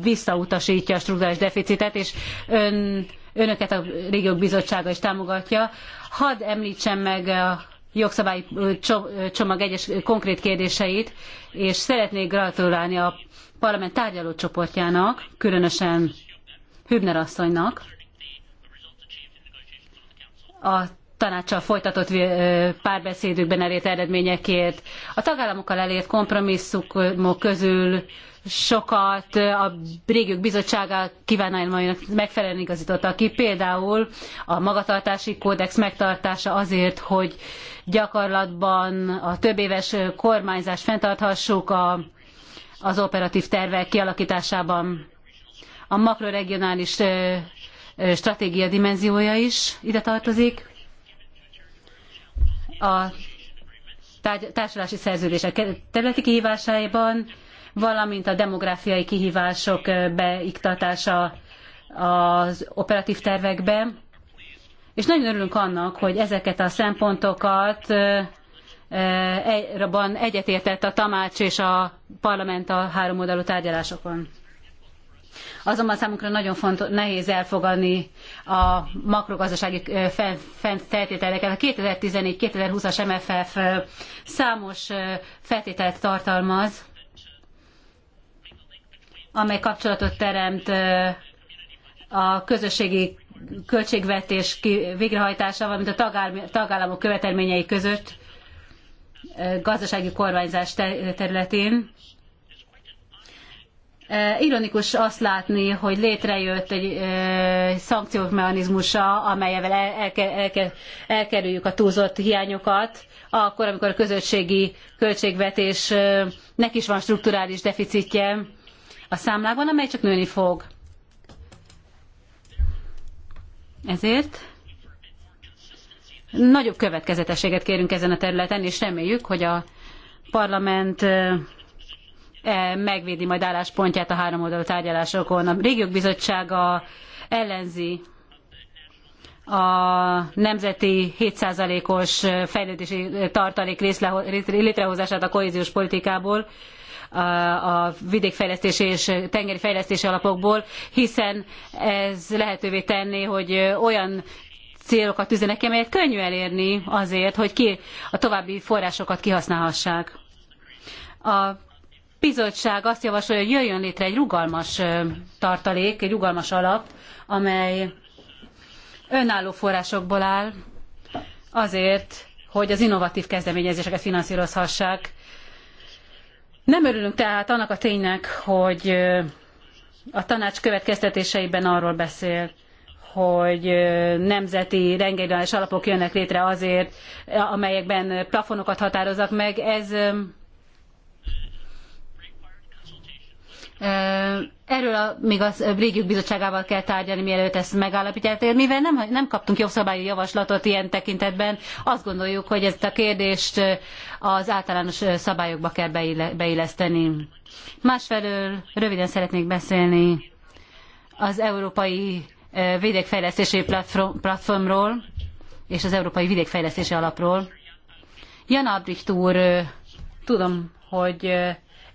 visszautasítja a struktúrális deficitet, és ön, önöket a régiók bizottsága is támogatja. Hadd említsem meg a jogszabályi csomag egyes konkrét kérdéseit, és szeretnék gratulálni a parlament tárgyalócsoportjának, különösen Hübner asszonynak, a tanácssal folytatott párbeszédükben elért eredményekért. A tagállamokkal elért kompromisszumok közül sokat a régiók bizottsága kívánálmainak megfelelően igazította ki, például a magatartási kódex megtartása azért, hogy gyakorlatban a többéves kormányzást fenntarthassuk a, az operatív tervek kialakításában. A makroregionális stratégia dimenziója is ide tartozik. A társulási szerződések területi kihívásaiban valamint a demográfiai kihívások beiktatása az operatív tervekbe. És nagyon örülünk annak, hogy ezeket a szempontokat egyetértett a tanács és a parlament a háromoldalú tárgyalásokon. Azonban számunkra nagyon fontos, nehéz elfogadni a makrogazdasági feltételeket. A 2014-2020-as MFF számos feltételt tartalmaz, amely kapcsolatot teremt a közösségi költségvetés végrehajtása, valamint a tagállamok követelményei között gazdasági kormányzás területén. Ironikus azt látni, hogy létrejött egy szankciók mechanizmusa, amelyevel elkerüljük a túlzott hiányokat, akkor, amikor a közösségi költségvetésnek is van strukturális deficitje, a számlákban, amely csak nőni fog. Ezért nagyobb következetességet kérünk ezen a területen, és reméljük, hogy a parlament e, megvédi majd álláspontját a oldalú tárgyalásokon. A régiók bizottsága ellenzi a nemzeti 7%-os fejlődési tartalék létrehozását a kohéziós politikából, a vidékfejlesztési és tengeri fejlesztési alapokból, hiszen ez lehetővé tenné, hogy olyan célokat tűzenek ki, amelyet könnyű elérni azért, hogy ki a további forrásokat kihasználhassák. A bizottság azt javasolja, hogy jöjjön létre egy rugalmas tartalék, egy rugalmas alap, amely önálló forrásokból áll azért, hogy az innovatív kezdeményezéseket finanszírozhassák, nem örülünk tehát annak a ténynek, hogy a tanács következtetéseiben arról beszél, hogy nemzeti rengedelmes alapok jönnek létre azért, amelyekben plafonokat határoznak meg. Ez Erről még a régiók bizottságával kell tárgyalni, mielőtt ezt megállapítják. Mivel nem, nem kaptunk jogszabályi javaslatot ilyen tekintetben, azt gondoljuk, hogy ezt a kérdést az általános szabályokba kell beilleszteni. Másfelől röviden szeretnék beszélni az Európai Vidékfejlesztési Platformról és az Európai Vidékfejlesztési Alapról. Jan Abricht úr, tudom, hogy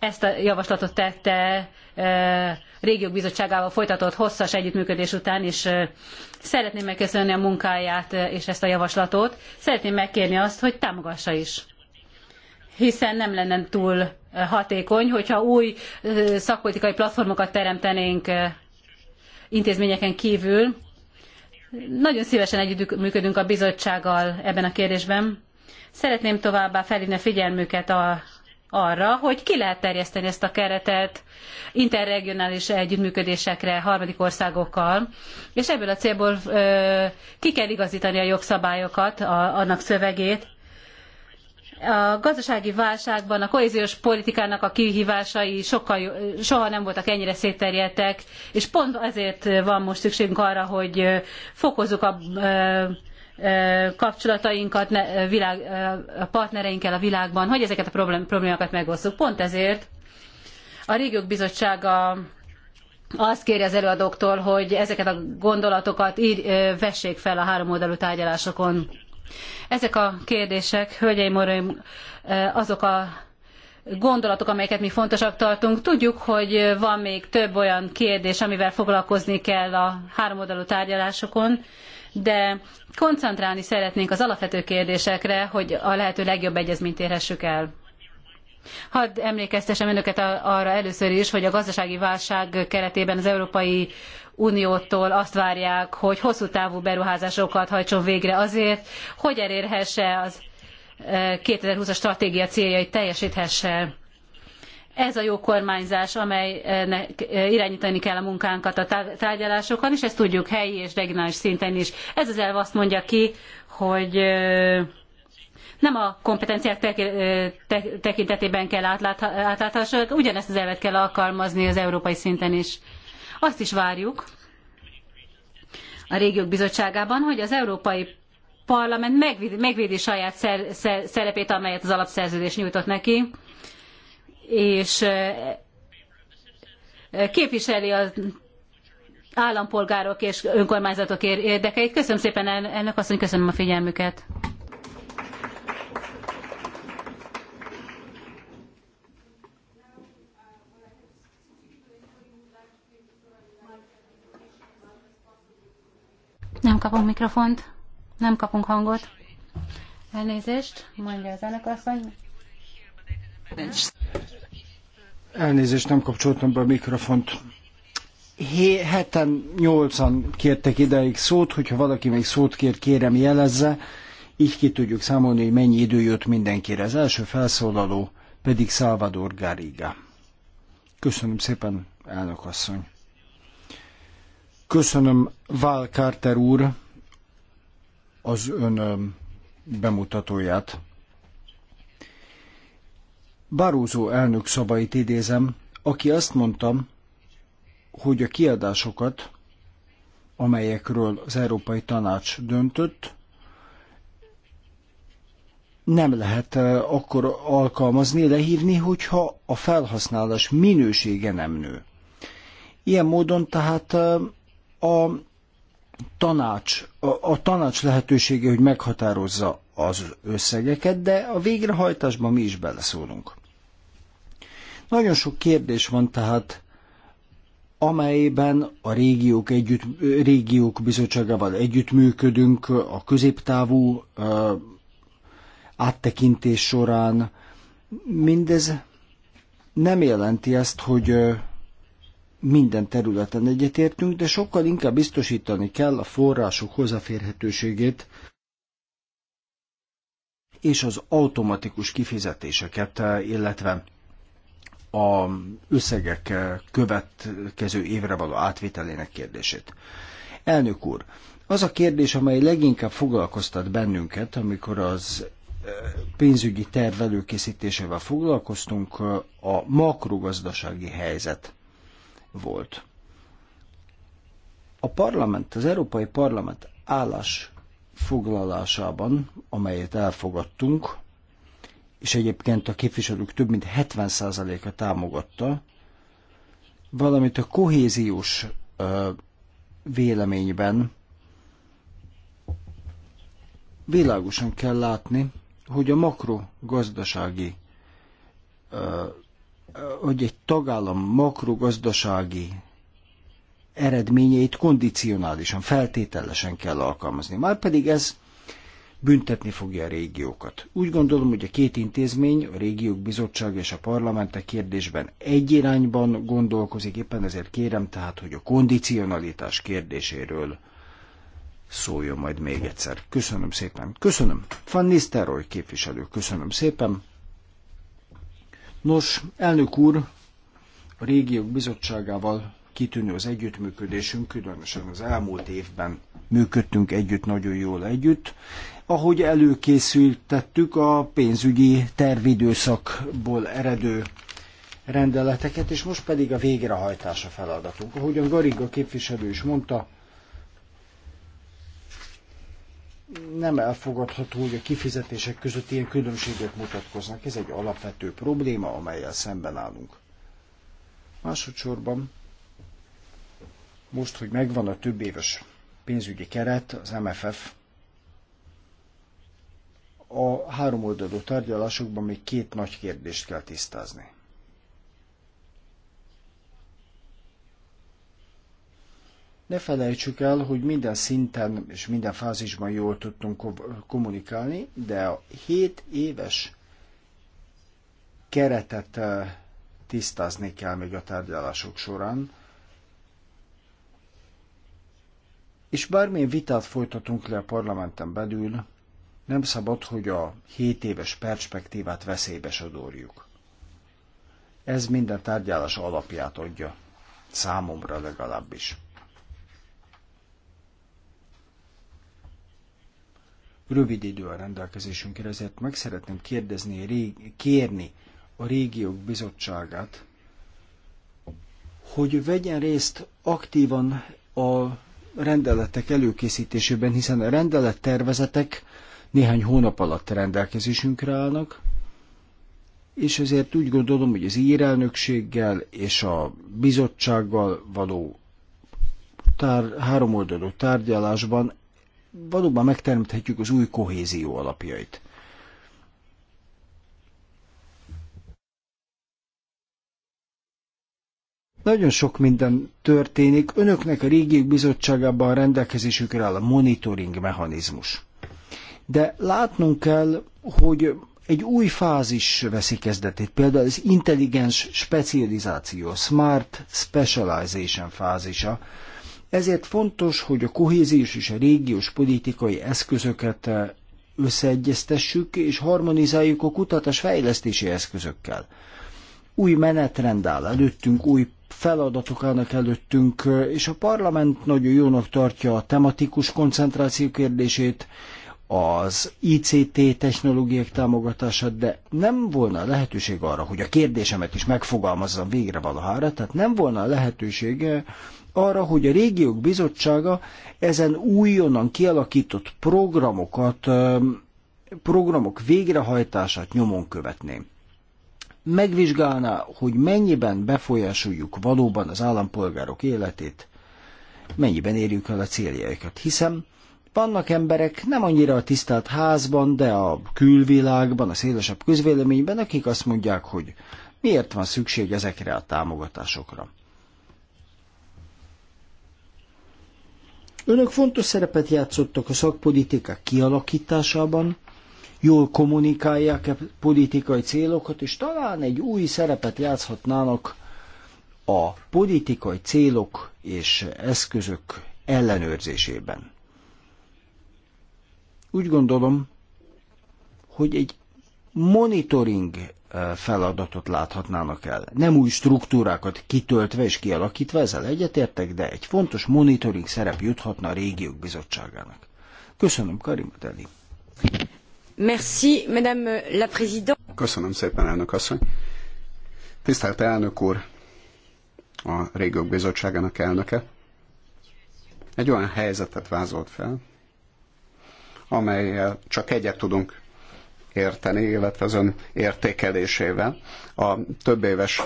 ezt a javaslatot tette e, régiók bizottságával folytatott hosszas együttműködés után, és e, szeretném megköszönni a munkáját e, és ezt a javaslatot. Szeretném megkérni azt, hogy támogassa is hiszen nem lenne túl hatékony, hogyha új szakpolitikai platformokat teremtenénk intézményeken kívül. Nagyon szívesen együttműködünk a bizottsággal ebben a kérdésben. Szeretném továbbá felhívni a figyelmüket a, arra, hogy ki lehet terjeszteni ezt a keretet interregionális együttműködésekre harmadik országokkal, és ebből a célból ö, ki kell igazítani a jogszabályokat, a, annak szövegét. A gazdasági válságban a kohéziós politikának a kihívásai sokkal, soha nem voltak ennyire szétterjedtek, és pont ezért van most szükségünk arra, hogy fokozzuk a ö, kapcsolatainkat ne, világ, a partnereinkkel a világban, hogy ezeket a problémákat megosszuk. Pont ezért a Régiók Bizottsága azt kéri az előadóktól, hogy ezeket a gondolatokat ír, vessék fel a oldalú tárgyalásokon. Ezek a kérdések, hölgyeim, uraim, azok a gondolatok, amelyeket mi fontosak tartunk. Tudjuk, hogy van még több olyan kérdés, amivel foglalkozni kell a oldalú tárgyalásokon, de koncentrálni szeretnénk az alapvető kérdésekre, hogy a lehető legjobb egyezményt érhessük el. Hadd emlékeztessem önöket arra először is, hogy a gazdasági válság keretében az Európai Uniótól azt várják, hogy hosszú távú beruházásokat hajtson végre azért, hogy elérhesse az 2020-as eh, stratégia céljait teljesíthesse. Ez a jó kormányzás, amelynek eh, irányítani kell a munkánkat a tárgyalásokon, és ezt tudjuk helyi és regionális szinten is. Ez az elv azt mondja ki, hogy eh, nem a kompetenciák eh, tekintetében kell átláthatóság, ugyanezt az elvet kell alkalmazni az európai szinten is. Azt is várjuk a régiók bizottságában, hogy az európai parlament megvédi, megvédi saját szerepét, amelyet az alapszerződés nyújtott neki és eh, eh, képviseli az állampolgárok és önkormányzatok érdekeit. Köszönöm szépen ennek hogy köszönöm a figyelmüket. Nem kapunk mikrofont, nem kapunk hangot. Elnézést, mondja az elnök asszony. Elnézést, nem kapcsoltam be a mikrofont. Heten, nyolcan kértek ideig szót, hogyha valaki még szót kér, kérem jelezze. Így ki tudjuk számolni, hogy mennyi idő jött mindenkire. Az első felszólaló pedig Salvador Garriga. Köszönöm szépen, elnök asszony. Köszönöm Val Carter úr az ön bemutatóját. Barózó elnök szabait idézem, aki azt mondtam, hogy a kiadásokat, amelyekről az Európai Tanács döntött, nem lehet eh, akkor alkalmazni, lehívni, hogyha a felhasználás minősége nem nő. Ilyen módon tehát eh, a tanács, a, a tanács lehetősége, hogy meghatározza az összegeket, de a végrehajtásban mi is beleszólunk. Nagyon sok kérdés van tehát, amelyben a régiók, együtt, régiók bizottságával együttműködünk a középtávú áttekintés során. Mindez nem jelenti azt, hogy minden területen egyetértünk, de sokkal inkább biztosítani kell a források hozzáférhetőségét és az automatikus kifizetéseket, illetve a összegek következő évre való átvételének kérdését. Elnök úr, az a kérdés, amely leginkább foglalkoztat bennünket, amikor az e, pénzügyi terv előkészítésével foglalkoztunk, a makrogazdasági helyzet volt. A parlament, az Európai Parlament állás foglalásában, amelyet elfogadtunk, és egyébként a képviselők több mint 70%-a támogatta, valamint a kohéziós véleményben világosan kell látni, hogy a makrogazdasági, hogy egy tagállam makrogazdasági eredményeit kondicionálisan, feltételesen kell alkalmazni. Márpedig ez büntetni fogja a régiókat. Úgy gondolom, hogy a két intézmény, a régiók bizottság és a parlament a e kérdésben egy irányban gondolkozik, éppen ezért kérem tehát, hogy a kondicionalitás kérdéséről szóljon majd még egyszer. Köszönöm szépen. Köszönöm. Van Nisztelrooy képviselő, köszönöm szépen. Nos, elnök úr, a régiók bizottságával kitűnő az együttműködésünk, különösen az elmúlt évben működtünk együtt, nagyon jól együtt. Ahogy előkészültettük a pénzügyi tervidőszakból eredő rendeleteket, és most pedig a végrehajtása feladatunk. Ahogyan Gariga képviselő is mondta, nem elfogadható, hogy a kifizetések között ilyen különbségek mutatkoznak. Ez egy alapvető probléma, amelyel szemben állunk. Másodszorban most, hogy megvan a több éves pénzügyi keret, az MFF, a háromoldalú tárgyalásokban még két nagy kérdést kell tisztázni. Ne felejtsük el, hogy minden szinten és minden fázisban jól tudtunk kommunikálni, de a 7 éves keretet eh, tisztázni kell még a tárgyalások során, És bármilyen vitát folytatunk le a parlamenten belül, nem szabad, hogy a 7 éves perspektívát veszélybe sodorjuk. Ez minden tárgyalás alapját adja, számomra legalábbis. Rövid idő a rendelkezésünkre, ezért meg szeretném kérdezni, kérni a régiók bizottságát, hogy vegyen részt aktívan a rendeletek előkészítésében, hiszen a rendelettervezetek néhány hónap alatt rendelkezésünkre állnak, és ezért úgy gondolom, hogy az írelnökséggel és a bizottsággal való tár, háromoldalú tárgyalásban valóban megteremthetjük az új kohézió alapjait. Nagyon sok minden történik. Önöknek a régiek bizottságában a rendelkezésükre áll a monitoring mechanizmus. De látnunk kell, hogy egy új fázis veszi kezdetét, például az intelligens specializáció, smart specialization fázisa. Ezért fontos, hogy a kohéziós és a régiós politikai eszközöket összeegyeztessük és harmonizáljuk a kutatás fejlesztési eszközökkel. Új menetrend áll előttünk, új feladatok állnak előttünk, és a parlament nagyon jónak tartja a tematikus koncentráció kérdését, az ICT technológiák támogatását, de nem volna lehetőség arra, hogy a kérdésemet is megfogalmazzam végre valahára, tehát nem volna lehetősége arra, hogy a régiók bizottsága ezen újonnan kialakított programokat, programok végrehajtását nyomon követném megvizsgálná, hogy mennyiben befolyásoljuk valóban az állampolgárok életét, mennyiben érjük el a céljaikat. Hiszem, vannak emberek nem annyira a tisztelt házban, de a külvilágban, a szélesebb közvéleményben, akik azt mondják, hogy miért van szükség ezekre a támogatásokra. Önök fontos szerepet játszottak a szakpolitikák kialakításában, jól kommunikálják-e politikai célokat, és talán egy új szerepet játszhatnának a politikai célok és eszközök ellenőrzésében. Úgy gondolom, hogy egy monitoring eh, feladatot láthatnának el. Nem új struktúrákat kitöltve és kialakítva, ezzel egyetértek, de egy fontos monitoring szerep juthatna a régiók bizottságának. Köszönöm, Karim Deli. Merci, Madame la Présidente. Köszönöm szépen, elnök asszony. Tisztelt elnök úr, a Régiók Bizottságának elnöke, egy olyan helyzetet vázolt fel, amelyel csak egyet tudunk érteni, illetve az ön értékelésével. A több éves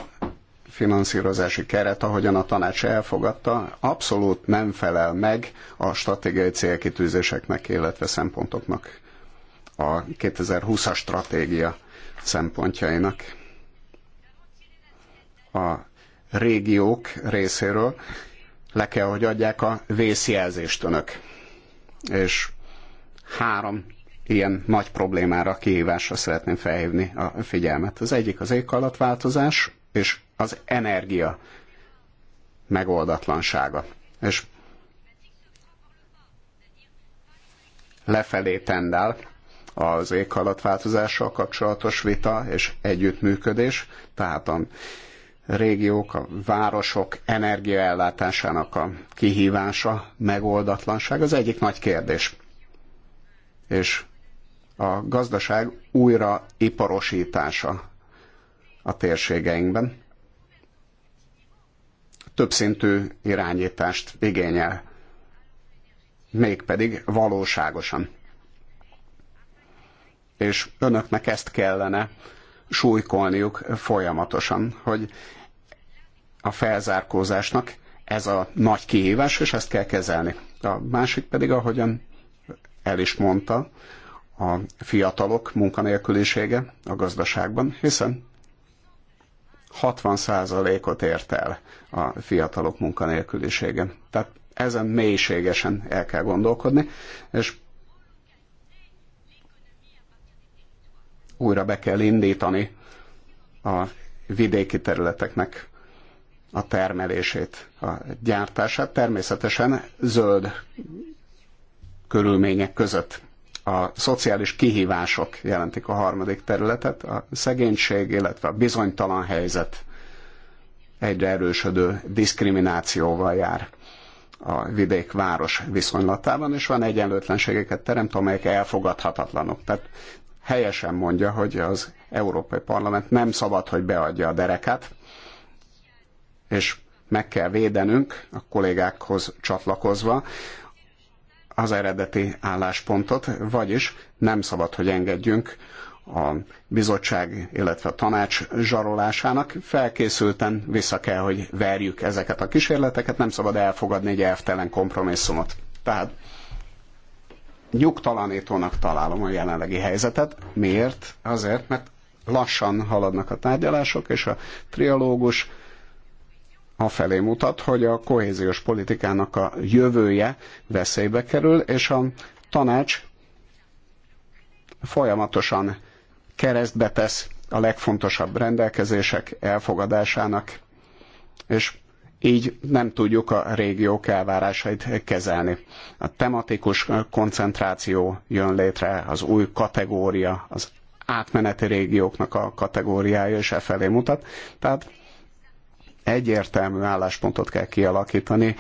finanszírozási keret, ahogyan a tanács elfogadta, abszolút nem felel meg a stratégiai célkitűzéseknek, illetve szempontoknak a 2020-as stratégia szempontjainak a régiók részéről le kell, hogy adják a vészjelzést önök. És három ilyen nagy problémára, kihívásra szeretném felhívni a figyelmet. Az egyik az éghajlatváltozás, és az energia megoldatlansága. És lefelé tendál az éghajlatváltozással kapcsolatos vita és együttműködés, tehát a régiók, a városok energiaellátásának a kihívása, megoldatlanság az egyik nagy kérdés. És a gazdaság újraiparosítása a térségeinkben többszintű irányítást igényel, mégpedig valóságosan és önöknek ezt kellene súlykolniuk folyamatosan, hogy a felzárkózásnak ez a nagy kihívás, és ezt kell kezelni. A másik pedig, ahogyan el is mondta, a fiatalok munkanélkülisége a gazdaságban, hiszen 60%-ot ért el a fiatalok munkanélkülisége. Tehát ezen mélységesen el kell gondolkodni, és újra be kell indítani a vidéki területeknek a termelését, a gyártását, természetesen zöld körülmények között. A szociális kihívások jelentik a harmadik területet, a szegénység, illetve a bizonytalan helyzet egyre erősödő diszkriminációval jár a vidék-város viszonylatában, és van egyenlőtlenségeket teremt, amelyek elfogadhatatlanok. Tehát helyesen mondja, hogy az Európai Parlament nem szabad, hogy beadja a derekát, és meg kell védenünk a kollégákhoz csatlakozva az eredeti álláspontot, vagyis nem szabad, hogy engedjünk a bizottság, illetve a tanács zsarolásának. Felkészülten vissza kell, hogy verjük ezeket a kísérleteket, nem szabad elfogadni egy elvtelen kompromisszumot. Tehát nyugtalanítónak találom a jelenlegi helyzetet. Miért? Azért, mert lassan haladnak a tárgyalások, és a trialógus afelé mutat, hogy a kohéziós politikának a jövője veszélybe kerül, és a tanács folyamatosan keresztbe tesz a legfontosabb rendelkezések elfogadásának, és így nem tudjuk a régiók elvárásait kezelni. A tematikus koncentráció jön létre, az új kategória, az átmeneti régióknak a kategóriája is e felé mutat. Tehát egyértelmű álláspontot kell kialakítani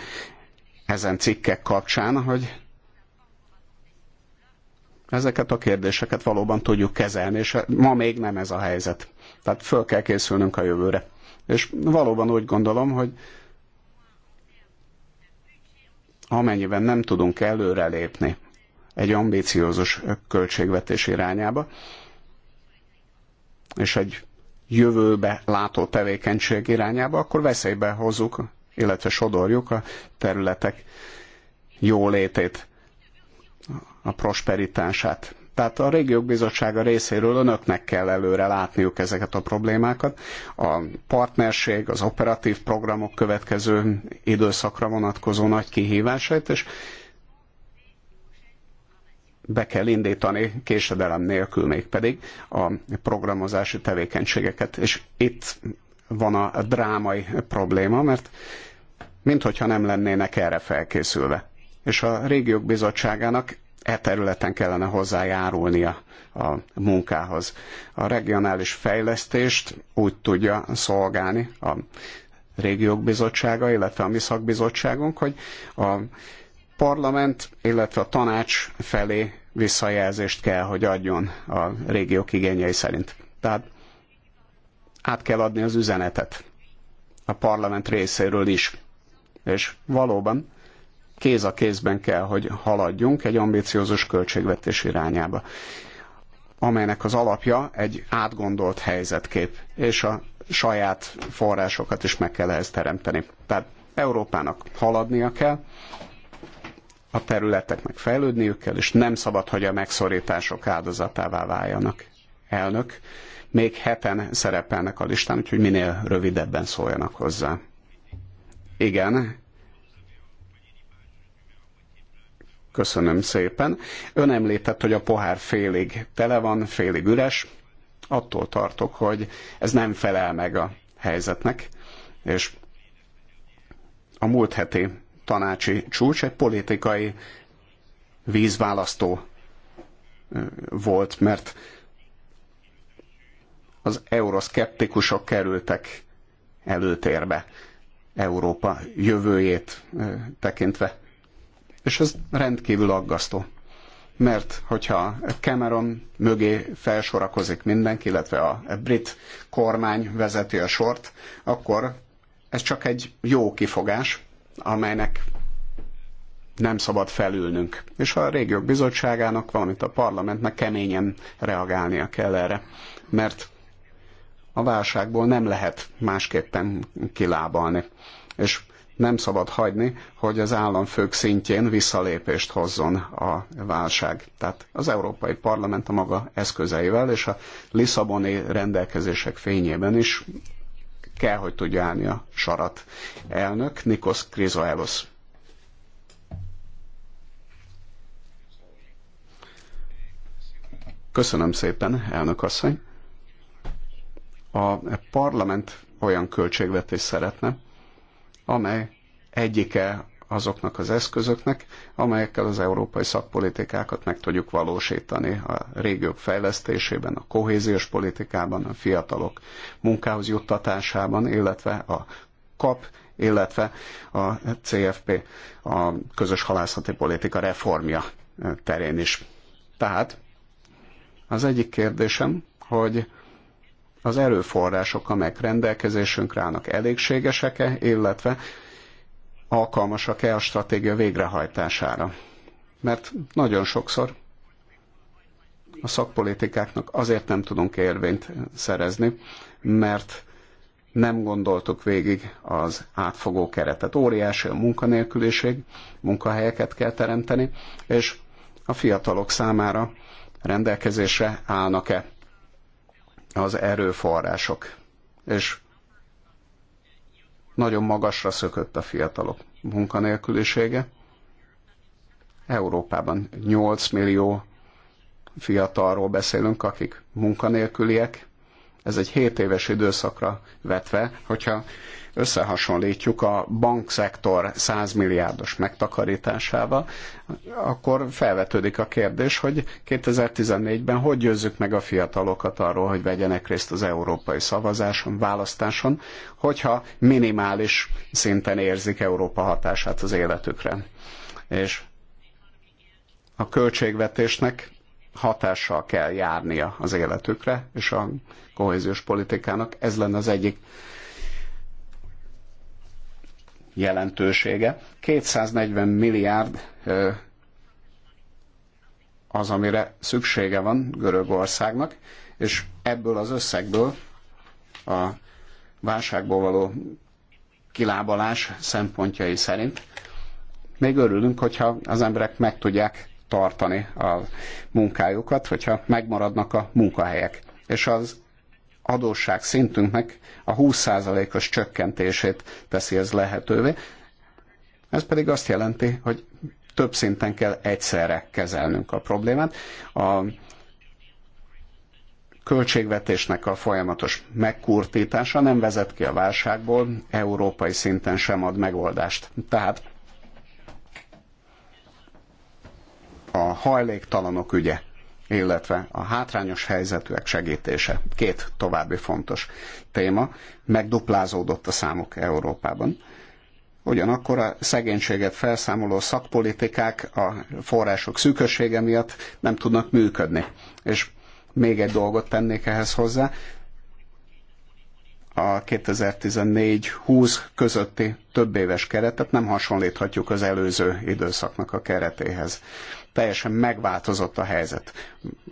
ezen cikkek kapcsán, hogy ezeket a kérdéseket valóban tudjuk kezelni, és ma még nem ez a helyzet. Tehát föl kell készülnünk a jövőre. És valóban úgy gondolom, hogy amennyiben nem tudunk előrelépni egy ambíciózus költségvetés irányába, és egy jövőbe látó tevékenység irányába, akkor veszélybe hozzuk, illetve sodorjuk a területek jólétét, a prosperitását. Tehát a régiók bizottsága részéről önöknek kell előre látniuk ezeket a problémákat. A partnerség, az operatív programok következő időszakra vonatkozó nagy kihívásait, és be kell indítani késedelem nélkül még pedig a programozási tevékenységeket. És itt van a drámai probléma, mert minthogyha nem lennének erre felkészülve. És a régiók bizottságának e területen kellene hozzájárulnia a munkához. A regionális fejlesztést úgy tudja szolgálni a régiók bizottsága, illetve a mi szakbizottságunk, hogy a parlament, illetve a tanács felé visszajelzést kell, hogy adjon a régiók igényei szerint. Tehát át kell adni az üzenetet a parlament részéről is. És valóban kéz a kézben kell, hogy haladjunk egy ambiciózus költségvetés irányába, amelynek az alapja egy átgondolt helyzetkép, és a saját forrásokat is meg kell ehhez teremteni. Tehát Európának haladnia kell, a területeknek fejlődniük kell, és nem szabad, hogy a megszorítások áldozatává váljanak. Elnök, még heten szerepelnek a listán, úgyhogy minél rövidebben szóljanak hozzá. Igen, Köszönöm szépen. Ön említett, hogy a pohár félig tele van, félig üres. Attól tartok, hogy ez nem felel meg a helyzetnek, és a múlt heti tanácsi csúcs egy politikai vízválasztó volt, mert az euroszkeptikusok kerültek előtérbe Európa jövőjét tekintve. És ez rendkívül aggasztó. Mert hogyha Cameron mögé felsorakozik mindenki, illetve a brit kormány vezeti a sort, akkor ez csak egy jó kifogás, amelynek nem szabad felülnünk. És a régiók bizottságának, valamint a parlamentnek keményen reagálnia kell erre. Mert a válságból nem lehet másképpen kilábalni. És nem szabad hagyni, hogy az államfők szintjén visszalépést hozzon a válság. Tehát az Európai Parlament a maga eszközeivel és a Lisszaboni rendelkezések fényében is kell, hogy tudja állni a sarat. Elnök Nikos Krizoelos. Köszönöm szépen, elnök asszony. A parlament olyan költségvetést szeretne, amely egyike azoknak az eszközöknek, amelyekkel az európai szakpolitikákat meg tudjuk valósítani a régiók fejlesztésében, a kohéziós politikában, a fiatalok munkához juttatásában, illetve a kap, illetve a CFP, a közös halászati politika reformja terén is. Tehát az egyik kérdésem, hogy az erőforrások, amelyek rendelkezésünkre állnak, elégségesek-e, illetve alkalmasak-e a stratégia végrehajtására. Mert nagyon sokszor a szakpolitikáknak azért nem tudunk érvényt szerezni, mert nem gondoltuk végig az átfogó keretet. Óriási a munkanélküliség, munkahelyeket kell teremteni, és a fiatalok számára rendelkezésre állnak-e az erőforrások. És nagyon magasra szökött a fiatalok munkanélkülisége. Európában 8 millió fiatalról beszélünk, akik munkanélküliek, ez egy 7 éves időszakra vetve, hogyha összehasonlítjuk a bankszektor 100 milliárdos megtakarításával, akkor felvetődik a kérdés, hogy 2014-ben hogy győzzük meg a fiatalokat arról, hogy vegyenek részt az európai szavazáson, választáson, hogyha minimális szinten érzik Európa hatását az életükre. És a költségvetésnek hatással kell járnia az életükre, és a kohéziós politikának. Ez lenne az egyik jelentősége. 240 milliárd az, amire szüksége van Görögországnak, és ebből az összegből a válságból való kilábalás szempontjai szerint még örülünk, hogyha az emberek meg tudják tartani a munkájukat, hogyha megmaradnak a munkahelyek. És az adósság szintünknek a 20%-os csökkentését teszi ez lehetővé. Ez pedig azt jelenti, hogy több szinten kell egyszerre kezelnünk a problémát. A költségvetésnek a folyamatos megkurtítása nem vezet ki a válságból, európai szinten sem ad megoldást. Tehát a hajléktalanok ügye illetve a hátrányos helyzetűek segítése. Két további fontos téma. Megduplázódott a számok Európában. Ugyanakkor a szegénységet felszámoló szakpolitikák a források szűkössége miatt nem tudnak működni. És még egy dolgot tennék ehhez hozzá, a 2014-20 közötti több éves keretet nem hasonlíthatjuk az előző időszaknak a keretéhez. Teljesen megváltozott a helyzet,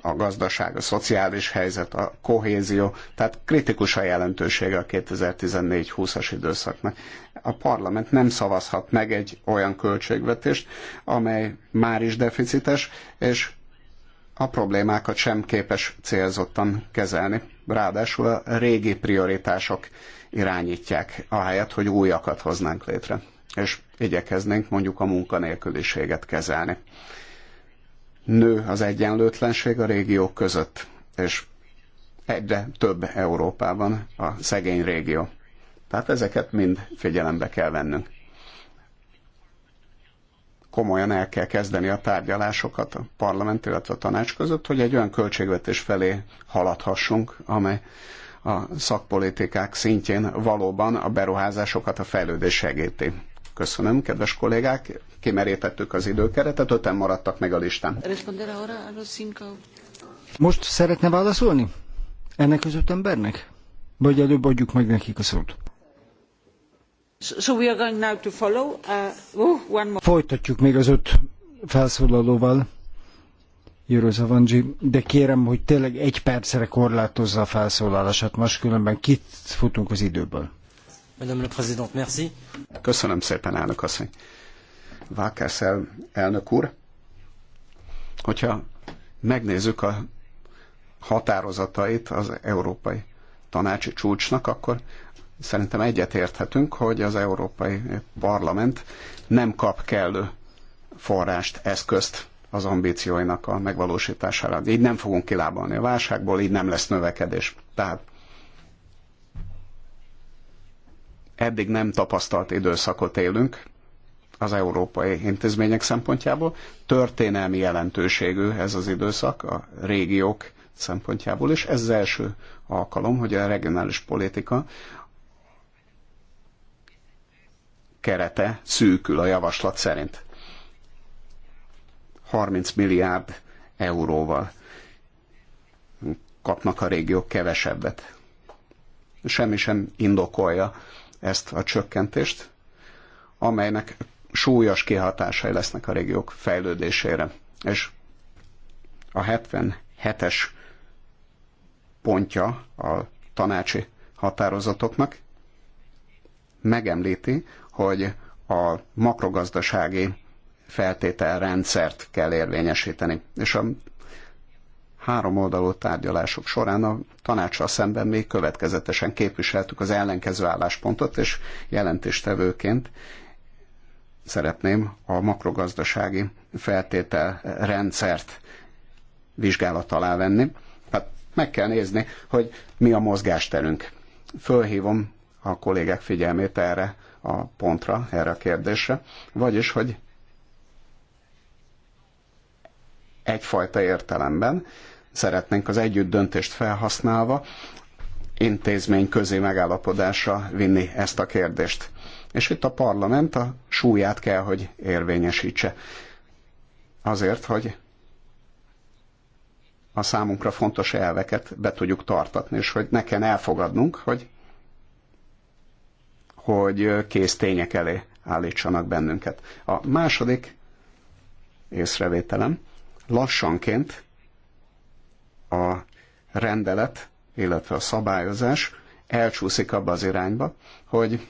a gazdaság, a szociális helyzet, a kohézió, tehát kritikus a jelentősége a 2014-20-as időszaknak. A parlament nem szavazhat meg egy olyan költségvetést, amely már is deficites, és a problémákat sem képes célzottan kezelni ráadásul a régi prioritások irányítják, ahelyett, hogy újakat hoznánk létre, és igyekeznénk mondjuk a munkanélküliséget kezelni. Nő az egyenlőtlenség a régiók között, és egyre több Európában a szegény régió. Tehát ezeket mind figyelembe kell vennünk komolyan el kell kezdeni a tárgyalásokat a parlament, illetve a tanács között, hogy egy olyan költségvetés felé haladhassunk, amely a szakpolitikák szintjén valóban a beruházásokat, a fejlődés segíti. Köszönöm, kedves kollégák, kimerítettük az időkeretet, öten maradtak meg a listán. Most szeretne válaszolni? Ennek az öt embernek? Vagy előbb adjuk meg nekik a szót? So we are going now to follow. Uh, oh, one more. Folytatjuk még az öt felszólalóval. Jörő Zavangyi, de kérem, hogy tényleg egy percre korlátozza a felszólalását, máskülönben kit futunk az időből. Madame la Présidente, merci. Köszönöm szépen, elnök asszony. Vákászel elnök úr, hogyha megnézzük a határozatait az Európai Tanácsi Csúcsnak, akkor szerintem egyetérthetünk, hogy az Európai Parlament nem kap kellő forrást, eszközt az ambícióinak a megvalósítására. Így nem fogunk kilábalni a válságból, így nem lesz növekedés. Tehát eddig nem tapasztalt időszakot élünk az európai intézmények szempontjából. Történelmi jelentőségű ez az időszak a régiók szempontjából, és ez az első alkalom, hogy a regionális politika kerete szűkül a javaslat szerint. 30 milliárd euróval kapnak a régiók kevesebbet. Semmi sem indokolja ezt a csökkentést, amelynek súlyos kihatásai lesznek a régiók fejlődésére. És a 77-es pontja a tanácsi határozatoknak megemlíti hogy a makrogazdasági feltételrendszert kell érvényesíteni. És a három oldalú tárgyalások során a tanácssal szemben még következetesen képviseltük az ellenkező álláspontot, és jelentéstevőként szeretném a makrogazdasági feltételrendszert vizsgálat alá venni. Hát meg kell nézni, hogy mi a mozgásterünk. Fölhívom a kollégák figyelmét erre a pontra, erre a kérdésre, vagyis, hogy egyfajta értelemben szeretnénk az együtt döntést felhasználva intézmény közé megállapodásra vinni ezt a kérdést. És itt a parlament a súlyát kell, hogy érvényesítse. Azért, hogy a számunkra fontos elveket be tudjuk tartatni, és hogy ne kell elfogadnunk, hogy hogy kész tények elé állítsanak bennünket. A második észrevételem lassanként a rendelet, illetve a szabályozás elcsúszik abba az irányba, hogy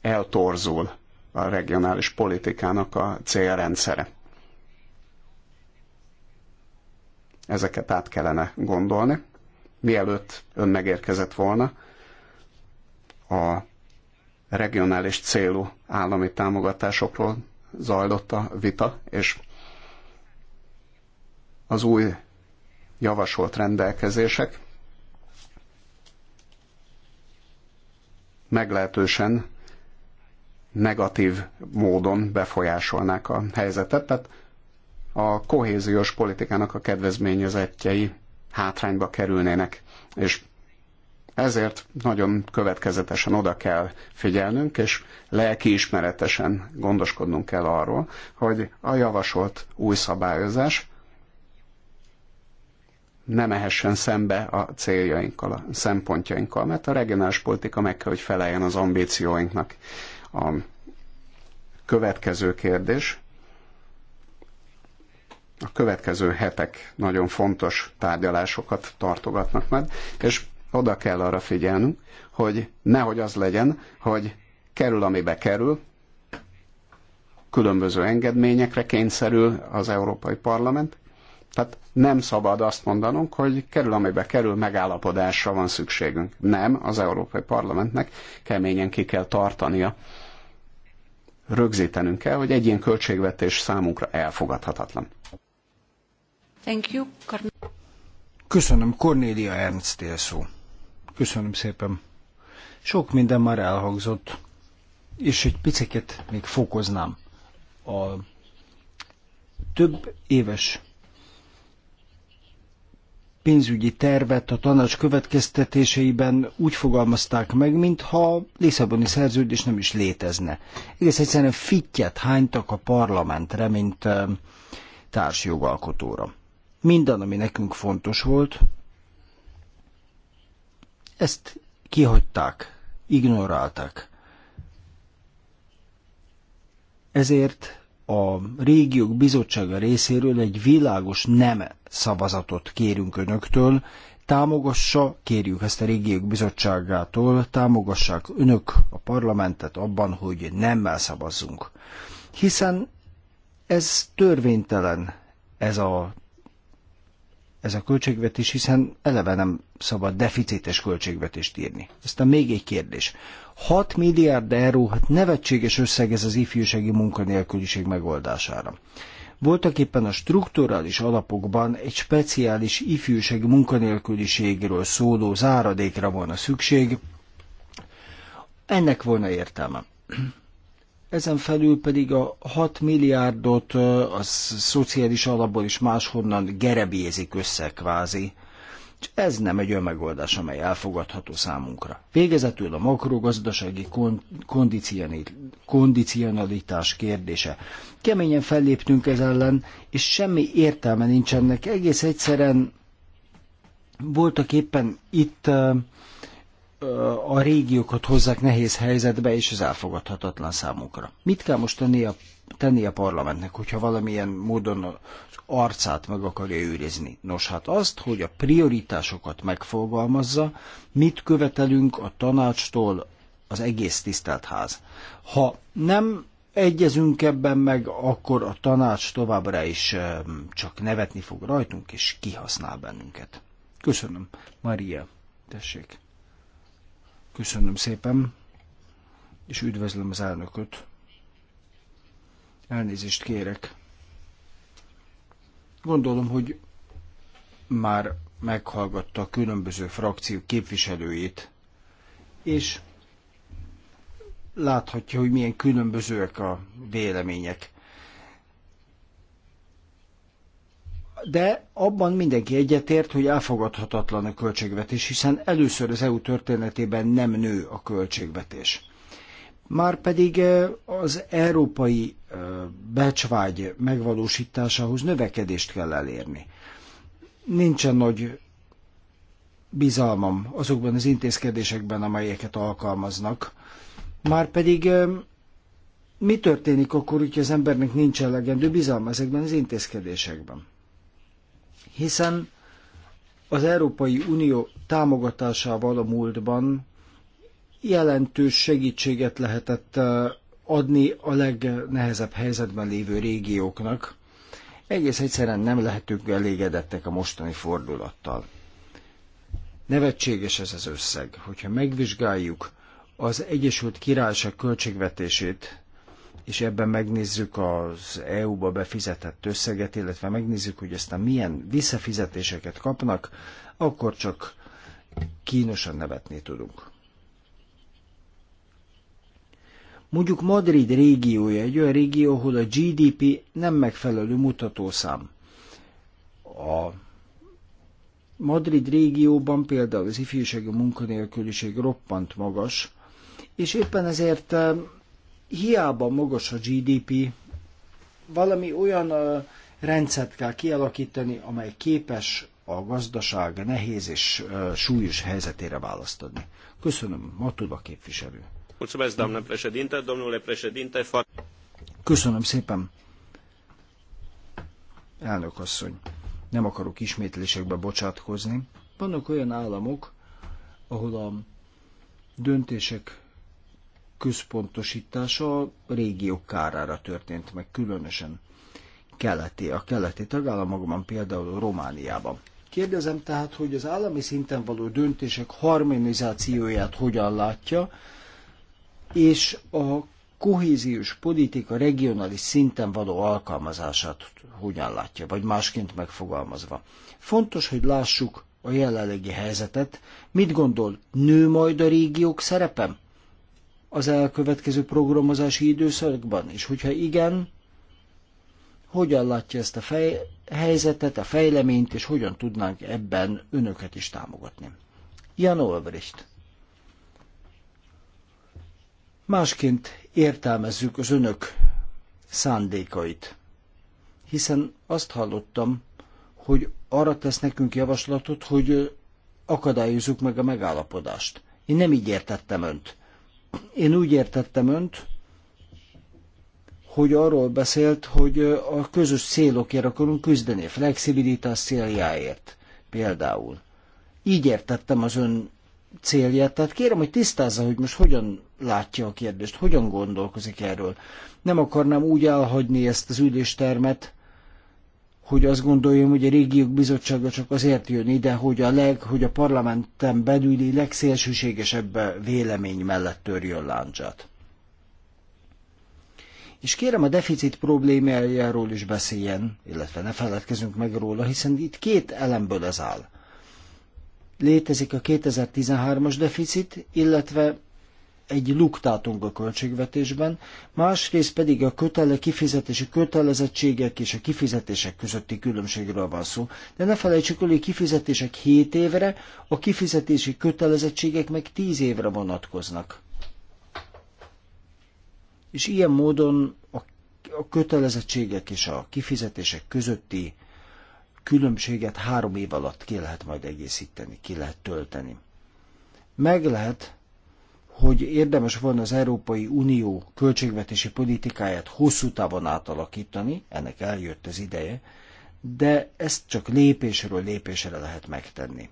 eltorzul a regionális politikának a célrendszere. Ezeket át kellene gondolni, mielőtt ön megérkezett volna, a regionális célú állami támogatásokról zajlott a vita, és az új javasolt rendelkezések meglehetősen negatív módon befolyásolnák a helyzetet, tehát a kohéziós politikának a kedvezményezettjei hátrányba kerülnének. És ezért nagyon következetesen oda kell figyelnünk, és lelkiismeretesen gondoskodnunk kell arról, hogy a javasolt új szabályozás ne mehessen szembe a céljainkkal, a szempontjainkkal, mert a regionális politika meg kell, hogy feleljen az ambícióinknak. A következő kérdés a következő hetek nagyon fontos tárgyalásokat tartogatnak meg, és oda kell arra figyelnünk, hogy nehogy az legyen, hogy kerül, amibe kerül, különböző engedményekre kényszerül az Európai Parlament. Tehát nem szabad azt mondanunk, hogy kerül, amibe kerül, megállapodásra van szükségünk. Nem, az Európai Parlamentnek keményen ki kell tartania. Rögzítenünk kell, hogy egy ilyen költségvetés számunkra elfogadhatatlan. Thank you. Köszönöm, Cornélia Ernst szó. Köszönöm szépen. Sok minden már elhangzott, és egy picit még fokoznám. A több éves pénzügyi tervet a tanács következtetéseiben úgy fogalmazták meg, mintha a Lisszaboni szerződés nem is létezne. Egész egyszerűen fittyet hánytak a parlamentre, mint társjogalkotóra. Minden, ami nekünk fontos volt, ezt kihagyták, ignorálták. Ezért a régiók bizottsága részéről egy világos nem szavazatot kérünk önöktől, támogassa, kérjük ezt a régiók bizottságától, támogassák önök a parlamentet abban, hogy nemmel szavazzunk. Hiszen ez törvénytelen, ez a ez a költségvetés, hiszen eleve nem szabad deficites költségvetést írni. Aztán még egy kérdés. 6 milliárd euró, hát nevetséges összeg ez az ifjúsági munkanélküliség megoldására. Voltak éppen a strukturális alapokban egy speciális ifjúsági munkanélküliségről szóló záradékra volna szükség, ennek volna értelme. Ezen felül pedig a 6 milliárdot a szociális alapból is máshonnan gerebézik össze kvázi. És ez nem egy olyan megoldás, amely elfogadható számunkra. Végezetül a makrogazdasági kondicionalitás kérdése. Keményen felléptünk ez ellen, és semmi értelme nincsennek. Egész egyszerűen voltak éppen itt a régiókat hozzák nehéz helyzetbe, és ez elfogadhatatlan számukra. Mit kell most tenni a, tenni a parlamentnek, hogyha valamilyen módon az arcát meg akarja őrizni? Nos, hát azt, hogy a prioritásokat megfogalmazza, mit követelünk a tanácstól az egész tisztelt ház. Ha nem egyezünk ebben meg, akkor a tanács továbbra is csak nevetni fog rajtunk, és kihasznál bennünket. Köszönöm, Maria. Tessék. Köszönöm szépen, és üdvözlöm az elnököt. Elnézést kérek. Gondolom, hogy már meghallgatta a különböző frakció képviselőjét, és láthatja, hogy milyen különbözőek a vélemények. de abban mindenki egyetért, hogy elfogadhatatlan a költségvetés, hiszen először az EU történetében nem nő a költségvetés. Márpedig eh, az európai eh, becsvágy megvalósításához növekedést kell elérni. Nincsen nagy bizalmam azokban az intézkedésekben, amelyeket alkalmaznak. Márpedig eh, mi történik akkor, hogyha az embernek nincs elegendő bizalma ezekben az intézkedésekben? hiszen az Európai Unió támogatásával a múltban jelentős segítséget lehetett adni a legnehezebb helyzetben lévő régióknak. Egész egyszerűen nem lehetünk elégedettek a mostani fordulattal. Nevetséges ez az összeg, hogyha megvizsgáljuk az Egyesült Királyság költségvetését, és ebben megnézzük az EU-ba befizetett összeget, illetve megnézzük, hogy aztán milyen visszafizetéseket kapnak, akkor csak kínosan nevetni tudunk. Mondjuk Madrid régiója egy olyan régió, ahol a GDP nem megfelelő mutatószám. A Madrid régióban például az ifjúsági munkanélküliség roppant magas, és éppen ezért hiába magas a GDP, valami olyan rendszert kell kialakítani, amely képes a gazdaság nehéz és súlyos helyzetére választ adni. Köszönöm, Matuda képviselő. Köszönöm szépen. Elnök asszony, nem akarok ismétlésekbe bocsátkozni. Vannak olyan államok, ahol a döntések központosítása a régiók kárára történt meg, különösen keleti, a keleti tagállamokban, például Romániában. Kérdezem tehát, hogy az állami szinten való döntések harmonizációját hogyan látja, és a kohéziós politika regionális szinten való alkalmazását hogyan látja, vagy másként megfogalmazva. Fontos, hogy lássuk a jelenlegi helyzetet, mit gondol, nő majd a régiók szerepe? az elkövetkező programozási időszakban? És hogyha igen, hogyan látja ezt a fej, helyzetet, a fejleményt, és hogyan tudnánk ebben önöket is támogatni? Jan Olbricht. Másként értelmezzük az önök szándékait, hiszen azt hallottam, hogy arra tesz nekünk javaslatot, hogy akadályozzuk meg a megállapodást. Én nem így értettem önt. Én úgy értettem önt, hogy arról beszélt, hogy a közös célokért akarunk küzdeni, flexibilitás céljáért például. Így értettem az ön célját, tehát kérem, hogy tisztázza, hogy most hogyan látja a kérdést, hogyan gondolkozik erről. Nem akarnám úgy elhagyni ezt az üléstermet, hogy azt gondoljam, hogy a régiók bizottsága csak azért jön ide, hogy a, leg, hogy a parlamenten belüli legszélsőségesebb vélemény mellett törjön láncsát. És kérem a deficit problémájáról is beszéljen, illetve ne feledkezünk meg róla, hiszen itt két elemből ez áll. Létezik a 2013-as deficit, illetve egy luktátunk a költségvetésben, másrészt pedig a kötele, kifizetési kötelezettségek és a kifizetések közötti különbségről van szó. De ne felejtsük el, hogy a kifizetések 7 évre, a kifizetési kötelezettségek meg 10 évre vonatkoznak. És ilyen módon a, a kötelezettségek és a kifizetések közötti különbséget három év alatt ki lehet majd egészíteni, ki lehet tölteni. Meg lehet hogy érdemes volna az Európai Unió költségvetési politikáját hosszú távon átalakítani, ennek eljött az ideje, de ezt csak lépésről lépésre lehet megtenni.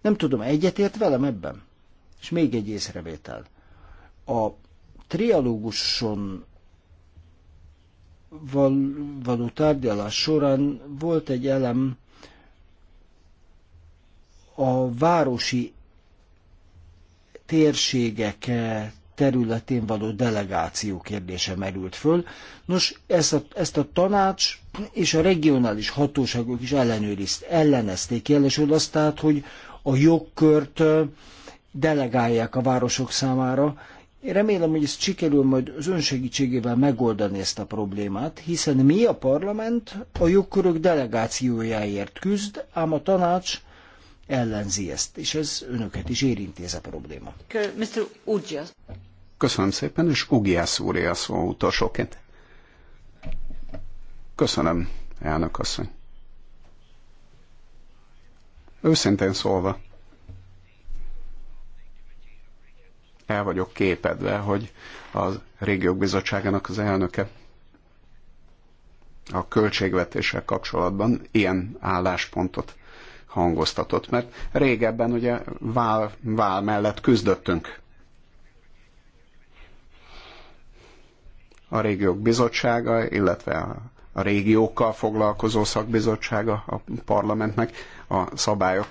Nem tudom, egyetért velem ebben? És még egy észrevétel. A trialóguson val- való tárgyalás során volt egy elem a városi térségek eh, területén való delegáció kérdése merült föl. Nos, ezt a, ezt a tanács és a regionális hatóságok is ellenőrizt, ellenezték jelesül azt, tehát, hogy a jogkört eh, delegálják a városok számára. Én remélem, hogy ez sikerül majd az ön segítségével megoldani ezt a problémát, hiszen mi a parlament a jogkörök delegációjáért küzd, ám a tanács ellenzi ezt, és ez önöket is érinti ez a probléma. Mr. Köszönöm szépen, és Ugyász úr a szó utolsóként. Köszönöm, elnök asszony. Őszintén szólva, el vagyok képedve, hogy a régiók bizottságának az elnöke a költségvetéssel kapcsolatban ilyen álláspontot hangoztatott, mert régebben ugye vál, vál mellett küzdöttünk. A régiók bizottsága, illetve a régiókkal foglalkozó szakbizottsága a parlamentnek a szabályok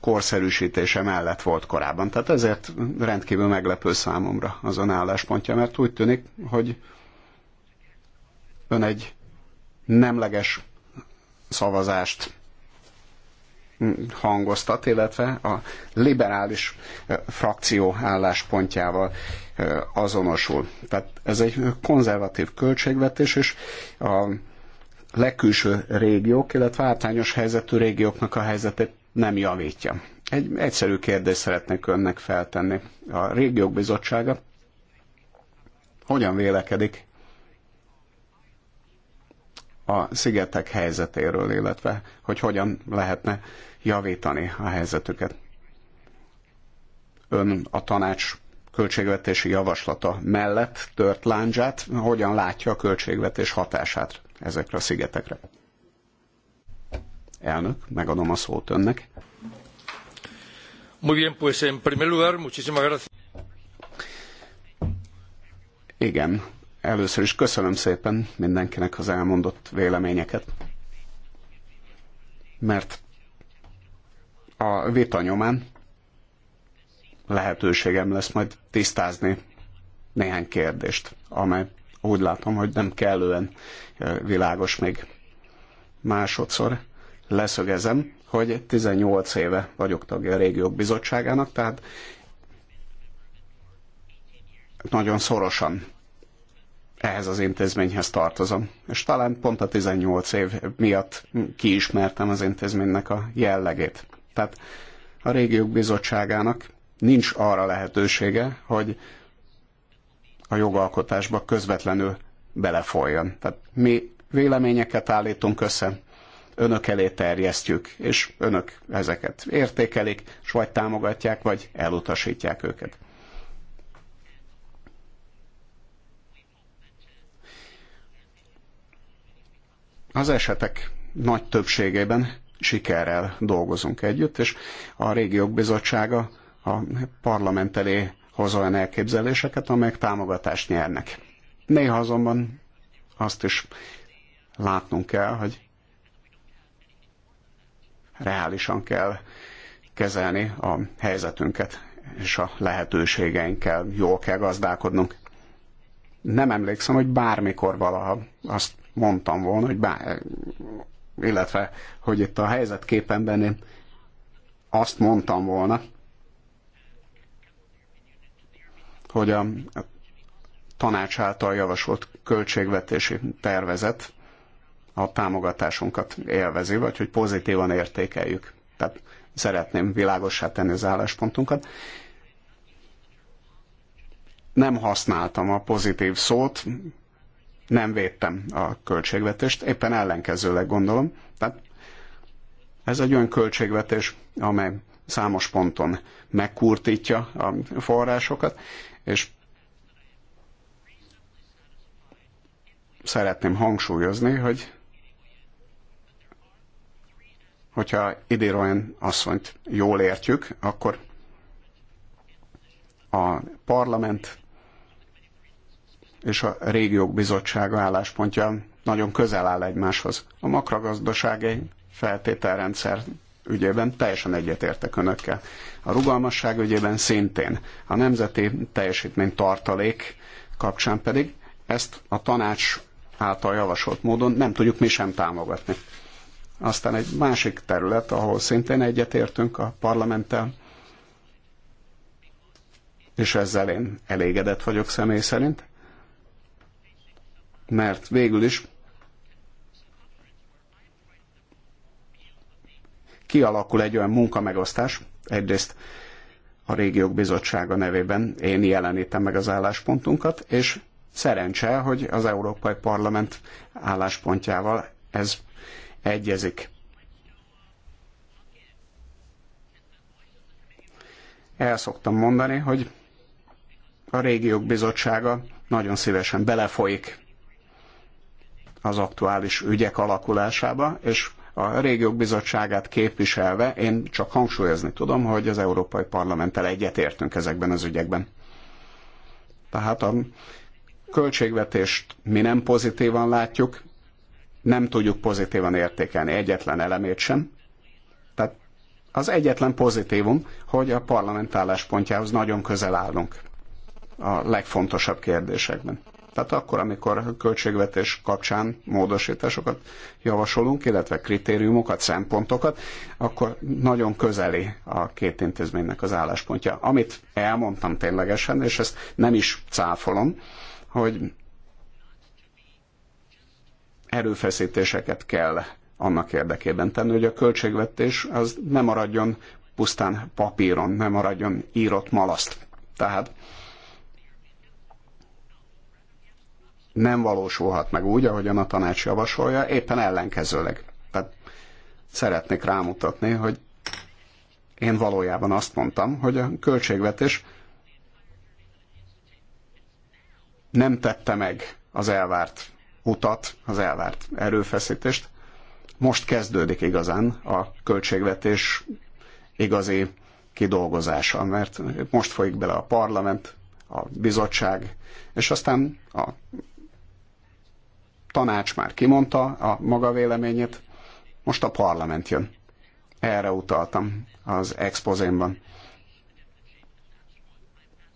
korszerűsítése mellett volt korábban. Tehát ezért rendkívül meglepő számomra az ön álláspontja, mert úgy tűnik, hogy ön egy nemleges szavazást hangoztat, illetve a liberális frakció álláspontjával azonosul. Tehát ez egy konzervatív költségvetés, és a legkülső régiók, illetve általános helyzetű régióknak a helyzetét nem javítja. Egy egyszerű kérdést szeretnék önnek feltenni. A régiók bizottsága hogyan vélekedik a szigetek helyzetéről, illetve hogy hogyan lehetne javítani a helyzetüket. Ön a tanács költségvetési javaslata mellett tört láncsát, hogyan látja a költségvetés hatását ezekre a szigetekre? Elnök, megadom a szót önnek. Muy bien, pues en primer lugar, muchísimas gracias. Igen, Először is köszönöm szépen mindenkinek az elmondott véleményeket, mert a vita nyomán lehetőségem lesz majd tisztázni néhány kérdést, amely úgy látom, hogy nem kellően világos még másodszor leszögezem, hogy 18 éve vagyok tagja a régiók bizottságának, tehát nagyon szorosan ehhez az intézményhez tartozom. És talán pont a 18 év miatt kiismertem az intézménynek a jellegét. Tehát a régiók bizottságának nincs arra lehetősége, hogy a jogalkotásba közvetlenül belefoljon. Tehát mi véleményeket állítunk össze, önök elé terjesztjük, és önök ezeket értékelik, és vagy támogatják, vagy elutasítják őket. Az esetek nagy többségében sikerrel dolgozunk együtt, és a régiók bizottsága a parlament elé hoz olyan elképzeléseket, amelyek támogatást nyernek. Néha azonban azt is látnunk kell, hogy reálisan kell kezelni a helyzetünket és a lehetőségeinkkel, jól kell gazdálkodnunk. Nem emlékszem, hogy bármikor valaha azt mondtam volna, hogy bá, illetve, hogy itt a helyzetképenben én azt mondtam volna, hogy a tanács által javasolt költségvetési tervezet a támogatásunkat élvezi, vagy hogy pozitívan értékeljük. Tehát szeretném világossá tenni az álláspontunkat. Nem használtam a pozitív szót, nem védtem a költségvetést, éppen ellenkezőleg gondolom. Tehát ez egy olyan költségvetés, amely számos ponton megkurtítja a forrásokat, és szeretném hangsúlyozni, hogy hogyha Idiroen asszonyt jól értjük, akkor a parlament és a régiók bizottsága álláspontja nagyon közel áll egymáshoz. A makragazdasági feltételrendszer ügyében teljesen egyetértek önökkel. A rugalmasság ügyében szintén. A nemzeti teljesítmény tartalék kapcsán pedig ezt a tanács által javasolt módon nem tudjuk mi sem támogatni. Aztán egy másik terület, ahol szintén egyetértünk a parlamenttel, és ezzel én elégedett vagyok személy szerint, mert végül is kialakul egy olyan munkamegosztás, egyrészt a régiók bizottsága nevében én jelenítem meg az álláspontunkat, és szerencse, hogy az Európai Parlament álláspontjával ez egyezik. El szoktam mondani, hogy a régiók bizottsága nagyon szívesen belefolyik az aktuális ügyek alakulásába, és a régiók bizottságát képviselve én csak hangsúlyozni tudom, hogy az Európai Parlamenttel egyetértünk ezekben az ügyekben. Tehát a költségvetést mi nem pozitívan látjuk, nem tudjuk pozitívan értékelni egyetlen elemét sem. Tehát az egyetlen pozitívum, hogy a parlament álláspontjához nagyon közel állunk a legfontosabb kérdésekben. Tehát akkor, amikor a költségvetés kapcsán módosításokat javasolunk, illetve kritériumokat, szempontokat, akkor nagyon közeli a két intézménynek az álláspontja. Amit elmondtam ténylegesen, és ezt nem is cáfolom, hogy erőfeszítéseket kell annak érdekében tenni, hogy a költségvetés az nem maradjon pusztán papíron, nem maradjon írott malaszt. Tehát nem valósulhat meg úgy, ahogyan a tanács javasolja, éppen ellenkezőleg. Tehát szeretnék rámutatni, hogy én valójában azt mondtam, hogy a költségvetés nem tette meg az elvárt utat, az elvárt erőfeszítést. Most kezdődik igazán a költségvetés igazi kidolgozása, mert most folyik bele a parlament, a bizottság, és aztán a tanács már kimondta a maga véleményét, most a parlament jön. Erre utaltam az expozémban.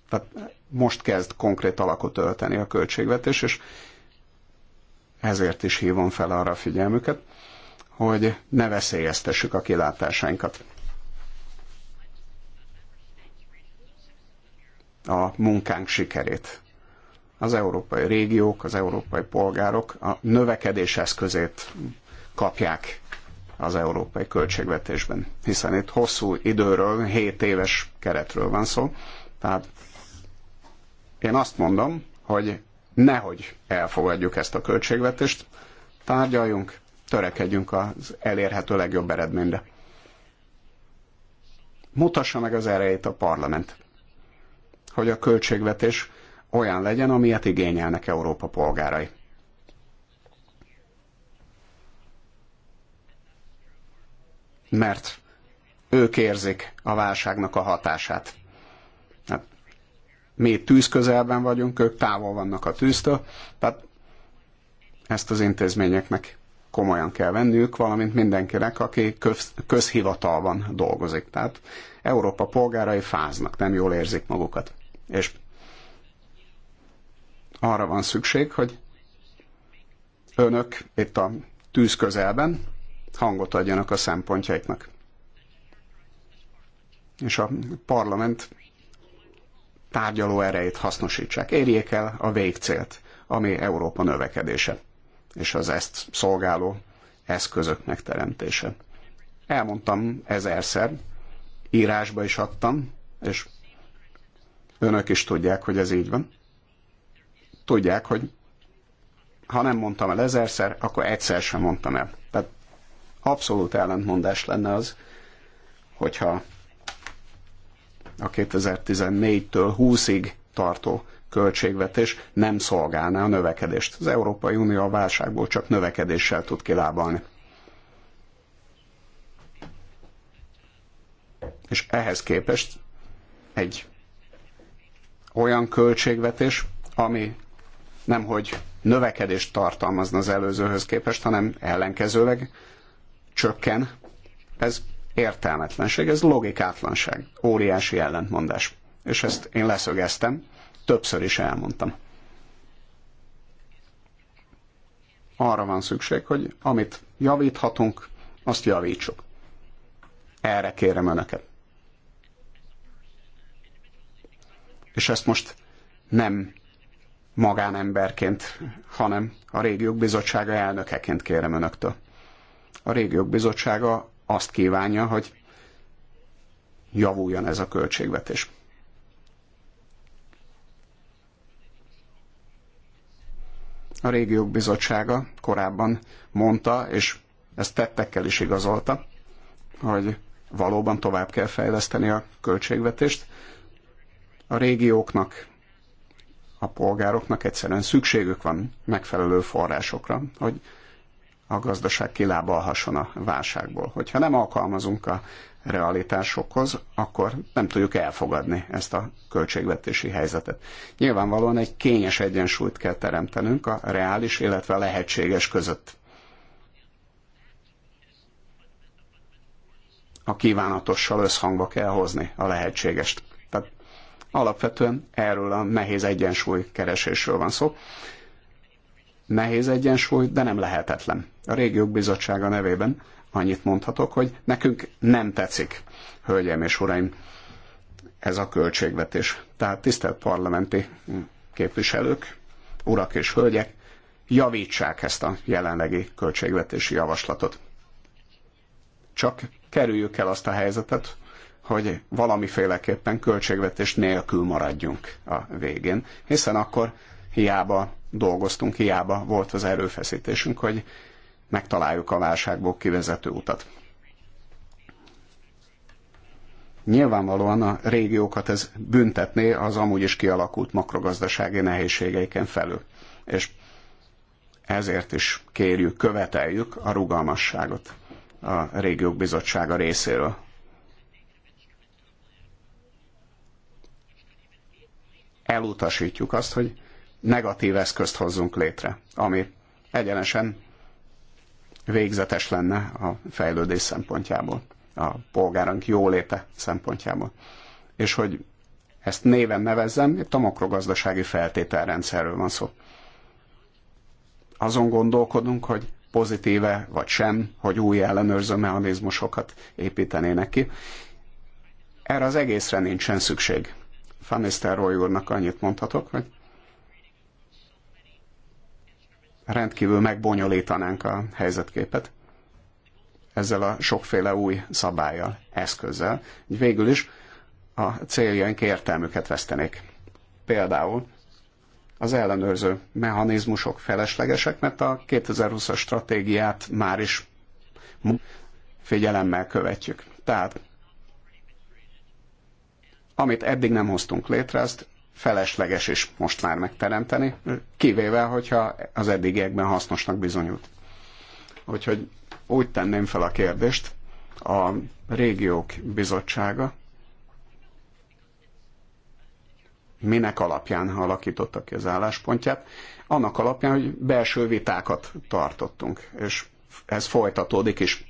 Tehát most kezd konkrét alakot ölteni a költségvetés, és ezért is hívom fel arra a figyelmüket, hogy ne veszélyeztessük a kilátásainkat. A munkánk sikerét az európai régiók, az európai polgárok a növekedés eszközét kapják az európai költségvetésben, hiszen itt hosszú időről, 7 éves keretről van szó. Tehát én azt mondom, hogy nehogy elfogadjuk ezt a költségvetést, tárgyaljunk, törekedjünk az elérhető legjobb eredményre. Mutassa meg az erejét a parlament, hogy a költségvetés olyan legyen, amilyet igényelnek Európa polgárai. Mert ők érzik a válságnak a hatását. Hát, mi tűz közelben vagyunk, ők távol vannak a tűztől, tehát ezt az intézményeknek komolyan kell venniük, valamint mindenkinek, aki köz, közhivatalban dolgozik. Tehát Európa polgárai fáznak, nem jól érzik magukat. És arra van szükség, hogy önök itt a tűz közelben hangot adjanak a szempontjaiknak. És a parlament tárgyaló erejét hasznosítsák. Érjék el a végcélt, ami Európa növekedése, és az ezt szolgáló eszközök megteremtése. Elmondtam ezerszer, írásba is adtam, és önök is tudják, hogy ez így van tudják, hogy ha nem mondtam el ezerszer, akkor egyszer sem mondtam el. Tehát abszolút ellentmondás lenne az, hogyha a 2014-től 20-ig tartó költségvetés nem szolgálná a növekedést. Az Európai Unió a válságból csak növekedéssel tud kilábalni. És ehhez képest egy olyan költségvetés, ami nem hogy növekedést tartalmazna az előzőhöz képest, hanem ellenkezőleg csökken. Ez értelmetlenség, ez logikátlanság, óriási ellentmondás. És ezt én leszögeztem, többször is elmondtam. Arra van szükség, hogy amit javíthatunk, azt javítsuk. Erre kérem Önöket. És ezt most nem magánemberként, hanem a régiók bizottsága elnökeként kérem önöktől. A régiók bizottsága azt kívánja, hogy javuljon ez a költségvetés. A régiók bizottsága korábban mondta, és ezt tettekkel is igazolta, hogy valóban tovább kell fejleszteni a költségvetést. A régióknak a polgároknak egyszerűen szükségük van megfelelő forrásokra, hogy a gazdaság kilábalhasson a válságból. Hogyha nem alkalmazunk a realitásokhoz, akkor nem tudjuk elfogadni ezt a költségvetési helyzetet. Nyilvánvalóan egy kényes egyensúlyt kell teremtenünk a reális, illetve a lehetséges között. A kívánatossal összhangba kell hozni a lehetségest. Alapvetően erről a nehéz egyensúly keresésről van szó. Nehéz egyensúly, de nem lehetetlen. A régiók bizottsága nevében annyit mondhatok, hogy nekünk nem tetszik, hölgyeim és uraim, ez a költségvetés. Tehát tisztelt parlamenti képviselők, urak és hölgyek, javítsák ezt a jelenlegi költségvetési javaslatot. Csak kerüljük el azt a helyzetet, hogy valamiféleképpen költségvetés nélkül maradjunk a végén, hiszen akkor hiába dolgoztunk, hiába volt az erőfeszítésünk, hogy megtaláljuk a válságból kivezető utat. Nyilvánvalóan a régiókat ez büntetné az amúgy is kialakult makrogazdasági nehézségeiken felül. És ezért is kérjük, követeljük a rugalmasságot a régiók bizottsága részéről elutasítjuk azt, hogy negatív eszközt hozzunk létre, ami egyenesen végzetes lenne a fejlődés szempontjából, a polgárunk jóléte szempontjából. És hogy ezt néven nevezzem, itt a makrogazdasági feltételrendszerről van szó. Azon gondolkodunk, hogy pozitíve vagy sem, hogy új ellenőrző mechanizmusokat építenének ki. Erre az egészre nincsen szükség. Van Nistelrooy úrnak annyit mondhatok, hogy rendkívül megbonyolítanánk a helyzetképet ezzel a sokféle új szabályjal, eszközzel, így végül is a céljaink értelmüket vesztenék. Például az ellenőrző mechanizmusok feleslegesek, mert a 2020-as stratégiát már is figyelemmel követjük. Tehát amit eddig nem hoztunk létre, azt felesleges is most már megteremteni, kivéve, hogyha az eddigiekben hasznosnak bizonyult. Úgyhogy úgy tenném fel a kérdést, a régiók bizottsága minek alapján alakította ki az álláspontját, annak alapján, hogy belső vitákat tartottunk, és ez folytatódik is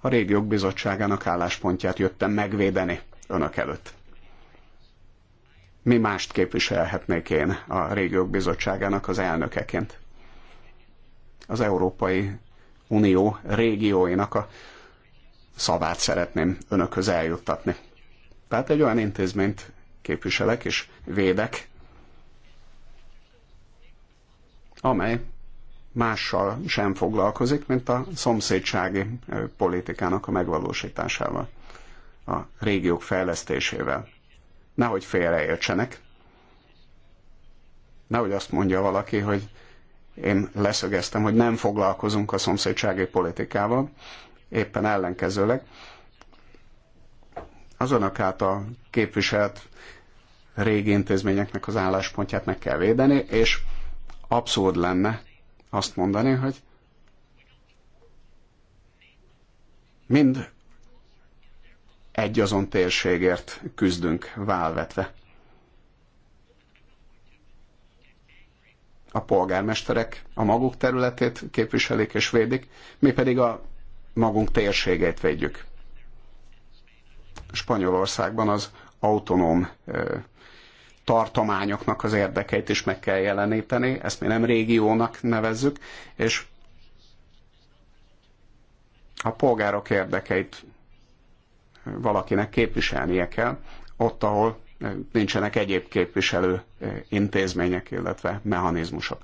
a régiók bizottságának álláspontját jöttem megvédeni önök előtt. Mi mást képviselhetnék én a régiók bizottságának az elnökeként? Az Európai Unió régióinak a szavát szeretném önökhöz eljuttatni. Tehát egy olyan intézményt képviselek és védek, amely mással sem foglalkozik, mint a szomszédsági politikának a megvalósításával, a régiók fejlesztésével. Nehogy félreértsenek, nehogy azt mondja valaki, hogy én leszögeztem, hogy nem foglalkozunk a szomszédsági politikával, éppen ellenkezőleg. Azonak át a képviselt régi intézményeknek az álláspontját meg kell védeni, és abszurd lenne azt mondani, hogy mind egy azon térségért küzdünk válvetve. A polgármesterek a maguk területét képviselik és védik, mi pedig a magunk térségét védjük. Spanyolországban az autonóm tartományoknak az érdekeit is meg kell jeleníteni, ezt mi nem régiónak nevezzük, és a polgárok érdekeit valakinek képviselnie kell, ott, ahol nincsenek egyéb képviselő intézmények, illetve mechanizmusok.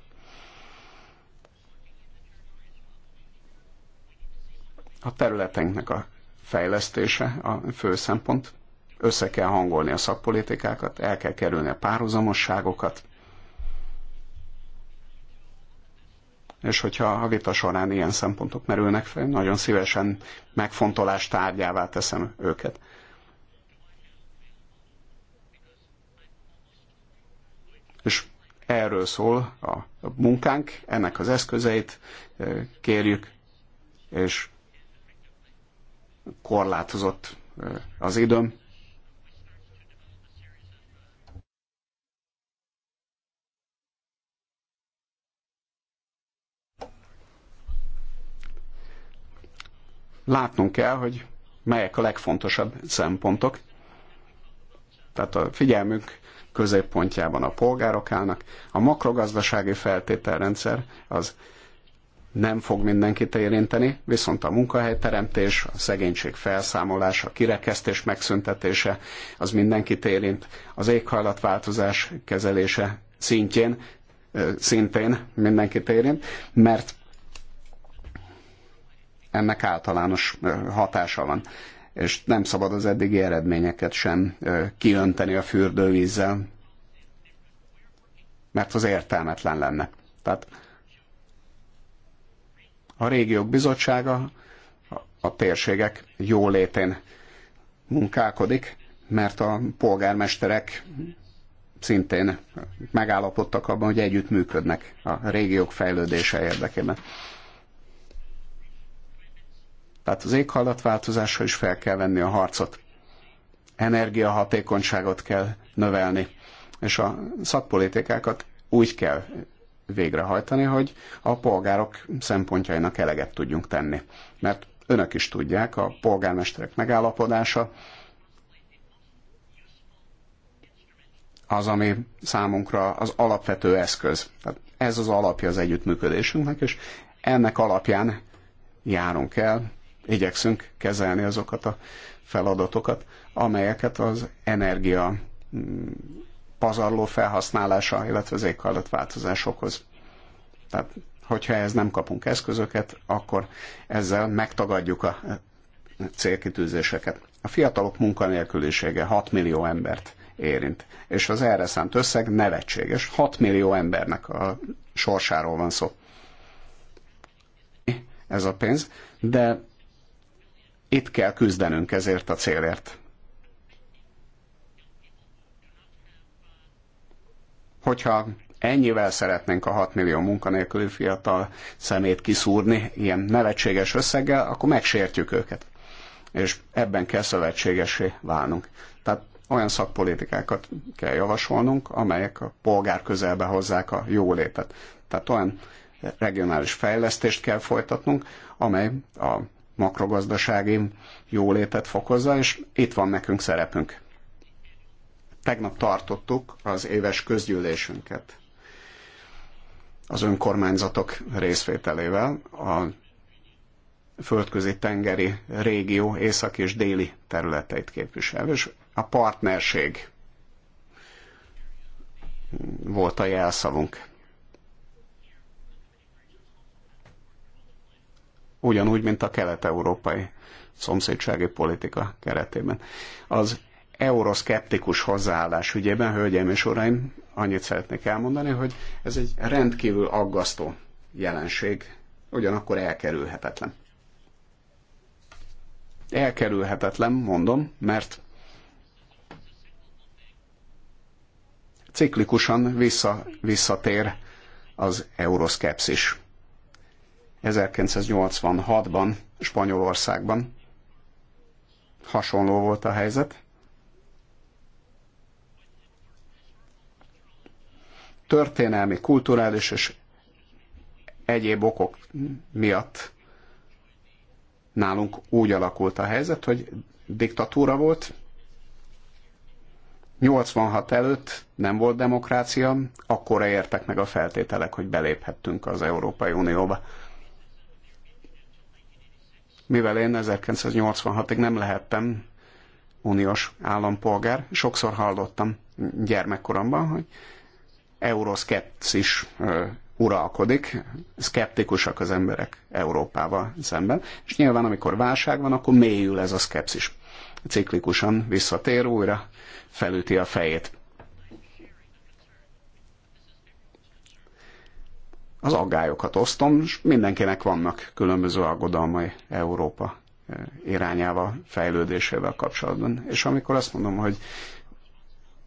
A területeinknek a fejlesztése a fő szempont össze kell hangolni a szakpolitikákat, el kell kerülni a párhuzamosságokat, és hogyha a vita során ilyen szempontok merülnek fel, nagyon szívesen megfontolás tárgyává teszem őket. És erről szól a munkánk, ennek az eszközeit eh, kérjük, és korlátozott eh, az időm, látnunk kell, hogy melyek a legfontosabb szempontok. Tehát a figyelmünk középpontjában a polgárok állnak. A makrogazdasági feltételrendszer az nem fog mindenkit érinteni, viszont a munkahelyteremtés, a szegénység felszámolása, a kirekesztés megszüntetése, az mindenkit érint. Az éghajlatváltozás kezelése szintjén, szintén mindenkit érint, mert ennek általános hatása van. És nem szabad az eddigi eredményeket sem kiönteni a fürdővízzel, mert az értelmetlen lenne. Tehát a régiók bizottsága a térségek jólétén munkálkodik, mert a polgármesterek szintén megállapodtak abban, hogy együtt működnek a régiók fejlődése érdekében. Tehát az éghajlatváltozásra is fel kell venni a harcot. Energiahatékonyságot kell növelni, és a szakpolitikákat úgy kell végrehajtani, hogy a polgárok szempontjainak eleget tudjunk tenni. Mert önök is tudják, a polgármesterek megállapodása az, ami számunkra az alapvető eszköz. Tehát ez az alapja az együttműködésünknek, és ennek alapján járunk el igyekszünk kezelni azokat a feladatokat, amelyeket az energia mm, pazarló felhasználása, illetve az éghajlatváltozás okoz. Tehát, hogyha ez nem kapunk eszközöket, akkor ezzel megtagadjuk a e, célkitűzéseket. A fiatalok munkanélkülisége 6 millió embert érint, és az erre szánt összeg nevetséges. 6 millió embernek a sorsáról van szó. Ez a pénz, de itt kell küzdenünk ezért a célért. Hogyha ennyivel szeretnénk a 6 millió munkanélküli fiatal szemét kiszúrni ilyen nevetséges összeggel, akkor megsértjük őket. És ebben kell szövetségesé válnunk. Tehát olyan szakpolitikákat kell javasolnunk, amelyek a polgár közelbe hozzák a jólétet. Tehát olyan regionális fejlesztést kell folytatnunk, amely a makrogazdasági jólétet fokozza, és itt van nekünk szerepünk. Tegnap tartottuk az éves közgyűlésünket az önkormányzatok részvételével a földközi tengeri régió észak és déli területeit képviselő, és a partnerség volt a jelszavunk. ugyanúgy, mint a kelet-európai szomszédsági politika keretében. Az euroszkeptikus hozzáállás ügyében, hölgyeim és uraim, annyit szeretnék elmondani, hogy ez egy rendkívül aggasztó jelenség, ugyanakkor elkerülhetetlen. Elkerülhetetlen, mondom, mert ciklikusan vissza, visszatér az euroszkepszis. 1986-ban Spanyolországban hasonló volt a helyzet. Történelmi, kulturális és egyéb okok miatt nálunk úgy alakult a helyzet, hogy diktatúra volt, 86 előtt nem volt demokrácia, akkor értek meg a feltételek, hogy beléphettünk az Európai Unióba mivel én 1986-ig nem lehettem uniós állampolgár, sokszor hallottam gyermekkoromban, hogy euroszkepszis uralkodik, szkeptikusak az emberek Európával szemben, és nyilván amikor válság van, akkor mélyül ez a szkepszis. Ciklikusan visszatér újra, felüti a fejét. az aggályokat osztom, és mindenkinek vannak különböző aggodalmai Európa eh, irányával fejlődésével kapcsolatban. És amikor azt mondom, hogy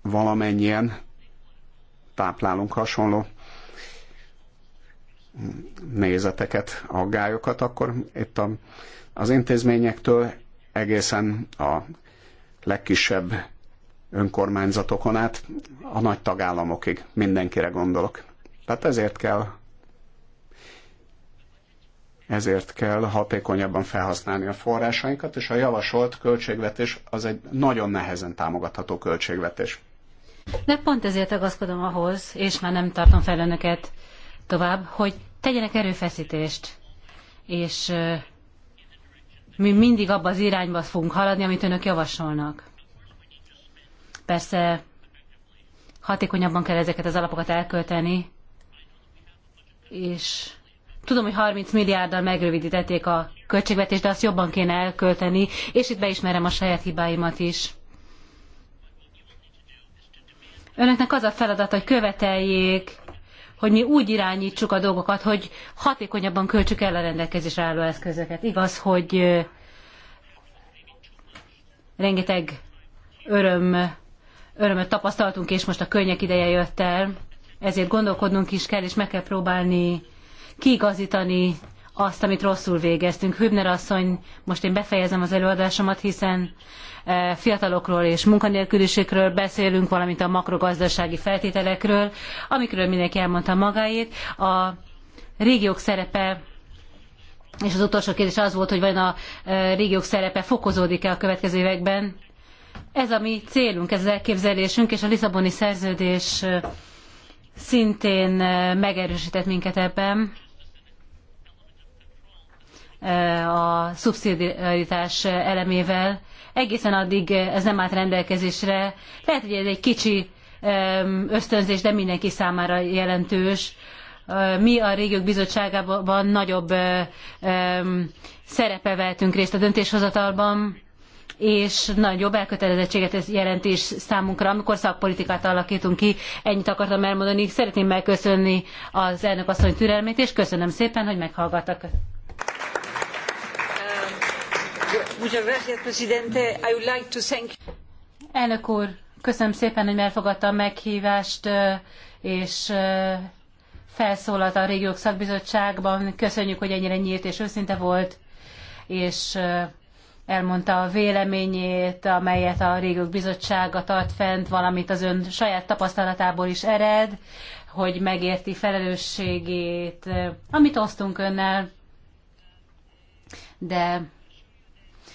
valamennyien táplálunk hasonló hm, nézeteket, aggályokat, akkor itt a, az intézményektől egészen a legkisebb önkormányzatokon át a nagy tagállamokig mindenkire gondolok. Tehát ezért kell ezért kell hatékonyabban felhasználni a forrásainkat, és a javasolt költségvetés az egy nagyon nehezen támogatható költségvetés. De pont ezért ragaszkodom ahhoz, és már nem tartom fel önöket tovább, hogy tegyenek erőfeszítést, és mi mindig abba az irányba fogunk haladni, amit önök javasolnak. Persze hatékonyabban kell ezeket az alapokat elkölteni, és Tudom, hogy 30 milliárddal megrövidítették a költségvetést, de azt jobban kéne elkölteni, és itt beismerem a saját hibáimat is. Önöknek az a feladat, hogy követeljék, hogy mi úgy irányítsuk a dolgokat, hogy hatékonyabban költsük el a rendelkezésre álló eszközöket. Igaz, hogy rengeteg öröm, örömöt tapasztaltunk, és most a könnyek ideje jött el, ezért gondolkodnunk is kell, és meg kell próbálni kiigazítani azt, amit rosszul végeztünk. Hübner asszony, most én befejezem az előadásomat, hiszen e, fiatalokról és munkanélküliségről beszélünk, valamint a makrogazdasági feltételekről, amikről mindenki elmondta magáét. A régiók szerepe és az utolsó kérdés az volt, hogy vajon a e, régiók szerepe fokozódik-e a következő években. Ez a mi célunk, ez az elképzelésünk, és a Lisszaboni szerződés e, szintén megerősített minket ebben a szubszidiaritás elemével. Egészen addig ez nem állt rendelkezésre. Lehet, hogy ez egy kicsi ösztönzés, de mindenki számára jelentős. Mi a régiók bizottságában nagyobb szerepe vettünk részt a döntéshozatalban, és nagyobb elkötelezettséget ez jelentés számunkra, amikor szakpolitikát alakítunk ki. Ennyit akartam elmondani. Szeretném megköszönni az elnök asszony türelmét, és köszönöm szépen, hogy meghallgattak. Elnök úr, köszönöm szépen, hogy elfogadta a meghívást, és felszólalt a régiók szakbizottságban. Köszönjük, hogy ennyire nyílt és őszinte volt, és elmondta a véleményét, amelyet a régiók bizottsága tart fent, valamint az ön saját tapasztalatából is ered, hogy megérti felelősségét, amit osztunk önnel, de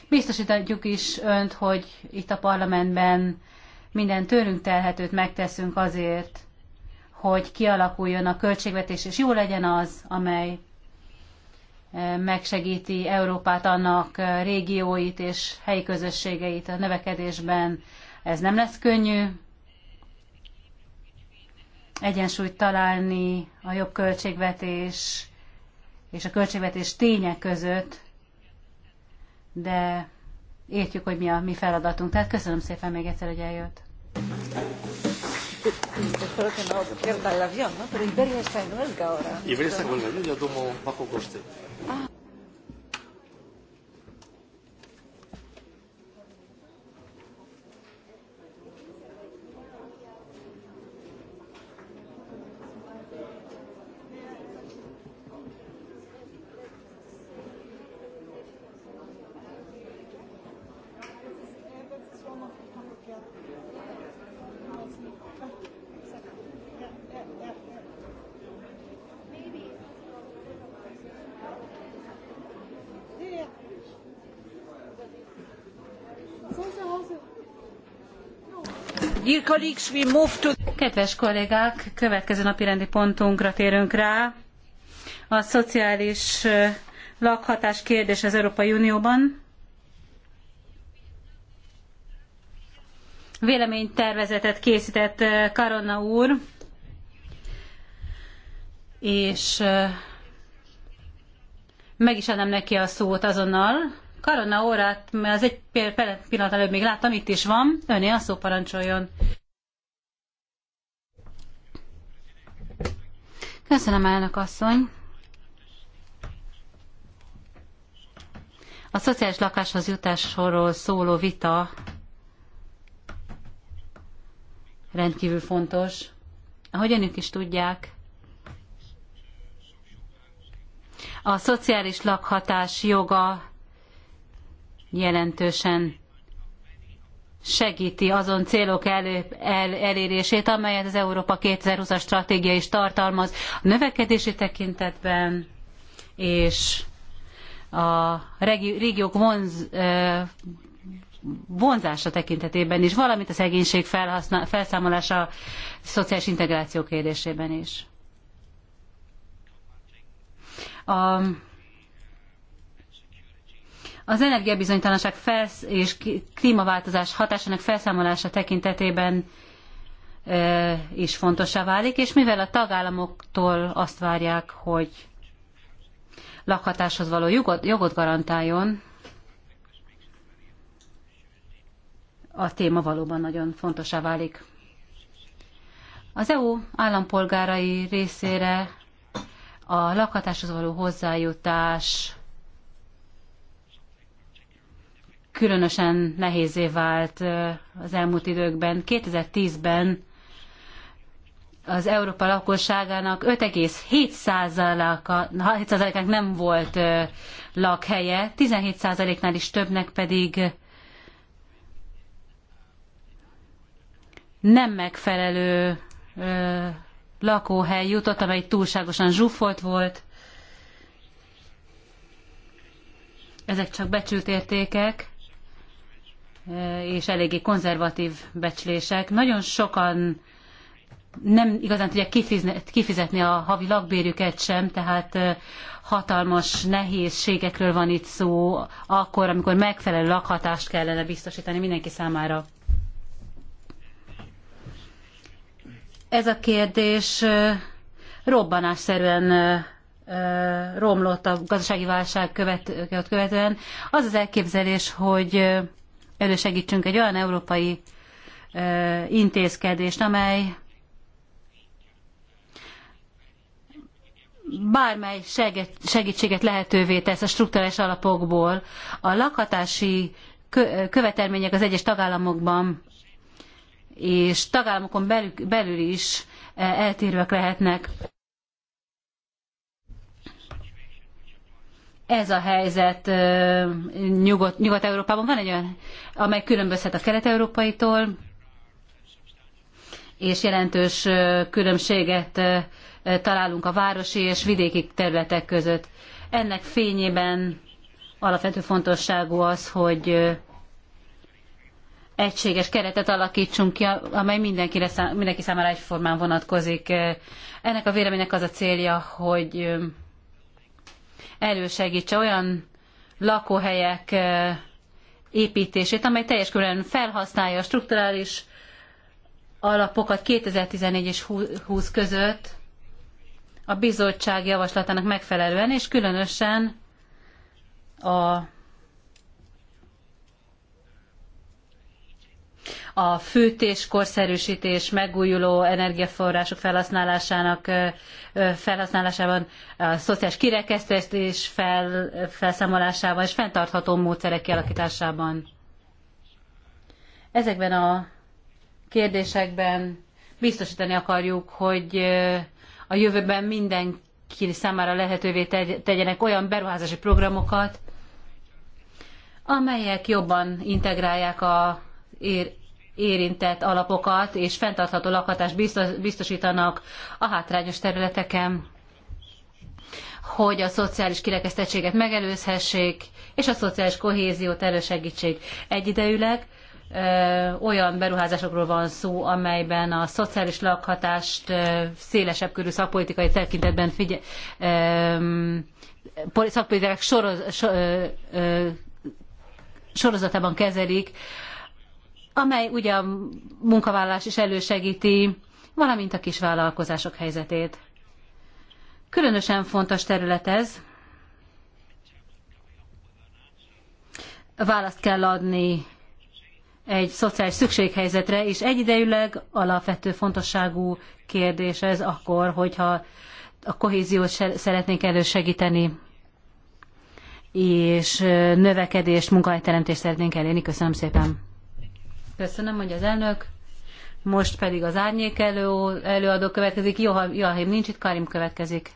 Biztosítatjuk is önt, hogy itt a parlamentben minden tőlünk telhetőt megteszünk azért, hogy kialakuljon a költségvetés, és jó legyen az, amely eh, megsegíti Európát, annak eh, régióit és helyi közösségeit a növekedésben. Ez nem lesz könnyű. Egyensúlyt találni a jobb költségvetés és a költségvetés tények között, de értjük, hogy mi a mi feladatunk. Tehát köszönöm szépen még egyszer, hogy eljött. Espero que no pierda el avión, ¿no? Pero Iberia está en huelga ahora. Iberia está en huelga, yo ya tomo bajo coste. Ah. Kedves kollégák, következő napi rendi pontunkra térünk rá. A szociális lakhatás kérdés az Európai Unióban. Véleménytervezetet készített Karonna úr, és meg is adnám neki a szót azonnal. Karona órát, mert az egy pillanat előbb még láttam, itt is van. Öné a szó parancsoljon. Köszönöm, elnök asszony. A szociális lakáshoz jutásról szóló vita rendkívül fontos. Ahogy önök is tudják, a szociális lakhatás joga jelentősen segíti azon célok elő, el, elérését, amelyet az Európa 2020-as stratégia is tartalmaz a növekedési tekintetben, és a régiók vonz, vonzása tekintetében is, valamint a szegénység felszámolása a szociális integráció kérdésében is. A az energiabizonytalanság felsz és klímaváltozás hatásának felszámolása tekintetében is fontosá válik, és mivel a tagállamoktól azt várják, hogy lakhatáshoz való jogot, jogot garantáljon, a téma valóban nagyon fontosá válik. Az EU állampolgárai részére a lakhatáshoz való hozzájutás különösen nehézé vált az elmúlt időkben. 2010-ben az Európa lakosságának 5,7%-ának nem volt lakhelye, 17%-nál is többnek pedig nem megfelelő lakóhely jutott, amely túlságosan zsúfolt volt. Ezek csak becsült értékek és eléggé konzervatív becslések. Nagyon sokan nem igazán tudják kifizetni a havi lakbérüket sem, tehát hatalmas nehézségekről van itt szó, akkor, amikor megfelelő lakhatást kellene biztosítani mindenki számára. Ez a kérdés robbanásszerűen romlott a gazdasági válság követően. Az az elképzelés, hogy elősegítsünk egy olyan európai intézkedést, amely bármely segítséget lehetővé tesz a strukturális alapokból. A lakhatási követelmények az egyes tagállamokban és tagállamokon belül, belül is eltérőek lehetnek. ez a helyzet Nyugat, Nyugat-Európában. Van egy olyan, amely különbözhet a kelet-európaitól, és jelentős különbséget találunk a városi és vidéki területek között. Ennek fényében alapvető fontosságú az, hogy egységes keretet alakítsunk ki, amely szám, mindenki számára egyformán vonatkozik. Ennek a véleménynek az a célja, hogy elősegítse olyan lakóhelyek építését, amely teljes körülön felhasználja a strukturális alapokat 2014 és 20 között a bizottság javaslatának megfelelően, és különösen a a fűtés, korszerűsítés, megújuló energiaforrások felhasználásának felhasználásában, a szociális kirekesztés fel, felszámolásában és fenntartható módszerek kialakításában. Ezekben a kérdésekben biztosítani akarjuk, hogy a jövőben mindenki számára lehetővé tegyenek olyan beruházási programokat, amelyek jobban integrálják a érintett alapokat és fenntartható lakhatást biztosítanak a hátrányos területeken, hogy a szociális kirekesztettséget megelőzhessék, és a szociális kohéziót elősegítsék egyidejűleg. olyan beruházásokról van szó, amelyben a szociális lakhatást szélesebb körű szakpolitikai tekintetben figye, szakpolitikák soroz, so, sorozatában kezelik, amely ugye a munkavállalás is elősegíti, valamint a kisvállalkozások helyzetét. Különösen fontos terület ez. Választ kell adni egy szociális szükséghelyzetre, és egyidejűleg alapvető fontosságú kérdés ez akkor, hogyha a kohéziót szeretnénk elősegíteni, és növekedést, munkahelyteremtést szeretnénk elérni. Köszönöm szépen! Köszönöm, hogy az elnök. Most pedig az árnyék elő, előadó következik. Joachim nincs itt, Karim következik.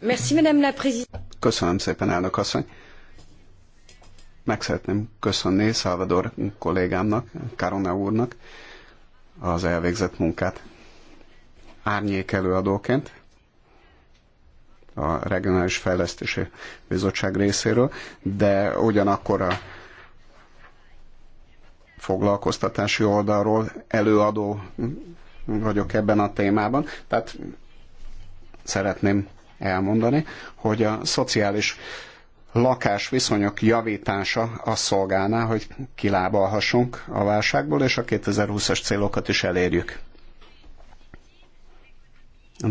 Merci, Madame la Köszönöm szépen, elnök asszony. Meg szeretném köszönni Salvador kollégámnak, Karona úrnak az elvégzett munkát. Árnyék előadóként a Regionális Fejlesztési Bizottság részéről, de ugyanakkor a foglalkoztatási oldalról előadó vagyok ebben a témában, tehát szeretném elmondani, hogy a szociális lakásviszonyok javítása azt szolgálná, hogy kilábalhassunk a válságból, és a 2020-as célokat is elérjük.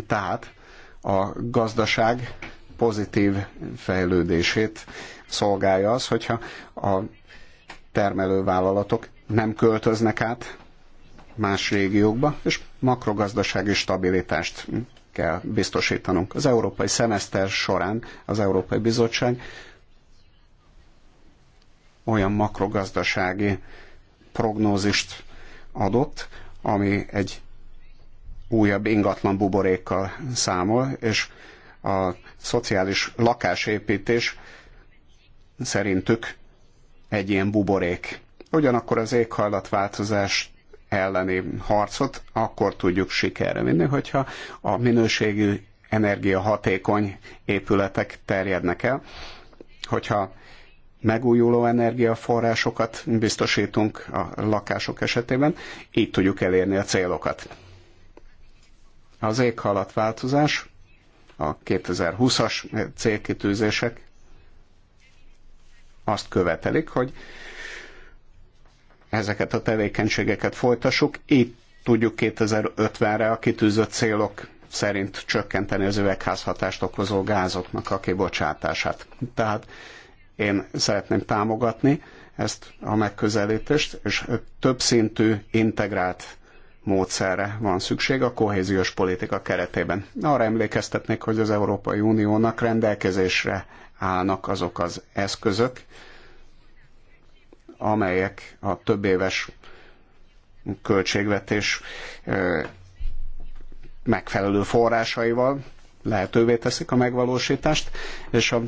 Tehát a gazdaság pozitív fejlődését szolgálja az, hogyha a termelővállalatok nem költöznek át más régiókba, és makrogazdasági stabilitást kell biztosítanunk. Az európai szemeszter során az Európai Bizottság olyan makrogazdasági prognózist adott, ami egy újabb ingatlan buborékkal számol, és a szociális lakásépítés szerintük egy ilyen buborék. Ugyanakkor az éghajlatváltozás elleni harcot akkor tudjuk sikerre vinni, hogyha a minőségű energiahatékony épületek terjednek el, hogyha megújuló energiaforrásokat biztosítunk a lakások esetében, így tudjuk elérni a célokat. Az éghajlatváltozás, a 2020-as célkitűzések azt követelik, hogy ezeket a tevékenységeket folytassuk. Így tudjuk 2050-re a kitűzött célok szerint csökkenteni az üvegházhatást okozó gázoknak a kibocsátását. Tehát én szeretném támogatni ezt a megközelítést, és több szintű integrált módszerre van szükség a kohéziós politika keretében. Arra emlékeztetnék, hogy az Európai Uniónak rendelkezésre állnak azok az eszközök, amelyek a több éves költségvetés megfelelő forrásaival lehetővé teszik a megvalósítást, és a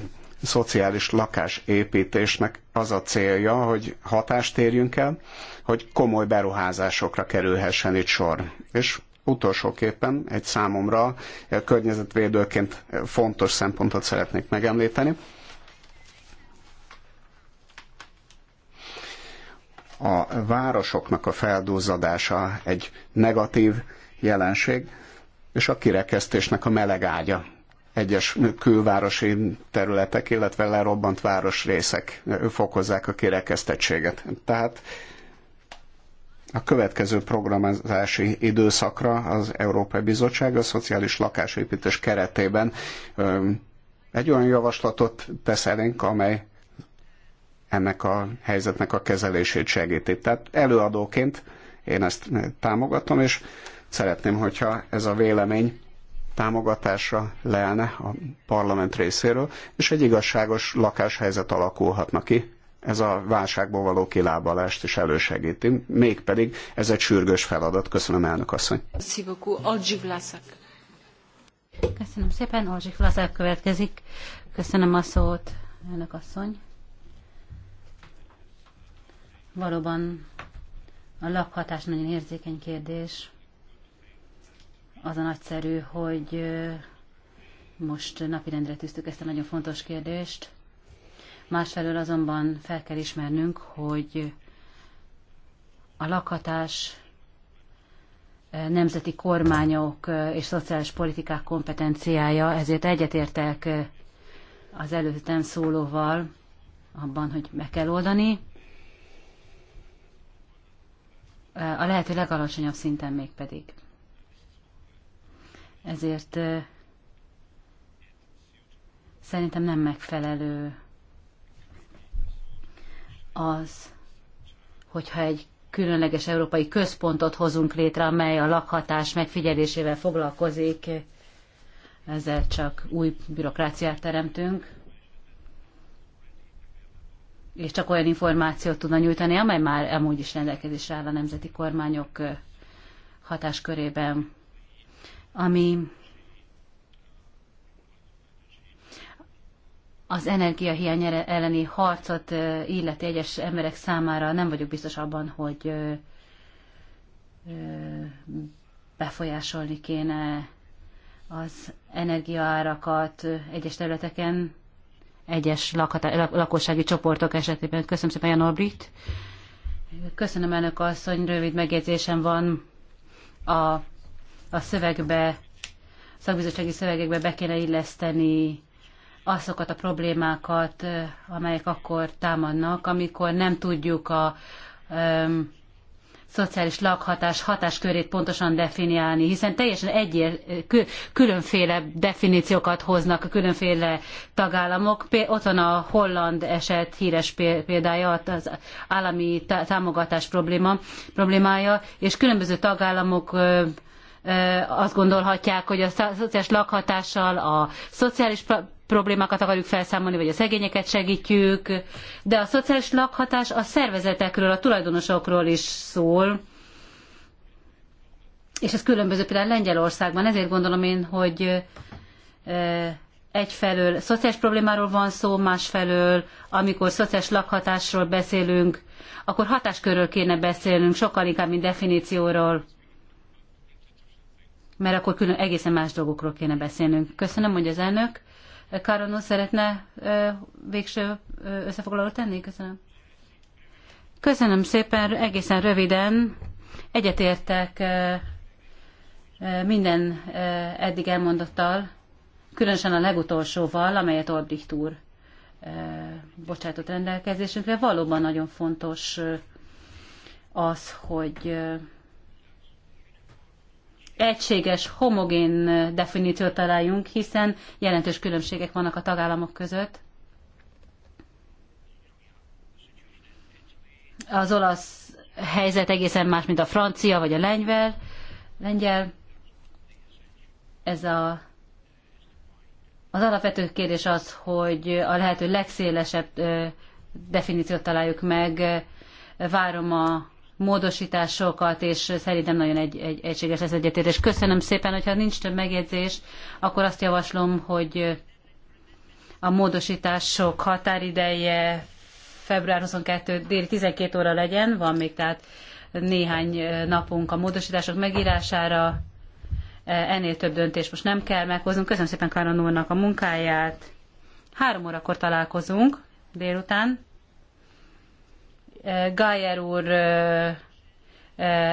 szociális lakásépítésnek az a célja, hogy hatást érjünk el, hogy komoly beruházásokra kerülhessen itt sor. És utolsóképpen egy számomra környezetvédőként fontos szempontot szeretnék megemlíteni. a városoknak a feldúzzadása egy negatív jelenség, és a kirekesztésnek a meleg ágya egyes külvárosi területek, illetve lerobbant városrészek fokozzák a kirekesztettséget. Tehát a következő programozási időszakra az Európai Bizottság a szociális lakásépítés keretében egy olyan javaslatot tesz elénk, amely ennek a helyzetnek a kezelését segíti. Tehát előadóként én ezt támogatom, és szeretném, hogyha ez a vélemény támogatásra leelne a parlament részéről, és egy igazságos lakáshelyzet alakulhatna ki. Ez a válságból való kilábalást is elősegíti, mégpedig ez egy sürgős feladat. Köszönöm, elnök asszony. Köszönöm szépen, Olzsik Vlaszák következik. Köszönöm a szót, elnök asszony. Valóban a lakhatás nagyon érzékeny kérdés. Az a nagyszerű, hogy most napirendre tűztük ezt a nagyon fontos kérdést. Másfelől azonban fel kell ismernünk, hogy a lakhatás nemzeti kormányok és szociális politikák kompetenciája, ezért egyetértek az előttem szólóval abban, hogy meg kell oldani. a lehető legalacsonyabb szinten még pedig. Ezért szerintem nem megfelelő az, hogyha egy különleges európai központot hozunk létre, amely a lakhatás megfigyelésével foglalkozik, ezzel csak új bürokráciát teremtünk és csak olyan információt tudna nyújtani, amely már amúgy is rendelkezésre áll a nemzeti kormányok hatáskörében, ami az energiahiány elleni harcot illeti egyes emberek számára nem vagyok biztos abban, hogy befolyásolni kéne az energiaárakat egyes területeken, egyes lakhatá- lakossági csoportok esetében. Köszönöm szépen, Jan Albrecht. Köszönöm, elnök asszony, rövid megjegyzésem van a, a szövegbe, szakbizottsági szövegekbe be kéne illeszteni azokat a problémákat, amelyek akkor támadnak, amikor nem tudjuk a, um, szociális lakhatás hatáskörét pontosan definiálni, hiszen teljesen egyér, különféle definíciókat hoznak a különféle tagállamok. Ott van a holland eset híres példája, az állami támogatás probléma, problémája, és különböző tagállamok azt gondolhatják, hogy a szociális lakhatással, a szociális problémákat akarjuk felszámolni, vagy a szegényeket segítjük, de a szociális lakhatás a szervezetekről, a tulajdonosokról is szól, és ez különböző például Lengyelországban, ezért gondolom én, hogy egyfelől szociális problémáról van szó, másfelől, amikor szociális lakhatásról beszélünk, akkor hatáskörről kéne beszélnünk, sokkal inkább, mint definícióról, mert akkor külön egészen más dolgokról kéne beszélnünk. Köszönöm, hogy az elnök. Karonó szeretne végső összefoglalót tenni? Köszönöm. Köszönöm szépen, egészen röviden. Egyetértek minden eddig elmondottal, különösen a legutolsóval, amelyet Olbricht úr bocsátott rendelkezésünkre. Valóban nagyon fontos az, hogy egységes, homogén definíciót találjunk, hiszen jelentős különbségek vannak a tagállamok között. Az olasz helyzet egészen más, mint a francia vagy a lengyel. lengyel. Ez a, az alapvető kérdés az, hogy a lehető legszélesebb definíciót találjuk meg. Várom a módosításokat, és szerintem nagyon egy, egy, egységes ez egyetértés. Köszönöm szépen, hogyha nincs több megjegyzés, akkor azt javaslom, hogy a módosítások határideje február 22 déli 12 óra legyen, van még tehát néhány napunk a módosítások megírására, e, ennél több döntés most nem kell meghozunk. Köszönöm szépen Karan úrnak a munkáját. Három órakor találkozunk délután. Gájer úr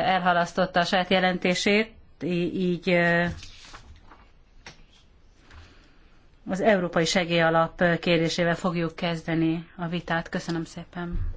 elhalasztotta a saját jelentését, így az Európai Segélyalap kérésével fogjuk kezdeni a vitát. Köszönöm szépen.